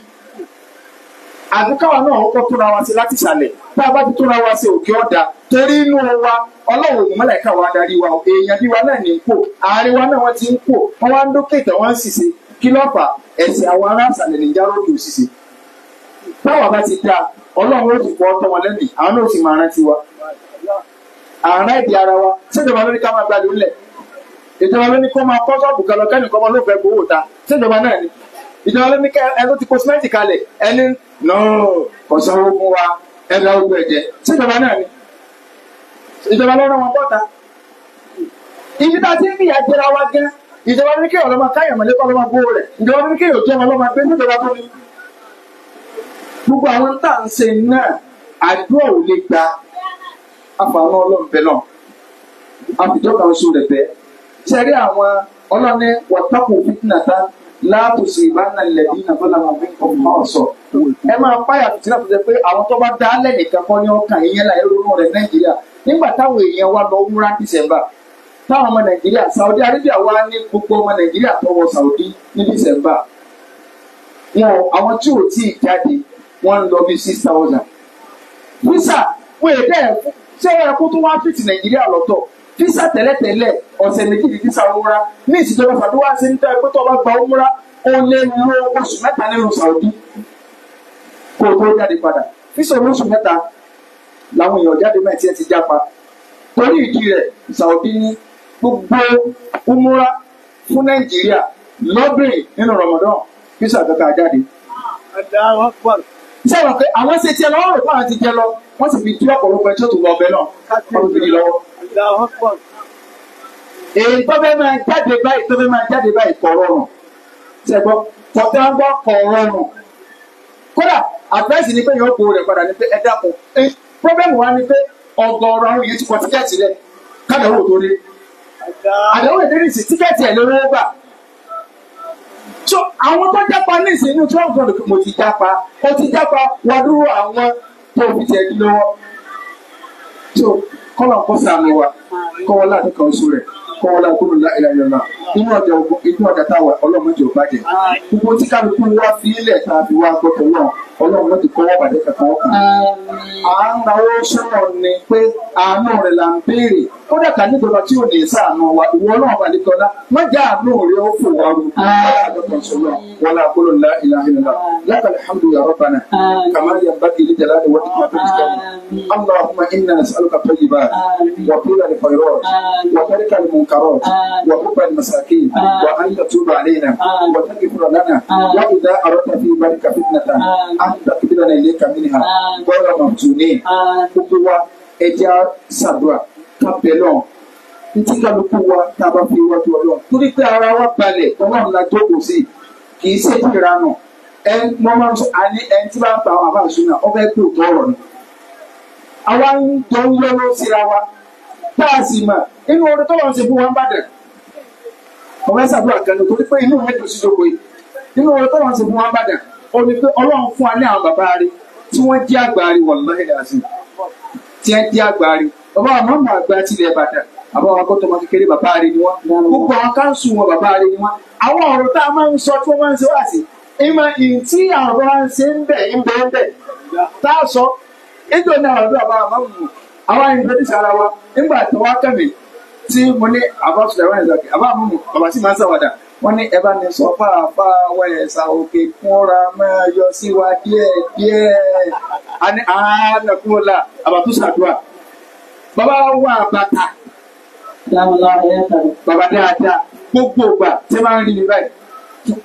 àbí káwa náà ó kọ́ tóra wa sí láti ṣàlẹ̀ tá a bá ti tóra wa sí òkè ọ̀dà torí inú wa ọlọ́run òun mọ́lẹ̀ káwa darí wa o èèyàn bí wa náà ní í pò àárín wa náà wọ́n ti ń pò wọ́n wá ń dókè tẹ̀ wọ́n ń ṣìṣe kí ló fà ẹ̀sìn àwọn ará àṣàlẹ̀ nìjà lókè òṣìṣe táwa bá ti dáa ọlọ́run ó ti fọ́ ọtọ́ wọn lẹ́nu àwọn náà ó ti máa rántí wa àrùn ẹ̀dì ara wa ṣèjọba lórí ká máa gbàdúrà lẹ̀ ìjọba lórí kó máa kọ́ sọ́ọ̀bù kan lọ kẹ́nìkan máa ló gbowó ta ṣèjọba náà ni ìjọba ló ní ẹnu ti kó símẹ́ǹtì kalẹ̀ ẹni náà kò sanwó fún wa ẹ̀dá ogun ẹ̀jẹ̀ sí ìjọba náà ni ìjọba ló rán wọn bọ́ta ibi tá a ti ń fìyà jẹra wa gẹ́ ìjọba ní kéèyàn lọ́mọ káyọ̀ mọ̀lẹ́ kọ́ lọ́mọ gbówó rẹ̀ ìjọba ní kéèyàn jẹ́ wọn lọ́mọ gbé níjọba tó ní. gbogbo àwọn tá à ń ṣe náà àdúrà ò lè gba àfàwọn ọlọ́mọbẹ náà àfìjọba oṣù rẹ̀ bẹ́ẹ̀ sẹ́rí àwọn ọlọ́ni wàtákù fitna tán láàtòsí ìbánilẹ̀ bí nàbọ́lá wọn fi kọ́ máa sọ. ẹ máa páyà tó ti náà tó jẹ pé àwọn tó bá dá lẹ̀ nìkan kọ́ ní ọkàn ìyẹn láì ronú rẹ̀ nàìjíríà nígbà táwọn èèyàn wa lọ wúra dísẹ̀mbà táwọn ọmọ nàìjíríà saudi arabia wá ní gbogbo ọmọ nàìjíríà tọwọ saudi ní dísẹ̀mbà wọn àwọn tí ò tí ì jáde wọn lọ bí six thousand. visa wọ́n èdè ẹ̀ ṣé ẹ kó tó wá fìtì nàìjíríà lọ́tọ̀ físà tẹ́lẹ̀tẹ́lẹ̀ ọ̀sẹ̀ méjì ní físà òmùra ní ìsìjọba fàdúrà wá sí níta pé tó o bá gba òmùra ó lé ló oṣù mẹ́ta nínú Saudi kó o tó jáde padà físà oṣù mẹ́ta làwọn èèyàn jáde mẹ́tì ẹ̀ ti jápa torí ìdí rẹ̀ Saudi ní gbogbo òmùra fún Nàìjíríà lọ́bìnrin nínú Ramadan físà kankan jáde. sẹ́wọ̀n pé àwọn ṣe tiẹ̀ lọ́wọ́ rẹ̀ fún àwọn ti jẹ lọ wọ́n sì fi tú ọ̀pọ̀lọpọ̀ ẹjọ́ tó lọ ọbẹ̀ náà wọ́n fi di lọ́wọ́ èyí tó fẹ́ máa jáde báyìí tó fẹ́ máa jáde báyìí kọ̀ rọrùn ṣẹ̀gbọ́ kọ̀tà ń bọ́ kọ̀ rọrùn kódà àfẹ́sì ni pé yóò kó rẹ̀ padà ní pé ẹ dákun pọ́bẹ́mù wa ni pé ọgọ́rọ̀ àwọn yẹn ti kọ tíkẹ́ẹ̀tì rẹ̀ kádàwó tó dé àdéhùn ìdírí sí tíkẹ́ẹ̀tì ẹ̀ lówó gbà so àwọn tó jápa ní ìsinmi tí wọ́n gbọ́dọ̀ mo ti jápa mo ti jápa wọ́n dúró àwọn tó fi tẹ̀ lọ́wọ́ so kọ́lọ̀ kó sàmì wa kọ́wọ́ láti kan oṣù kọ́wọ́lá kúrò láìláìlá inú ọjà ogun inú ọjà táwa ọlọ́run ti ò bàjẹ́ gbogbo tí kálukú wá sílẹ̀ tá a fi wá gbọ́dọ̀ náà ọlọ́run ti kọ́wọ́ bàjẹ́ kankan ọkàn. à ń náwó sọ̀rọ̀ ni pé àánú rẹ̀ là ń béèrè kódà ká nígbàgbọ́ tí ò ní sàánú wa ìwọ náà wà ní kọ́lá má jẹ́ àánú rẹ̀ ó fò wá ru wàlá kúrò láìláìlá lákàl hamdu ya rabbana kàmá yà bàkì المنكرات وحب المساكين وأن تتوب علينا وتغفر لنا وإذا أردت في بارك فتنة أن تقبلنا إليك منها غير مفتونين gbogbo wa ẹja ṣàdúrà kábẹ́lọ̀ ntí kálukú wa tá a bá fi wájú ọlọ́run torí pé ara wa balẹ̀ ọlọ́run la jókòó sí kì í ṣèjìra nù ẹ mọ máa ń sọ àní ẹ tí bá ń pa àwọn àbáṣe náà ọbẹ̀ kò tọrọ ni. àwa ń jọ ń lọ́wọ́ síra wa tá a sì mà nínú orin tó lọ́n ṣe fún wọn bàdàn ọmọ ẹ̀sà àdúrà kan torí pé inú mi dùn síjoko yìí nínú orin tó lọ́n ṣe fún wọn bàdàn ó ní pé ọlọ́run fún wa ní àwọn bàbá rẹ̀ tí wọ́n jẹ́ àgbà wọ̀ lọ́hìn tí wọ́n jẹ́ àgbà bàbá àwọn mọ̀mọ́ àgbà tilẹ̀ bàdàn àbá wọn kọ́tọ̀ wọn kékeré bàbá rẹ̀ ni wọ́n gbogbo àwọn káńsù wọn bàbá rẹ̀ ni wọ́n àwọn ọ̀rọ̀ tá a máa ń sọ tí wọ́n máa ń ṣe wá sí ìmọ̀ ìtí àwọn bá ń ṣe ń bẹ̀ ń bẹ̀ ń bẹ̀ tá a sọ nítorí àwọn àbúrò àbá àmọ́ àwa introduce ara wa nígbà tí wọ́n kẹ́mi tí mo ní àbá sọ̀rọ̀ ẹ̀wọ̀n ìzàkè àbá mú mu bàbá sì máa ń ṣàwàdà wọ́n ní ẹ bá ní sọ pàápà wẹ̀sà òkè kúnra máa yọ sí wa díẹ̀ díẹ̀ a ní àánàkúnlá àbàtú sàdúrà bàbá wà bàtà bàbá dáadáa gbogbo ògbà tí máa ń rí mi báyìí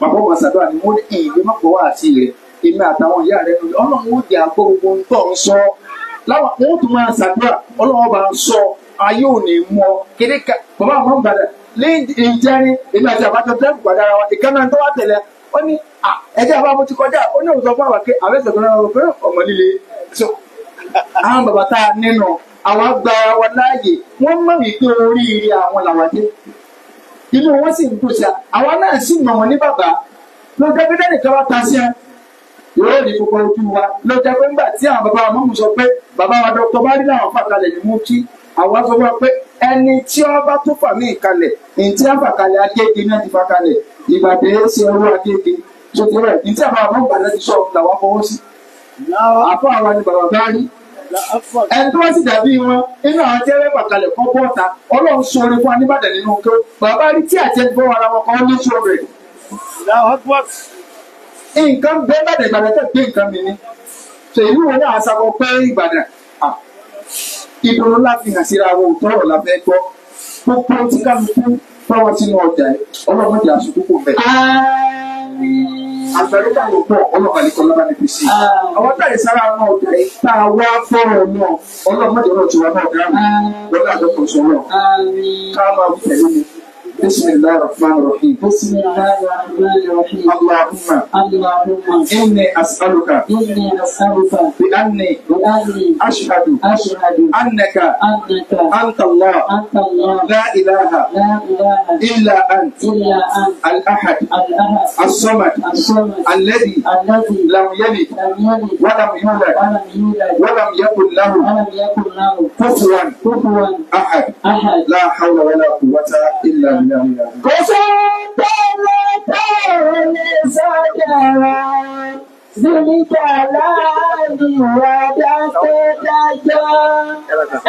bàbá wà sàdúrà ni mo ní ìlú mọ̀pọ̀ wà sí rẹ̀ èmi àtàwọn ìyá rẹ̀ ọlọ́run ó di àgbo gbogbo ń tọ̀ ń sọ láwọn wọn tún máa ṣàdúrà ọlọ́wọ́ bá ń sọ ayé ò ní mú ká bàbá àwọn gbàdá lẹ́yìn ìjẹrin èmi àti àbájọ dẹ́kun gbàdára wa ìkànnà tó wá tẹ̀lé ó ní ẹjẹ́ àbá mo ti kọjá ó ní òwúrọ̀ fún àwàké àwẹ̀sẹ̀ tó náà rò pé ọmọ líle so àwọn bàbá tá a nínú àwọn gba wa láàyè wọ́n mọ̀ wípé oríire àwọn làwàdé inú wọn sì ń dùn sí àwọn náà sì mọ̀ wọn ní bàbá lọ́jọ́ gbẹ́dẹ́ nìkan wá ta sí ẹ yóò rí gbogbo ojú wa ló jẹ́ pé nígbà tí àwọn bàbá wa mọ́mú sọ pé bàbá wa dọ́kítọ̀ bá rí làwọn fàkalẹ̀ ní mú kí àwa sọ wá pé ẹni tí ó bá tó fà mí ìkalẹ̀ ntí àfàkalẹ̀ agége náà ti fàkalẹ̀ ìgbàdé ṣe owó agége tó ti rẹ̀ ntí àbá àwọn gbàdá ti sọ làwọn fọwọ́ sí. àfọ àwa ni bàbá bá rí ẹni tó bá sì dàbí wọn nínú àwọn tí ẹrẹ fàkalẹ̀ kọ́ bọ́ọ̀ta ọlọ́run sọ orin fún wa nínú kó bàbá rí tí àti ẹni fọwọ́ ara wọn kọ́ ní sọ nǹkan bẹ bàdàn ìbàdàn tẹ̀ pé nǹkan mi ni ṣe ìlú wo náà aṣọ pé ìbàdàn ìdùnnú láti hàn síra wo tọrọ la fẹ́ gbọ́ gbogbo tí kálukú fọwọ́ sínú ọjà yìí ọlọ́run jà sùn púpọ̀ bẹ́ẹ̀. àgbàlódà ló pọ̀ ọlọ́run àlekọ́ lọ́ba níbi sí i. àwọn táyì sára náà ọjà yìí tá a wá fọ́rọ̀ náà ọlọ́run mọ̀jọ́ náà ti wá náà dáhùn lọ́dọ̀ àdókòsó náà ká máa tẹ̀lé mi. بسم الله الرحمن الرحيم بسم الله الرحمن الرحيم اللهم اللهم إني أسألك إني أسألك بأني بأني أشهد أشهد أنك أنك أنت الله أنت الله لا إله لا إله إلا أنت إلا أنت الأحد الأحد الصمد الصمد الذي الذي لم يلد لم يلد ولم يولد ولم يولد ولم يكن له ولم يكن له كفوا كفوا أحد أحد لا حول ولا قوة إلا بالله kò sí tẹ́lẹ̀ tẹ́lẹ̀ lè sọ̀dọ̀rọ̀ sílíkàlá ni ìwà dáṣẹ́ dájọ́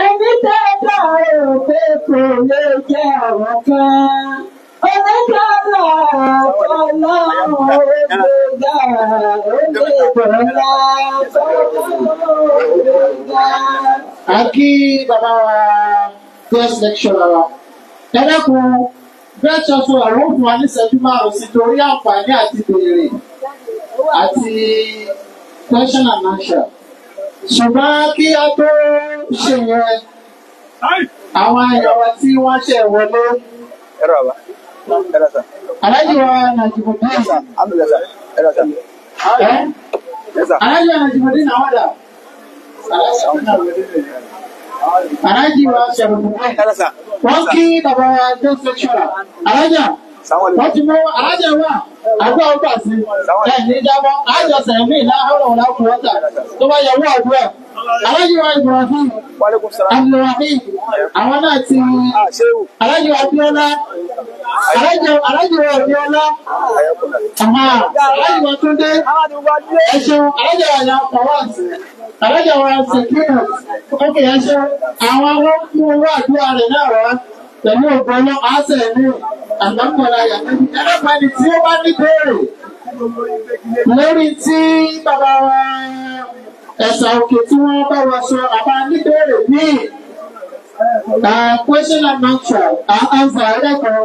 ẹni tẹ́tà rò pé kò lè jẹ́ àwọn kan. Oníkàlà ọlọ́run ó gbéga ó gbégbọ́lá ó gbéga. Àkí bàbá wa first lecturer wa, ẹ dákun. Best Software ló fún wa ní ìṣẹ́jú márùn-ún sí torí àǹfààní àti béèrè àti question and answer. Ṣùgbọ́n kí a tó ṣe yẹn, àwọn èèyàn wa tí wọ́n ṣe wọlé. Ẹ̀rọ àbá. Ẹ̀rọ sà. Aláàjì wa Nàìjíríà. Ẹ̀rọ sà. Ẹ̀rọ sà. wa Nàìjíríà náà wà dà. wa Nàìjíríà náà wà aláàjì wa ṣẹ̀rù wọ́n kí bàbá wa ló ṣe ṣọ́ra alájà wọ́n mú alájà wà àgbà ọgbà sí ẹ̀ ní jábọ́ alájà sẹ̀mí láhàrọ̀ ọ̀làkùn ọ̀tà tó bá yẹ̀wò àdúrà alájà Ibrahim Abdulrahim àwọn náà ti ah, alájà wa Abiola alájà Abiola alájà wa Túndé ẹ ṣeun alájà wa ya Fawaz alájà wa Sekiru ókè ẹ ṣeun àwọn ọmọ mú owó àdúrà rẹ̀ náà wá pẹ̀lú ògbọ́nà àṣẹ ìlú àgbàkọ̀lá yàtọ̀. ẹlẹ́pàá ni tí ó bá ní béèrè lórí tí bàbá wa ẹ̀sà òkè tí wọ́n bá wa sọ àbá ní béèrè míì. question and answer, I answer ẹlẹ́kọ̀ọ́.